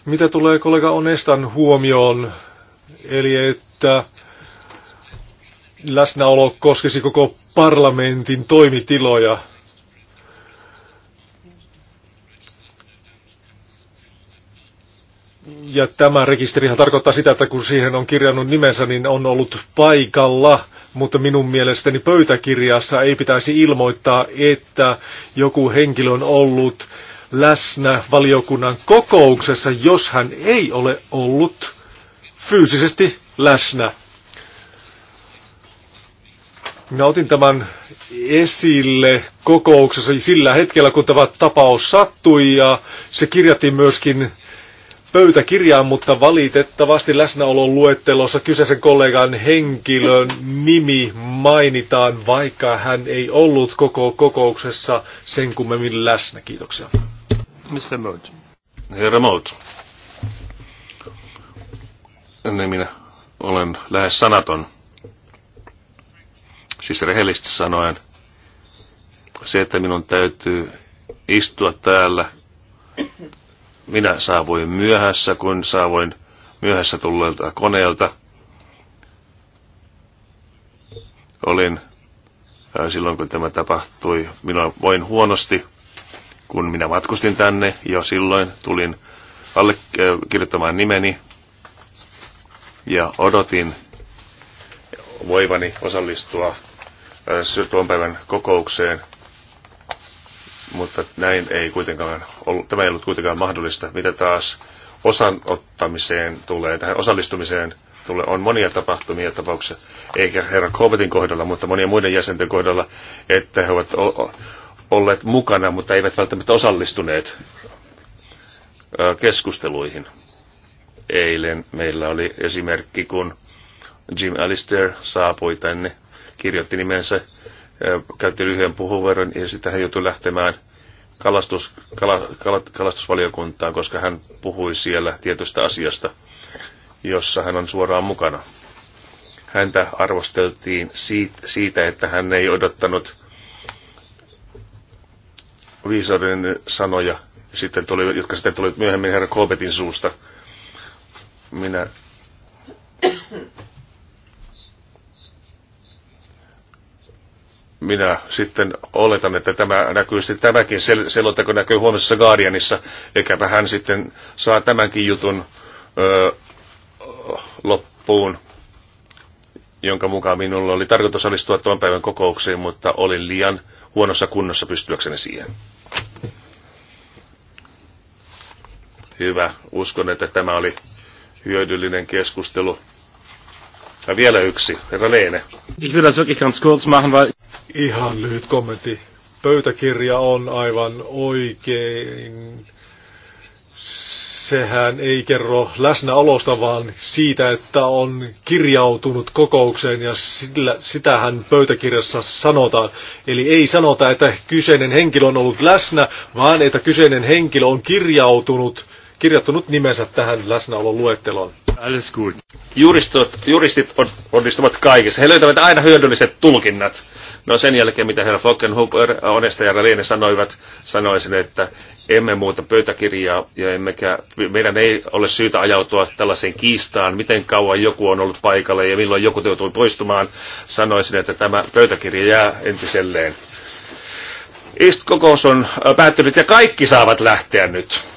Mitä tulee kollega Onestan huomioon Eli että läsnäolo koskisi koko parlamentin toimitiloja. Ja tämä rekisterihan tarkoittaa sitä, että kun siihen on kirjannut nimensä, niin on ollut paikalla, mutta minun mielestäni pöytäkirjassa ei pitäisi ilmoittaa, että joku henkilö on ollut läsnä valiokunnan kokouksessa, jos hän ei ole ollut fyysisesti läsnä. Minä otin tämän esille kokouksessa sillä hetkellä, kun tämä tapaus sattui ja se kirjattiin myöskin pöytäkirjaan, mutta valitettavasti läsnäolon luettelossa kyseisen kollegan henkilön nimi mainitaan, vaikka hän ei ollut koko kokouksessa sen kummemmin läsnä. Kiitoksia. Mr. Mode. Herra Mode ennen niin minä olen lähes sanaton. Siis rehellisesti sanoen, se, että minun täytyy istua täällä, minä saavuin myöhässä, kun saavuin myöhässä tulleelta koneelta. Olin äh, silloin, kun tämä tapahtui, minä voin huonosti, kun minä matkustin tänne jo silloin, tulin allekirjoittamaan äh, nimeni ja odotin voivani osallistua äh, tuon päivän kokoukseen, mutta näin ei kuitenkaan ollut, tämä ei ollut kuitenkaan mahdollista. Mitä taas osanottamiseen tulee, tähän osallistumiseen tulee, on monia tapahtumia tapauksia, eikä herra Kovetin kohdalla, mutta monia muiden jäsenten kohdalla, että he ovat olleet mukana, mutta eivät välttämättä osallistuneet äh, keskusteluihin. Eilen meillä oli esimerkki, kun Jim Alistair saapui tänne, kirjoitti nimensä, käytti lyhyen puhuveron ja sitten hän joutui lähtemään kalastus, kala, kalastusvaliokuntaan, koska hän puhui siellä tietystä asiasta, jossa hän on suoraan mukana. Häntä arvosteltiin siitä, että hän ei odottanut viisauden sanoja, sitten tuli, jotka sitten tuli myöhemmin herra Kolbetin suusta – minä minä sitten oletan, että tämä näkyy sitten tämäkin sel- selonteko näkyy huomisessa Guardianissa, eikäpä hän sitten saa tämänkin jutun öö, loppuun, jonka mukaan minulla oli tarkoitus alistua tuon päivän kokouksiin, mutta olin liian huonossa kunnossa pystyäkseni siihen. Hyvä. Uskon, että tämä oli hyödyllinen keskustelu. Ja vielä yksi, herra Leene. Ich will das wirklich ganz kurz machen, weil... Ihan lyhyt kommentti. Pöytäkirja on aivan oikein. Sehän ei kerro läsnäolosta, vaan siitä, että on kirjautunut kokoukseen ja sillä, sitähän pöytäkirjassa sanotaan. Eli ei sanota, että kyseinen henkilö on ollut läsnä, vaan että kyseinen henkilö on kirjautunut kirjattunut nimensä tähän läsnäolon luetteloon. Alles good. Juristot, juristit on, onnistuvat kaikessa. He löytävät aina hyödylliset tulkinnat. No sen jälkeen, mitä herra Fockenhuber, Onesta ja Raline sanoivat, sanoisin, että emme muuta pöytäkirjaa ja emmekä, meidän ei ole syytä ajautua tällaiseen kiistaan, miten kauan joku on ollut paikalla ja milloin joku joutui poistumaan. Sanoisin, että tämä pöytäkirja jää entiselleen. Istkokous on äh, päättynyt ja kaikki saavat lähteä nyt.